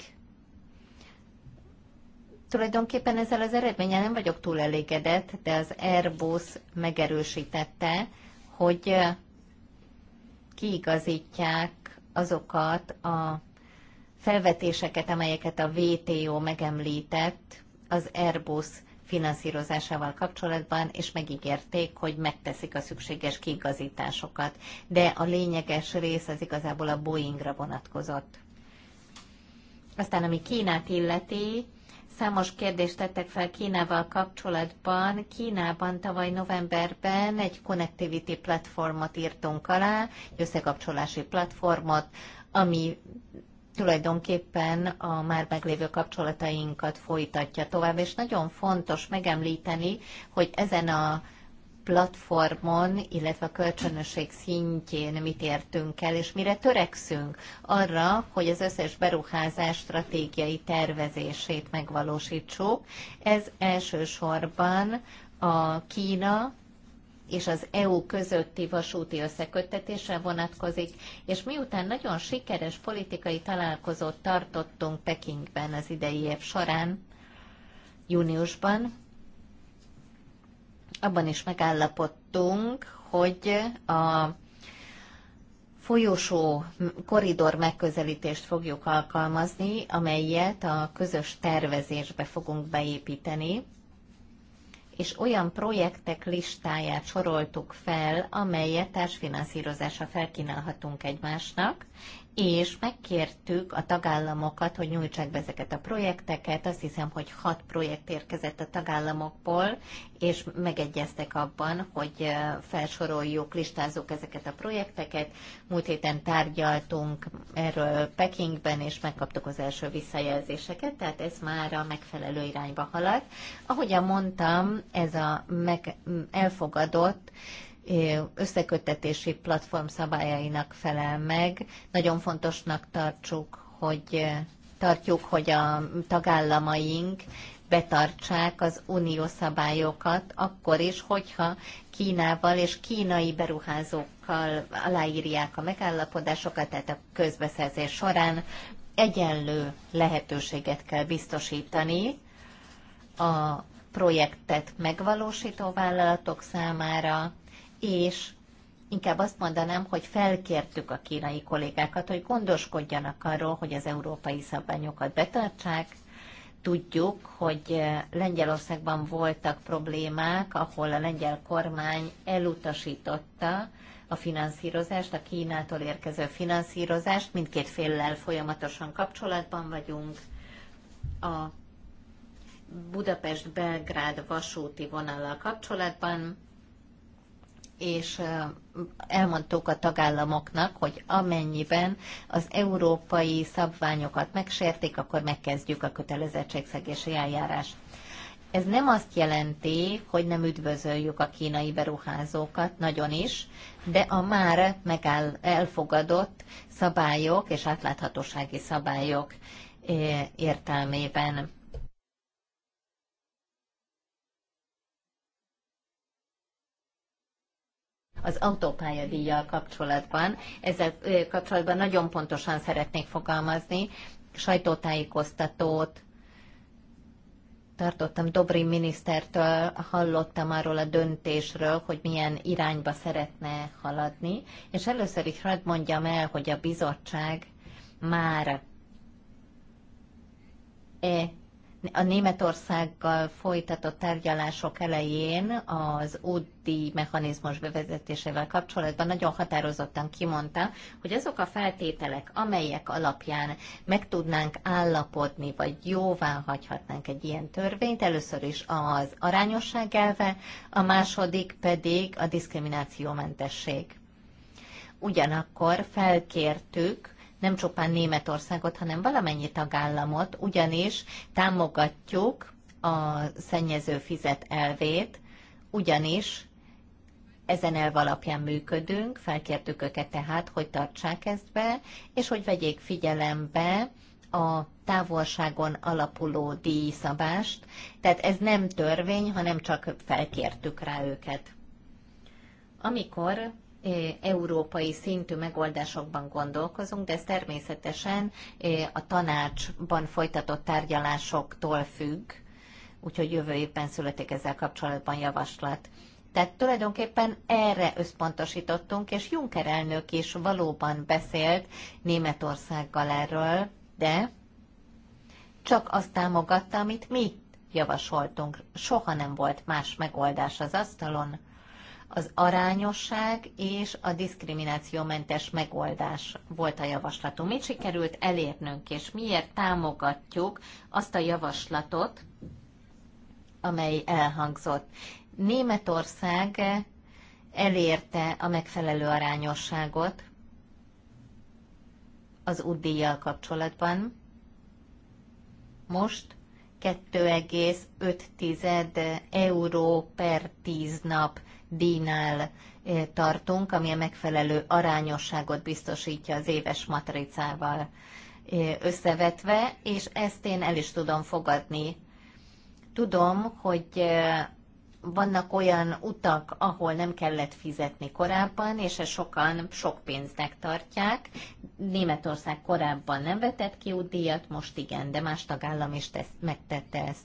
tulajdonképpen ezzel az eredménnyel nem vagyok túl elégedett, de az Airbus megerősítette, hogy eh, kiigazítják azokat a felvetéseket, amelyeket a VTO megemlített az Airbus finanszírozásával kapcsolatban, és megígérték, hogy megteszik a szükséges kiigazításokat. De a lényeges rész az igazából a Boeingra vonatkozott. Aztán, ami Kínát illeti, Számos kérdést tettek fel Kínával kapcsolatban. Kínában tavaly novemberben egy connectivity platformot írtunk alá, összekapcsolási platformot, ami tulajdonképpen a már meglévő kapcsolatainkat folytatja tovább, és nagyon fontos megemlíteni, hogy ezen a platformon, illetve a kölcsönösség szintjén mit értünk el, és mire törekszünk arra, hogy az összes beruházás stratégiai tervezését megvalósítsuk. Ez elsősorban a Kína és az EU közötti vasúti összeköttetésre vonatkozik, és miután nagyon sikeres politikai találkozót tartottunk Pekingben az idei év során, júniusban, abban is megállapodtunk, hogy a folyosó koridor megközelítést fogjuk alkalmazni, amelyet a közös tervezésbe fogunk beépíteni, és olyan projektek listáját soroltuk fel, amelyet társfinanszírozásra felkínálhatunk egymásnak, és megkértük a tagállamokat, hogy nyújtsák be ezeket a projekteket. Azt hiszem, hogy hat projekt érkezett a tagállamokból, és megegyeztek abban, hogy felsoroljuk, listázzuk ezeket a projekteket. Múlt héten tárgyaltunk erről Pekingben, és megkaptuk az első visszajelzéseket, tehát ez már a megfelelő irányba halad. Ahogyan mondtam, ez a meg elfogadott összeköttetési platform szabályainak felel meg. Nagyon fontosnak tartsuk, hogy tartjuk, hogy a tagállamaink betartsák az unió szabályokat, akkor is, hogyha Kínával és kínai beruházókkal aláírják a megállapodásokat, tehát a közbeszerzés során egyenlő lehetőséget kell biztosítani a projektet megvalósító vállalatok számára, és inkább azt mondanám, hogy felkértük a kínai kollégákat, hogy gondoskodjanak arról, hogy az európai szabványokat betartsák. Tudjuk, hogy eh, Lengyelországban voltak problémák, ahol a lengyel kormány elutasította a finanszírozást, a Kínától érkező finanszírozást. Mindkét féllel folyamatosan kapcsolatban vagyunk. A Budapest-Belgrád vasúti vonallal kapcsolatban és elmondtuk a tagállamoknak, hogy amennyiben az európai szabványokat megsértik, akkor megkezdjük a kötelezettségszegési eljárás. Ez nem azt jelenti, hogy nem üdvözöljük a kínai beruházókat, nagyon is, de a már megáll, elfogadott szabályok és átláthatósági szabályok értelmében. az autópályadíjjal kapcsolatban. Ezzel kapcsolatban nagyon pontosan szeretnék fogalmazni. Sajtótájékoztatót tartottam Dobri minisztertől, hallottam arról a döntésről, hogy milyen irányba szeretne haladni, és először is hadd mondjam el, hogy a bizottság már e a Németországgal folytatott tárgyalások elején az útdíj mechanizmus bevezetésével kapcsolatban nagyon határozottan kimondta, hogy azok a feltételek, amelyek alapján meg tudnánk állapodni, vagy jóvá hagyhatnánk egy ilyen törvényt, először is az arányosság elve, a második pedig a diszkriminációmentesség. Ugyanakkor felkértük nem csupán Németországot, hanem valamennyi tagállamot, ugyanis támogatjuk a szennyező fizet elvét, ugyanis ezen elv alapján működünk, felkértük őket tehát, hogy tartsák ezt be, és hogy vegyék figyelembe a távolságon alapuló díjszabást. Tehát ez nem törvény, hanem csak felkértük rá őket. Amikor E, európai szintű megoldásokban gondolkozunk, de ez természetesen e, a tanácsban folytatott tárgyalásoktól függ, úgyhogy jövő évben születik ezzel kapcsolatban javaslat. Tehát tulajdonképpen erre összpontosítottunk, és Juncker elnök is valóban beszélt Németországgal erről, de csak azt támogatta, amit mi javasoltunk. Soha nem volt más megoldás az asztalon az arányosság és a diszkriminációmentes megoldás volt a javaslatunk. Mit sikerült elérnünk, és miért támogatjuk azt a javaslatot, amely elhangzott. Németország elérte a megfelelő arányosságot az útdíjjal kapcsolatban. Most 2,5 euró per 10 nap díjnál tartunk, ami a megfelelő arányosságot biztosítja az éves matricával összevetve, és ezt én el is tudom fogadni. Tudom, hogy vannak olyan utak, ahol nem kellett fizetni korábban, és ezt sokan sok pénznek tartják. Németország korábban nem vetett ki útdíjat, most igen, de más tagállam is tesz, megtette ezt.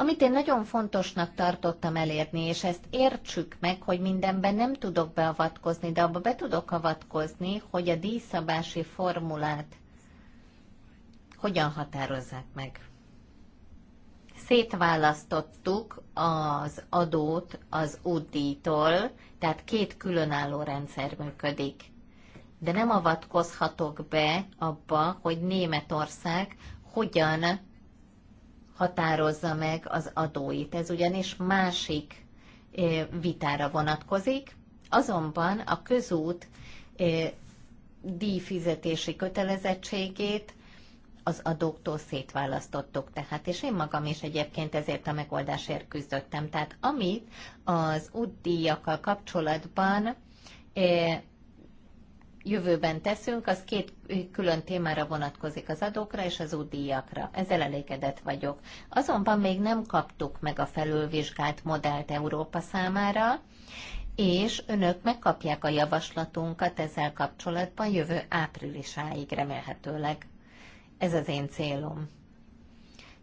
Amit én nagyon fontosnak tartottam elérni, és ezt értsük meg, hogy mindenben nem tudok beavatkozni, de abba be tudok avatkozni, hogy a díszabási formulát hogyan határozzák meg. Szétválasztottuk az adót az újdi-tól, tehát két különálló rendszer működik. De nem avatkozhatok be abba, hogy Németország hogyan határozza meg az adóit. Ez ugyanis másik vitára vonatkozik, azonban a közút díjfizetési kötelezettségét az adóktól szétválasztottuk. Tehát, és én magam is egyébként ezért a megoldásért küzdöttem. Tehát amit az útdíjakkal kapcsolatban jövőben teszünk, az két külön témára vonatkozik az adókra és az útdíjakra. Ezzel elégedett vagyok. Azonban még nem kaptuk meg a felülvizsgált modellt Európa számára, és önök megkapják a javaslatunkat ezzel kapcsolatban jövő áprilisáig remélhetőleg. Ez az én célom.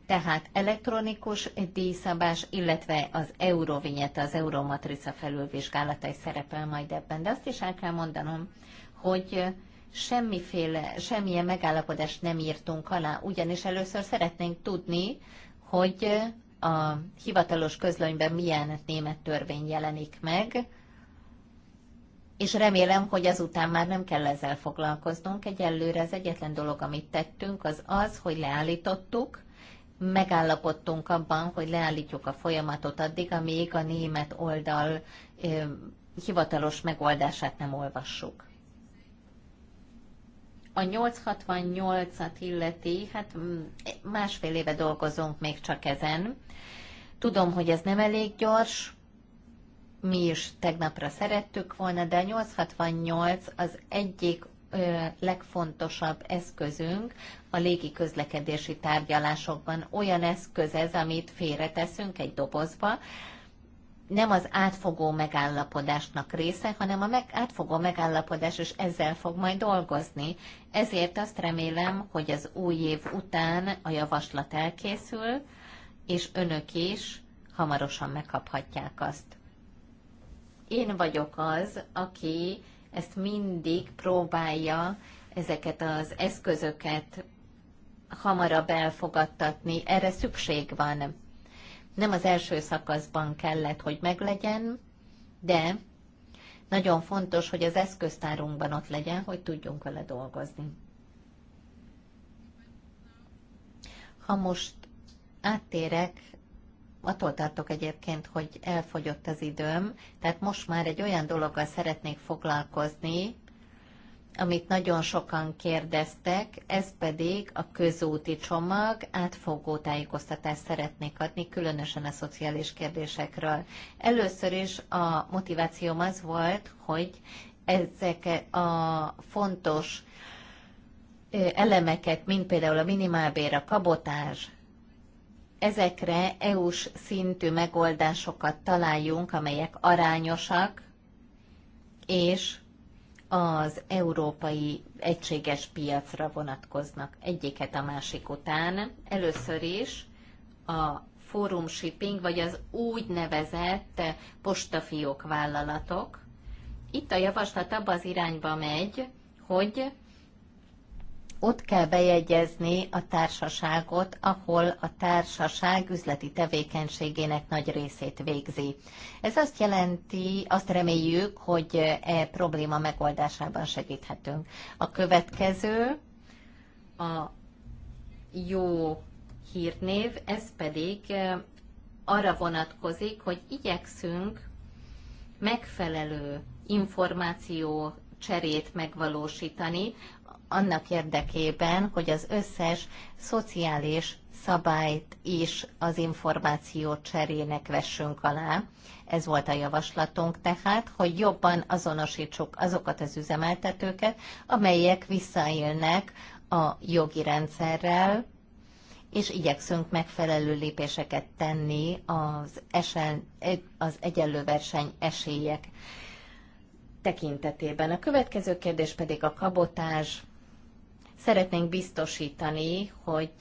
Tehát elektronikus díjszabás, illetve az Euróvinyet az euromatrica felülvizsgálata is szerepel majd ebben. De azt is el kell mondanom, hogy semmiféle, semmilyen megállapodást nem írtunk alá, ugyanis először szeretnénk tudni, hogy a hivatalos közlönyben milyen német törvény jelenik meg, és remélem, hogy azután már nem kell ezzel foglalkoznunk. Egyelőre az egyetlen dolog, amit tettünk, az az, hogy leállítottuk, megállapodtunk abban, hogy leállítjuk a folyamatot addig, amíg a német oldal ö, hivatalos megoldását nem olvassuk. A 868-at illeti, hát mm, másfél éve dolgozunk még csak ezen. Tudom, hogy ez nem elég gyors, mi is tegnapra szerettük volna, de a 868 az egyik ö, legfontosabb eszközünk a légi közlekedési tárgyalásokban. Olyan eszköz ez, amit félreteszünk egy dobozba, nem az átfogó megállapodásnak része, hanem a meg, átfogó megállapodás is ezzel fog majd dolgozni. Ezért azt remélem, hogy az új év után a javaslat elkészül, és önök is hamarosan megkaphatják azt. Én vagyok az, aki ezt mindig próbálja ezeket az eszközöket hamarabb elfogadtatni. Erre szükség van nem az első szakaszban kellett, hogy meglegyen, de nagyon fontos, hogy az eszköztárunkban ott legyen, hogy tudjunk vele dolgozni. Ha most áttérek, attól tartok egyébként, hogy elfogyott az időm, tehát most már egy olyan dologgal szeretnék foglalkozni, amit nagyon sokan kérdeztek, ez pedig a közúti csomag átfogó tájékoztatást szeretnék adni, különösen a szociális kérdésekről. Először is a motivációm az volt, hogy ezek a fontos elemeket, mint például a minimálbér, a kabotás, ezekre EU-s szintű megoldásokat találjunk, amelyek arányosak, és az európai egységes piacra vonatkoznak egyiket a másik után. Először is a forum shipping, vagy az úgynevezett postafiók vállalatok. Itt a javaslat abba az irányba megy, hogy ott kell bejegyezni a társaságot, ahol a társaság üzleti tevékenységének nagy részét végzi. Ez azt jelenti, azt reméljük, hogy e probléma megoldásában segíthetünk. A következő a jó hírnév, ez pedig e, arra vonatkozik, hogy igyekszünk megfelelő információ cserét megvalósítani annak érdekében, hogy az összes szociális szabályt is az információ cserének vessünk alá. Ez volt a javaslatunk tehát, hogy jobban azonosítsuk azokat az üzemeltetőket, amelyek visszaélnek a jogi rendszerrel, és igyekszünk megfelelő lépéseket tenni az, esen, az egyenlő verseny esélyek tekintetében. A következő kérdés pedig a kabotás Szeretnénk biztosítani, hogy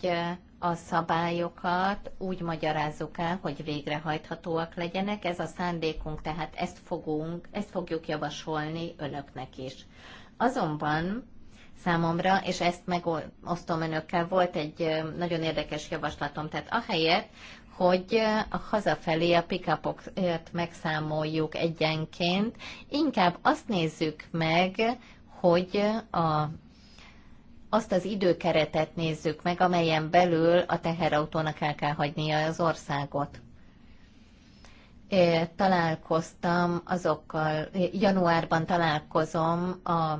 a szabályokat úgy magyarázzuk el, hogy végrehajthatóak legyenek. Ez a szándékunk, tehát ezt, fogunk, ezt fogjuk javasolni önöknek is. Azonban számomra, és ezt megosztom önökkel, volt egy nagyon érdekes javaslatom, tehát ahelyett, hogy a hazafelé a pikapokért megszámoljuk egyenként, inkább azt nézzük meg, hogy a azt az időkeretet nézzük meg, amelyen belül a teherautónak el kell hagynia az országot. találkoztam azokkal, januárban találkozom a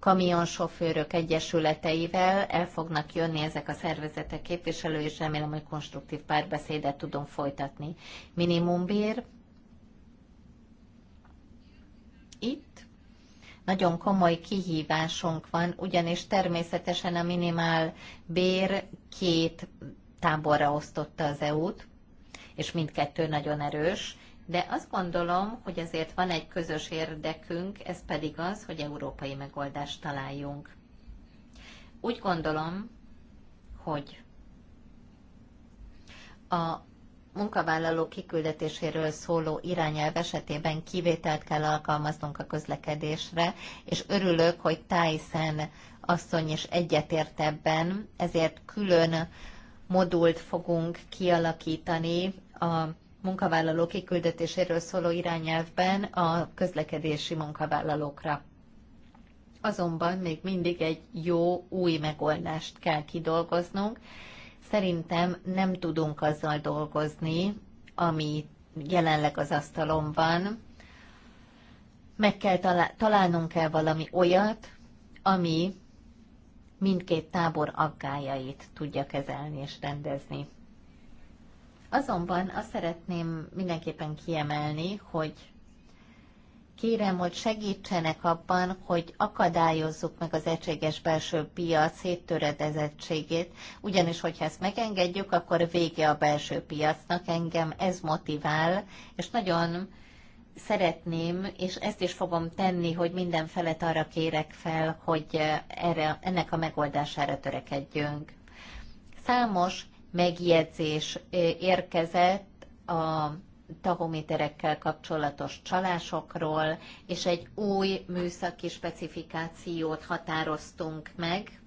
kamionsofőrök egyesületeivel, el fognak jönni ezek a szervezetek képviselői, és remélem, hogy konstruktív párbeszédet tudunk folytatni. Minimumbér. Itt nagyon komoly kihívásunk van, ugyanis természetesen a minimál bér két táborra osztotta az EU-t, és mindkettő nagyon erős, de azt gondolom, hogy azért van egy közös érdekünk, ez pedig az, hogy európai megoldást találjunk. Úgy gondolom, hogy a munkavállaló kiküldetéséről szóló irányelv esetében kivételt kell alkalmaznunk a közlekedésre, és örülök, hogy Tyson asszony is egyetért ebben, ezért külön modult fogunk kialakítani a munkavállaló kiküldetéséről szóló irányelvben a közlekedési munkavállalókra. Azonban még mindig egy jó új megoldást kell kidolgoznunk, Szerintem nem tudunk azzal dolgozni, ami jelenleg az asztalon van. Meg kell talál, találnunk el valami olyat, ami mindkét tábor aggájait tudja kezelni és rendezni. Azonban azt szeretném mindenképpen kiemelni, hogy Kérem, hogy segítsenek abban, hogy akadályozzuk meg az egységes belső piac széttöredezettségét, ugyanis, hogyha ezt megengedjük, akkor vége a belső piacnak. Engem ez motivál, és nagyon szeretném, és ezt is fogom tenni, hogy minden felet arra kérek fel, hogy erre, ennek a megoldására törekedjünk. Számos megjegyzés érkezett a tahométerekkel kapcsolatos csalásokról, és egy új műszaki specifikációt határoztunk meg,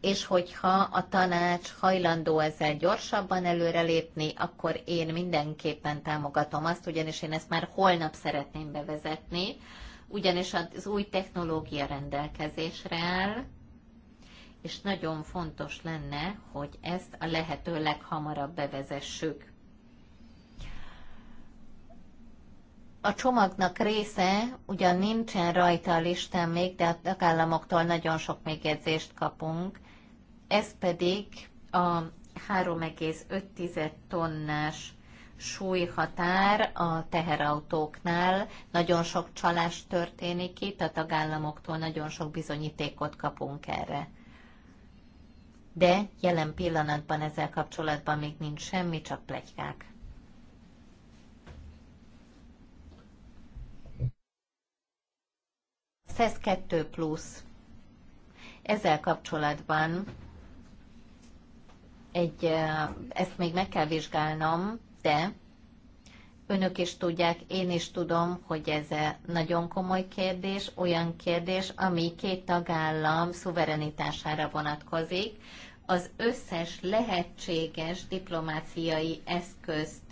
és hogyha a tanács hajlandó ezzel gyorsabban előrelépni, akkor én mindenképpen támogatom azt, ugyanis én ezt már holnap szeretném bevezetni, ugyanis az új technológia rendelkezésre áll, és nagyon fontos lenne, hogy ezt a lehető leghamarabb bevezessük. a csomagnak része ugyan nincsen rajta a listán még, de a tagállamoktól nagyon sok megjegyzést kapunk. Ez pedig a 3,5 tonnás súlyhatár a teherautóknál. Nagyon sok csalás történik itt, a tagállamoktól nagyon sok bizonyítékot kapunk erre. De jelen pillanatban ezzel kapcsolatban még nincs semmi, csak plegykák. SES 2 plusz. Ezzel kapcsolatban egy, ezt még meg kell vizsgálnom, de önök is tudják, én is tudom, hogy ez nagyon komoly kérdés, olyan kérdés, ami két tagállam szuverenitására vonatkozik. Az összes lehetséges diplomáciai eszközt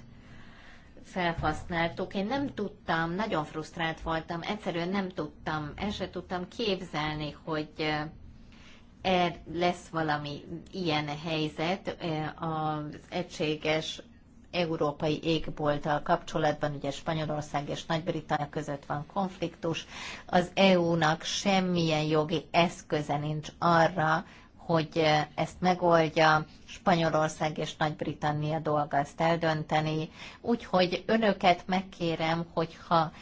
felhasználtuk. Én nem tudtam, nagyon frusztrált voltam, egyszerűen nem tudtam, el sem tudtam képzelni, hogy eh, er lesz valami ilyen helyzet eh, az egységes európai égbolttal kapcsolatban, ugye Spanyolország és Nagy-Britannia között van konfliktus, az EU-nak semmilyen jogi eszköze nincs arra, hogy ezt megoldja, Spanyolország és Nagy-Britannia dolga ezt eldönteni. Úgyhogy önöket megkérem, hogyha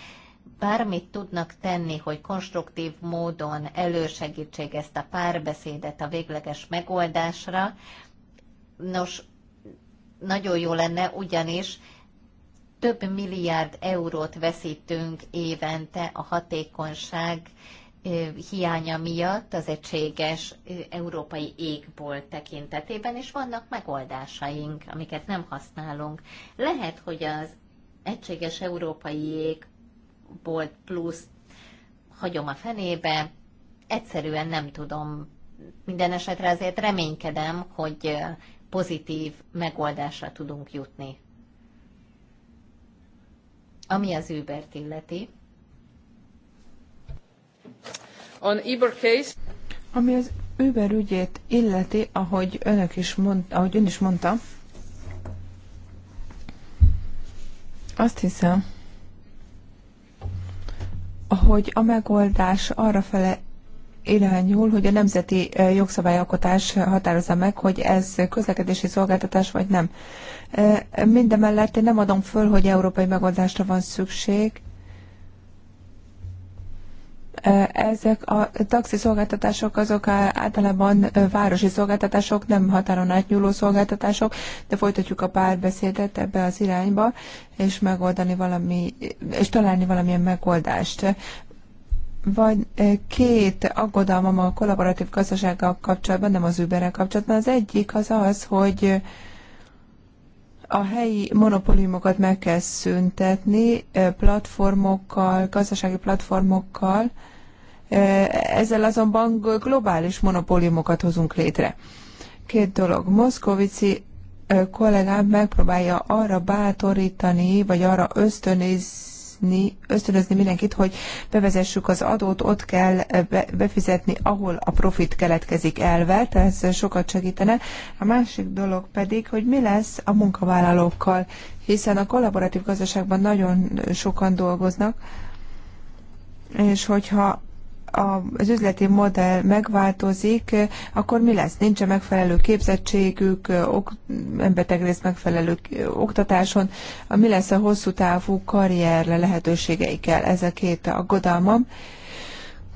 bármit tudnak tenni, hogy konstruktív módon elősegítsék ezt a párbeszédet a végleges megoldásra, nos, nagyon jó lenne, ugyanis több milliárd eurót veszítünk évente a hatékonyság hiánya miatt az egységes európai égbolt tekintetében, és vannak megoldásaink, amiket nem használunk. Lehet, hogy az egységes európai égbolt plusz hagyom a fenébe, egyszerűen nem tudom. Minden esetre azért reménykedem, hogy pozitív megoldásra tudunk jutni. Ami az Übert illeti, ami az Uber ügyét illeti, ahogy, önök is mond, ahogy ön is mondta, azt hiszem, hogy a megoldás arra fele irányul, hogy a nemzeti eh, jogszabályalkotás határozza meg, hogy ez közlekedési szolgáltatás vagy nem. Eh, mindemellett én nem adom föl, hogy európai megoldásra van szükség, ezek a taxi szolgáltatások azok általában városi szolgáltatások, nem határon átnyúló szolgáltatások, de folytatjuk a párbeszédet ebbe az irányba, és megoldani valami, és találni valamilyen megoldást Van két aggodalmam a kollaboratív gazdasággal kapcsolatban, nem az Uberrel kapcsolatban. Az egyik az az, hogy a helyi monopóliumokat meg kell szüntetni platformokkal, gazdasági platformokkal, ezzel azonban globális monopóliumokat hozunk létre. Két dolog. Moszkovici kollégám megpróbálja arra bátorítani, vagy arra ösztönözni, ösztönözni mindenkit, hogy bevezessük az adót, ott kell befizetni, ahol a profit keletkezik elvet, ez sokat segítene. A másik dolog pedig, hogy mi lesz a munkavállalókkal, hiszen a kollaboratív gazdaságban nagyon sokan dolgoznak, és hogyha az üzleti modell megváltozik, akkor mi lesz? Nincs -e megfelelő képzettségük, ok, embertek rész megfelelő oktatáson? Mi lesz a hosszú távú karrier lehetőségeikkel? Ez a két aggodalmam.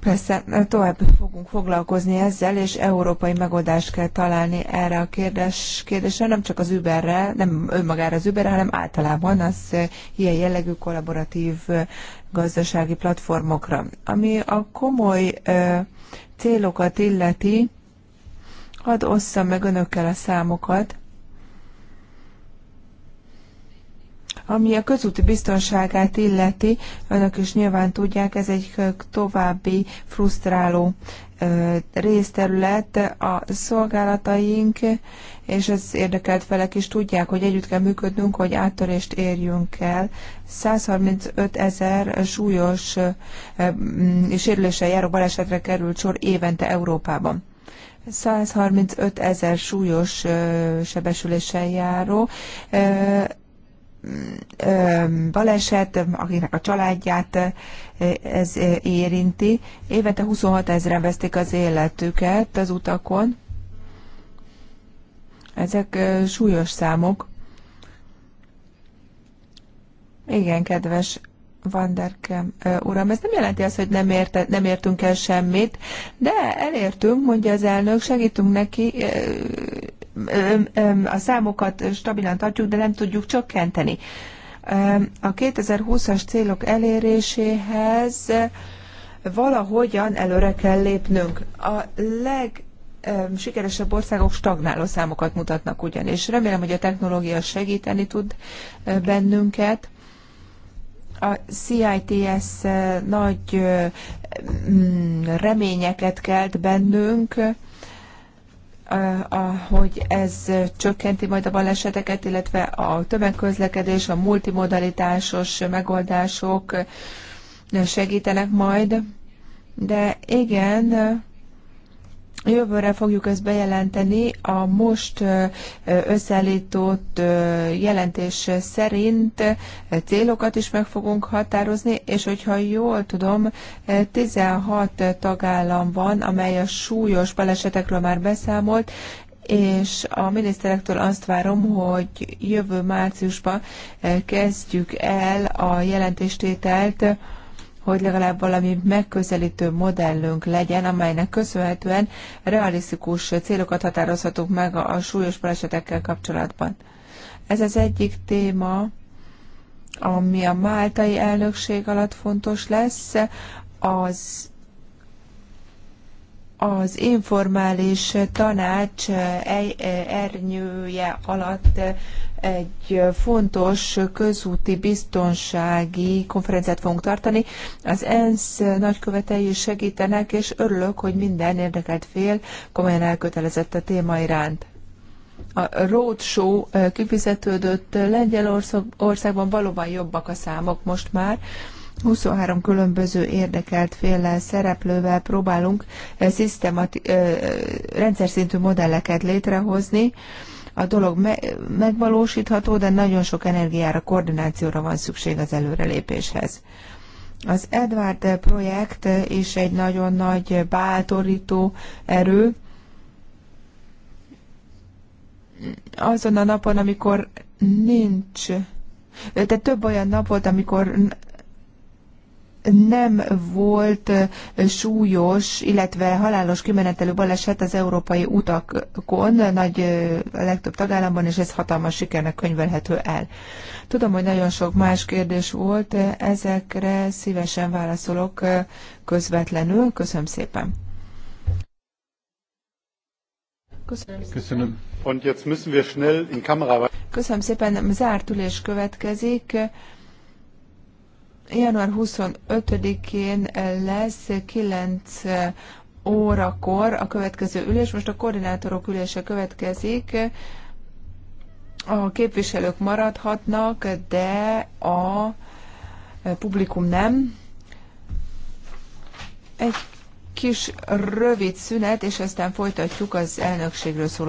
Persze tovább fogunk foglalkozni ezzel, és európai megoldást kell találni erre a kérdés, kérdésre, nem csak az Uberre, nem önmagára az Uberre, hanem általában az ilyen jellegű kollaboratív gazdasági platformokra. Ami a komoly ö, célokat illeti, hadd osszam meg önökkel a számokat. Ami a közúti biztonságát illeti, önök is nyilván tudják, ez egy további frusztráló részterület. A szolgálataink és az érdekelt felek is tudják, hogy együtt kell működnünk, hogy áttörést érjünk el. 135 ezer súlyos mm, sérüléssel járó balesetre került sor évente Európában. 135 ezer súlyos sebesüléssel járó baleset, akinek a családját ez érinti. Évente 26 ezeren vesztik az életüket az utakon. Ezek súlyos számok. Igen, kedves Vanderkem uram, ez nem jelenti azt, hogy nem, érte, nem értünk el semmit, de elértünk, mondja az elnök, segítünk neki, a számokat stabilan tartjuk, de nem tudjuk csökkenteni. A 2020-as célok eléréséhez valahogyan előre kell lépnünk. A leg sikeresebb országok stagnáló számokat mutatnak ugyanis. Remélem, hogy a technológia segíteni tud bennünket. A CITS nagy mm, reményeket kelt bennünk, hogy ez csökkenti majd a baleseteket, illetve a tömegközlekedés, a multimodalitásos megoldások segítenek majd. De igen, Jövőre fogjuk ezt bejelenteni. A most összeállított jelentés szerint célokat is meg fogunk határozni, és hogyha jól tudom, 16 tagállam van, amely a súlyos balesetekről már beszámolt, és a miniszterektől azt várom, hogy jövő márciusban kezdjük el a jelentéstételt hogy legalább valami megközelítő modellünk legyen, amelynek köszönhetően realisztikus célokat határozhatunk meg a súlyos balesetekkel kapcsolatban. Ez az egyik téma, ami a máltai elnökség alatt fontos lesz, az az informális tanács eh, ernyője alatt egy fontos közúti biztonsági konferenciát fogunk tartani. Az ENSZ nagykövetei is segítenek, és örülök, hogy minden érdekelt fél komolyan elkötelezett a téma iránt. A roadshow eh, kifizetődött Lengyelországban valóban jobbak a számok most már. 23 különböző érdekelt féllel, szereplővel próbálunk eh, szisztemati- eh, eh, rendszer szintű modelleket létrehozni. A dolog me- megvalósítható, de nagyon sok energiára, koordinációra van szükség az előrelépéshez. Az Edward projekt is egy nagyon nagy bátorító erő. Azon a napon, amikor nincs tehát több olyan nap volt, amikor nem volt súlyos, illetve halálos kimenetelő baleset az európai utakon, nagy, a legtöbb tagállamban, és ez hatalmas sikernek könyvelhető el. Tudom, hogy nagyon sok más kérdés volt, ezekre szívesen válaszolok közvetlenül. Köszönöm szépen. Köszönöm. Köszönöm. Und jetzt müssen wir schnell in Köszönöm szépen, zárt ülés következik január 25-én lesz 9 órakor a következő ülés. Most a koordinátorok ülése következik. A képviselők maradhatnak, de a publikum nem. Egy kis rövid szünet, és aztán folytatjuk az elnökségről szóló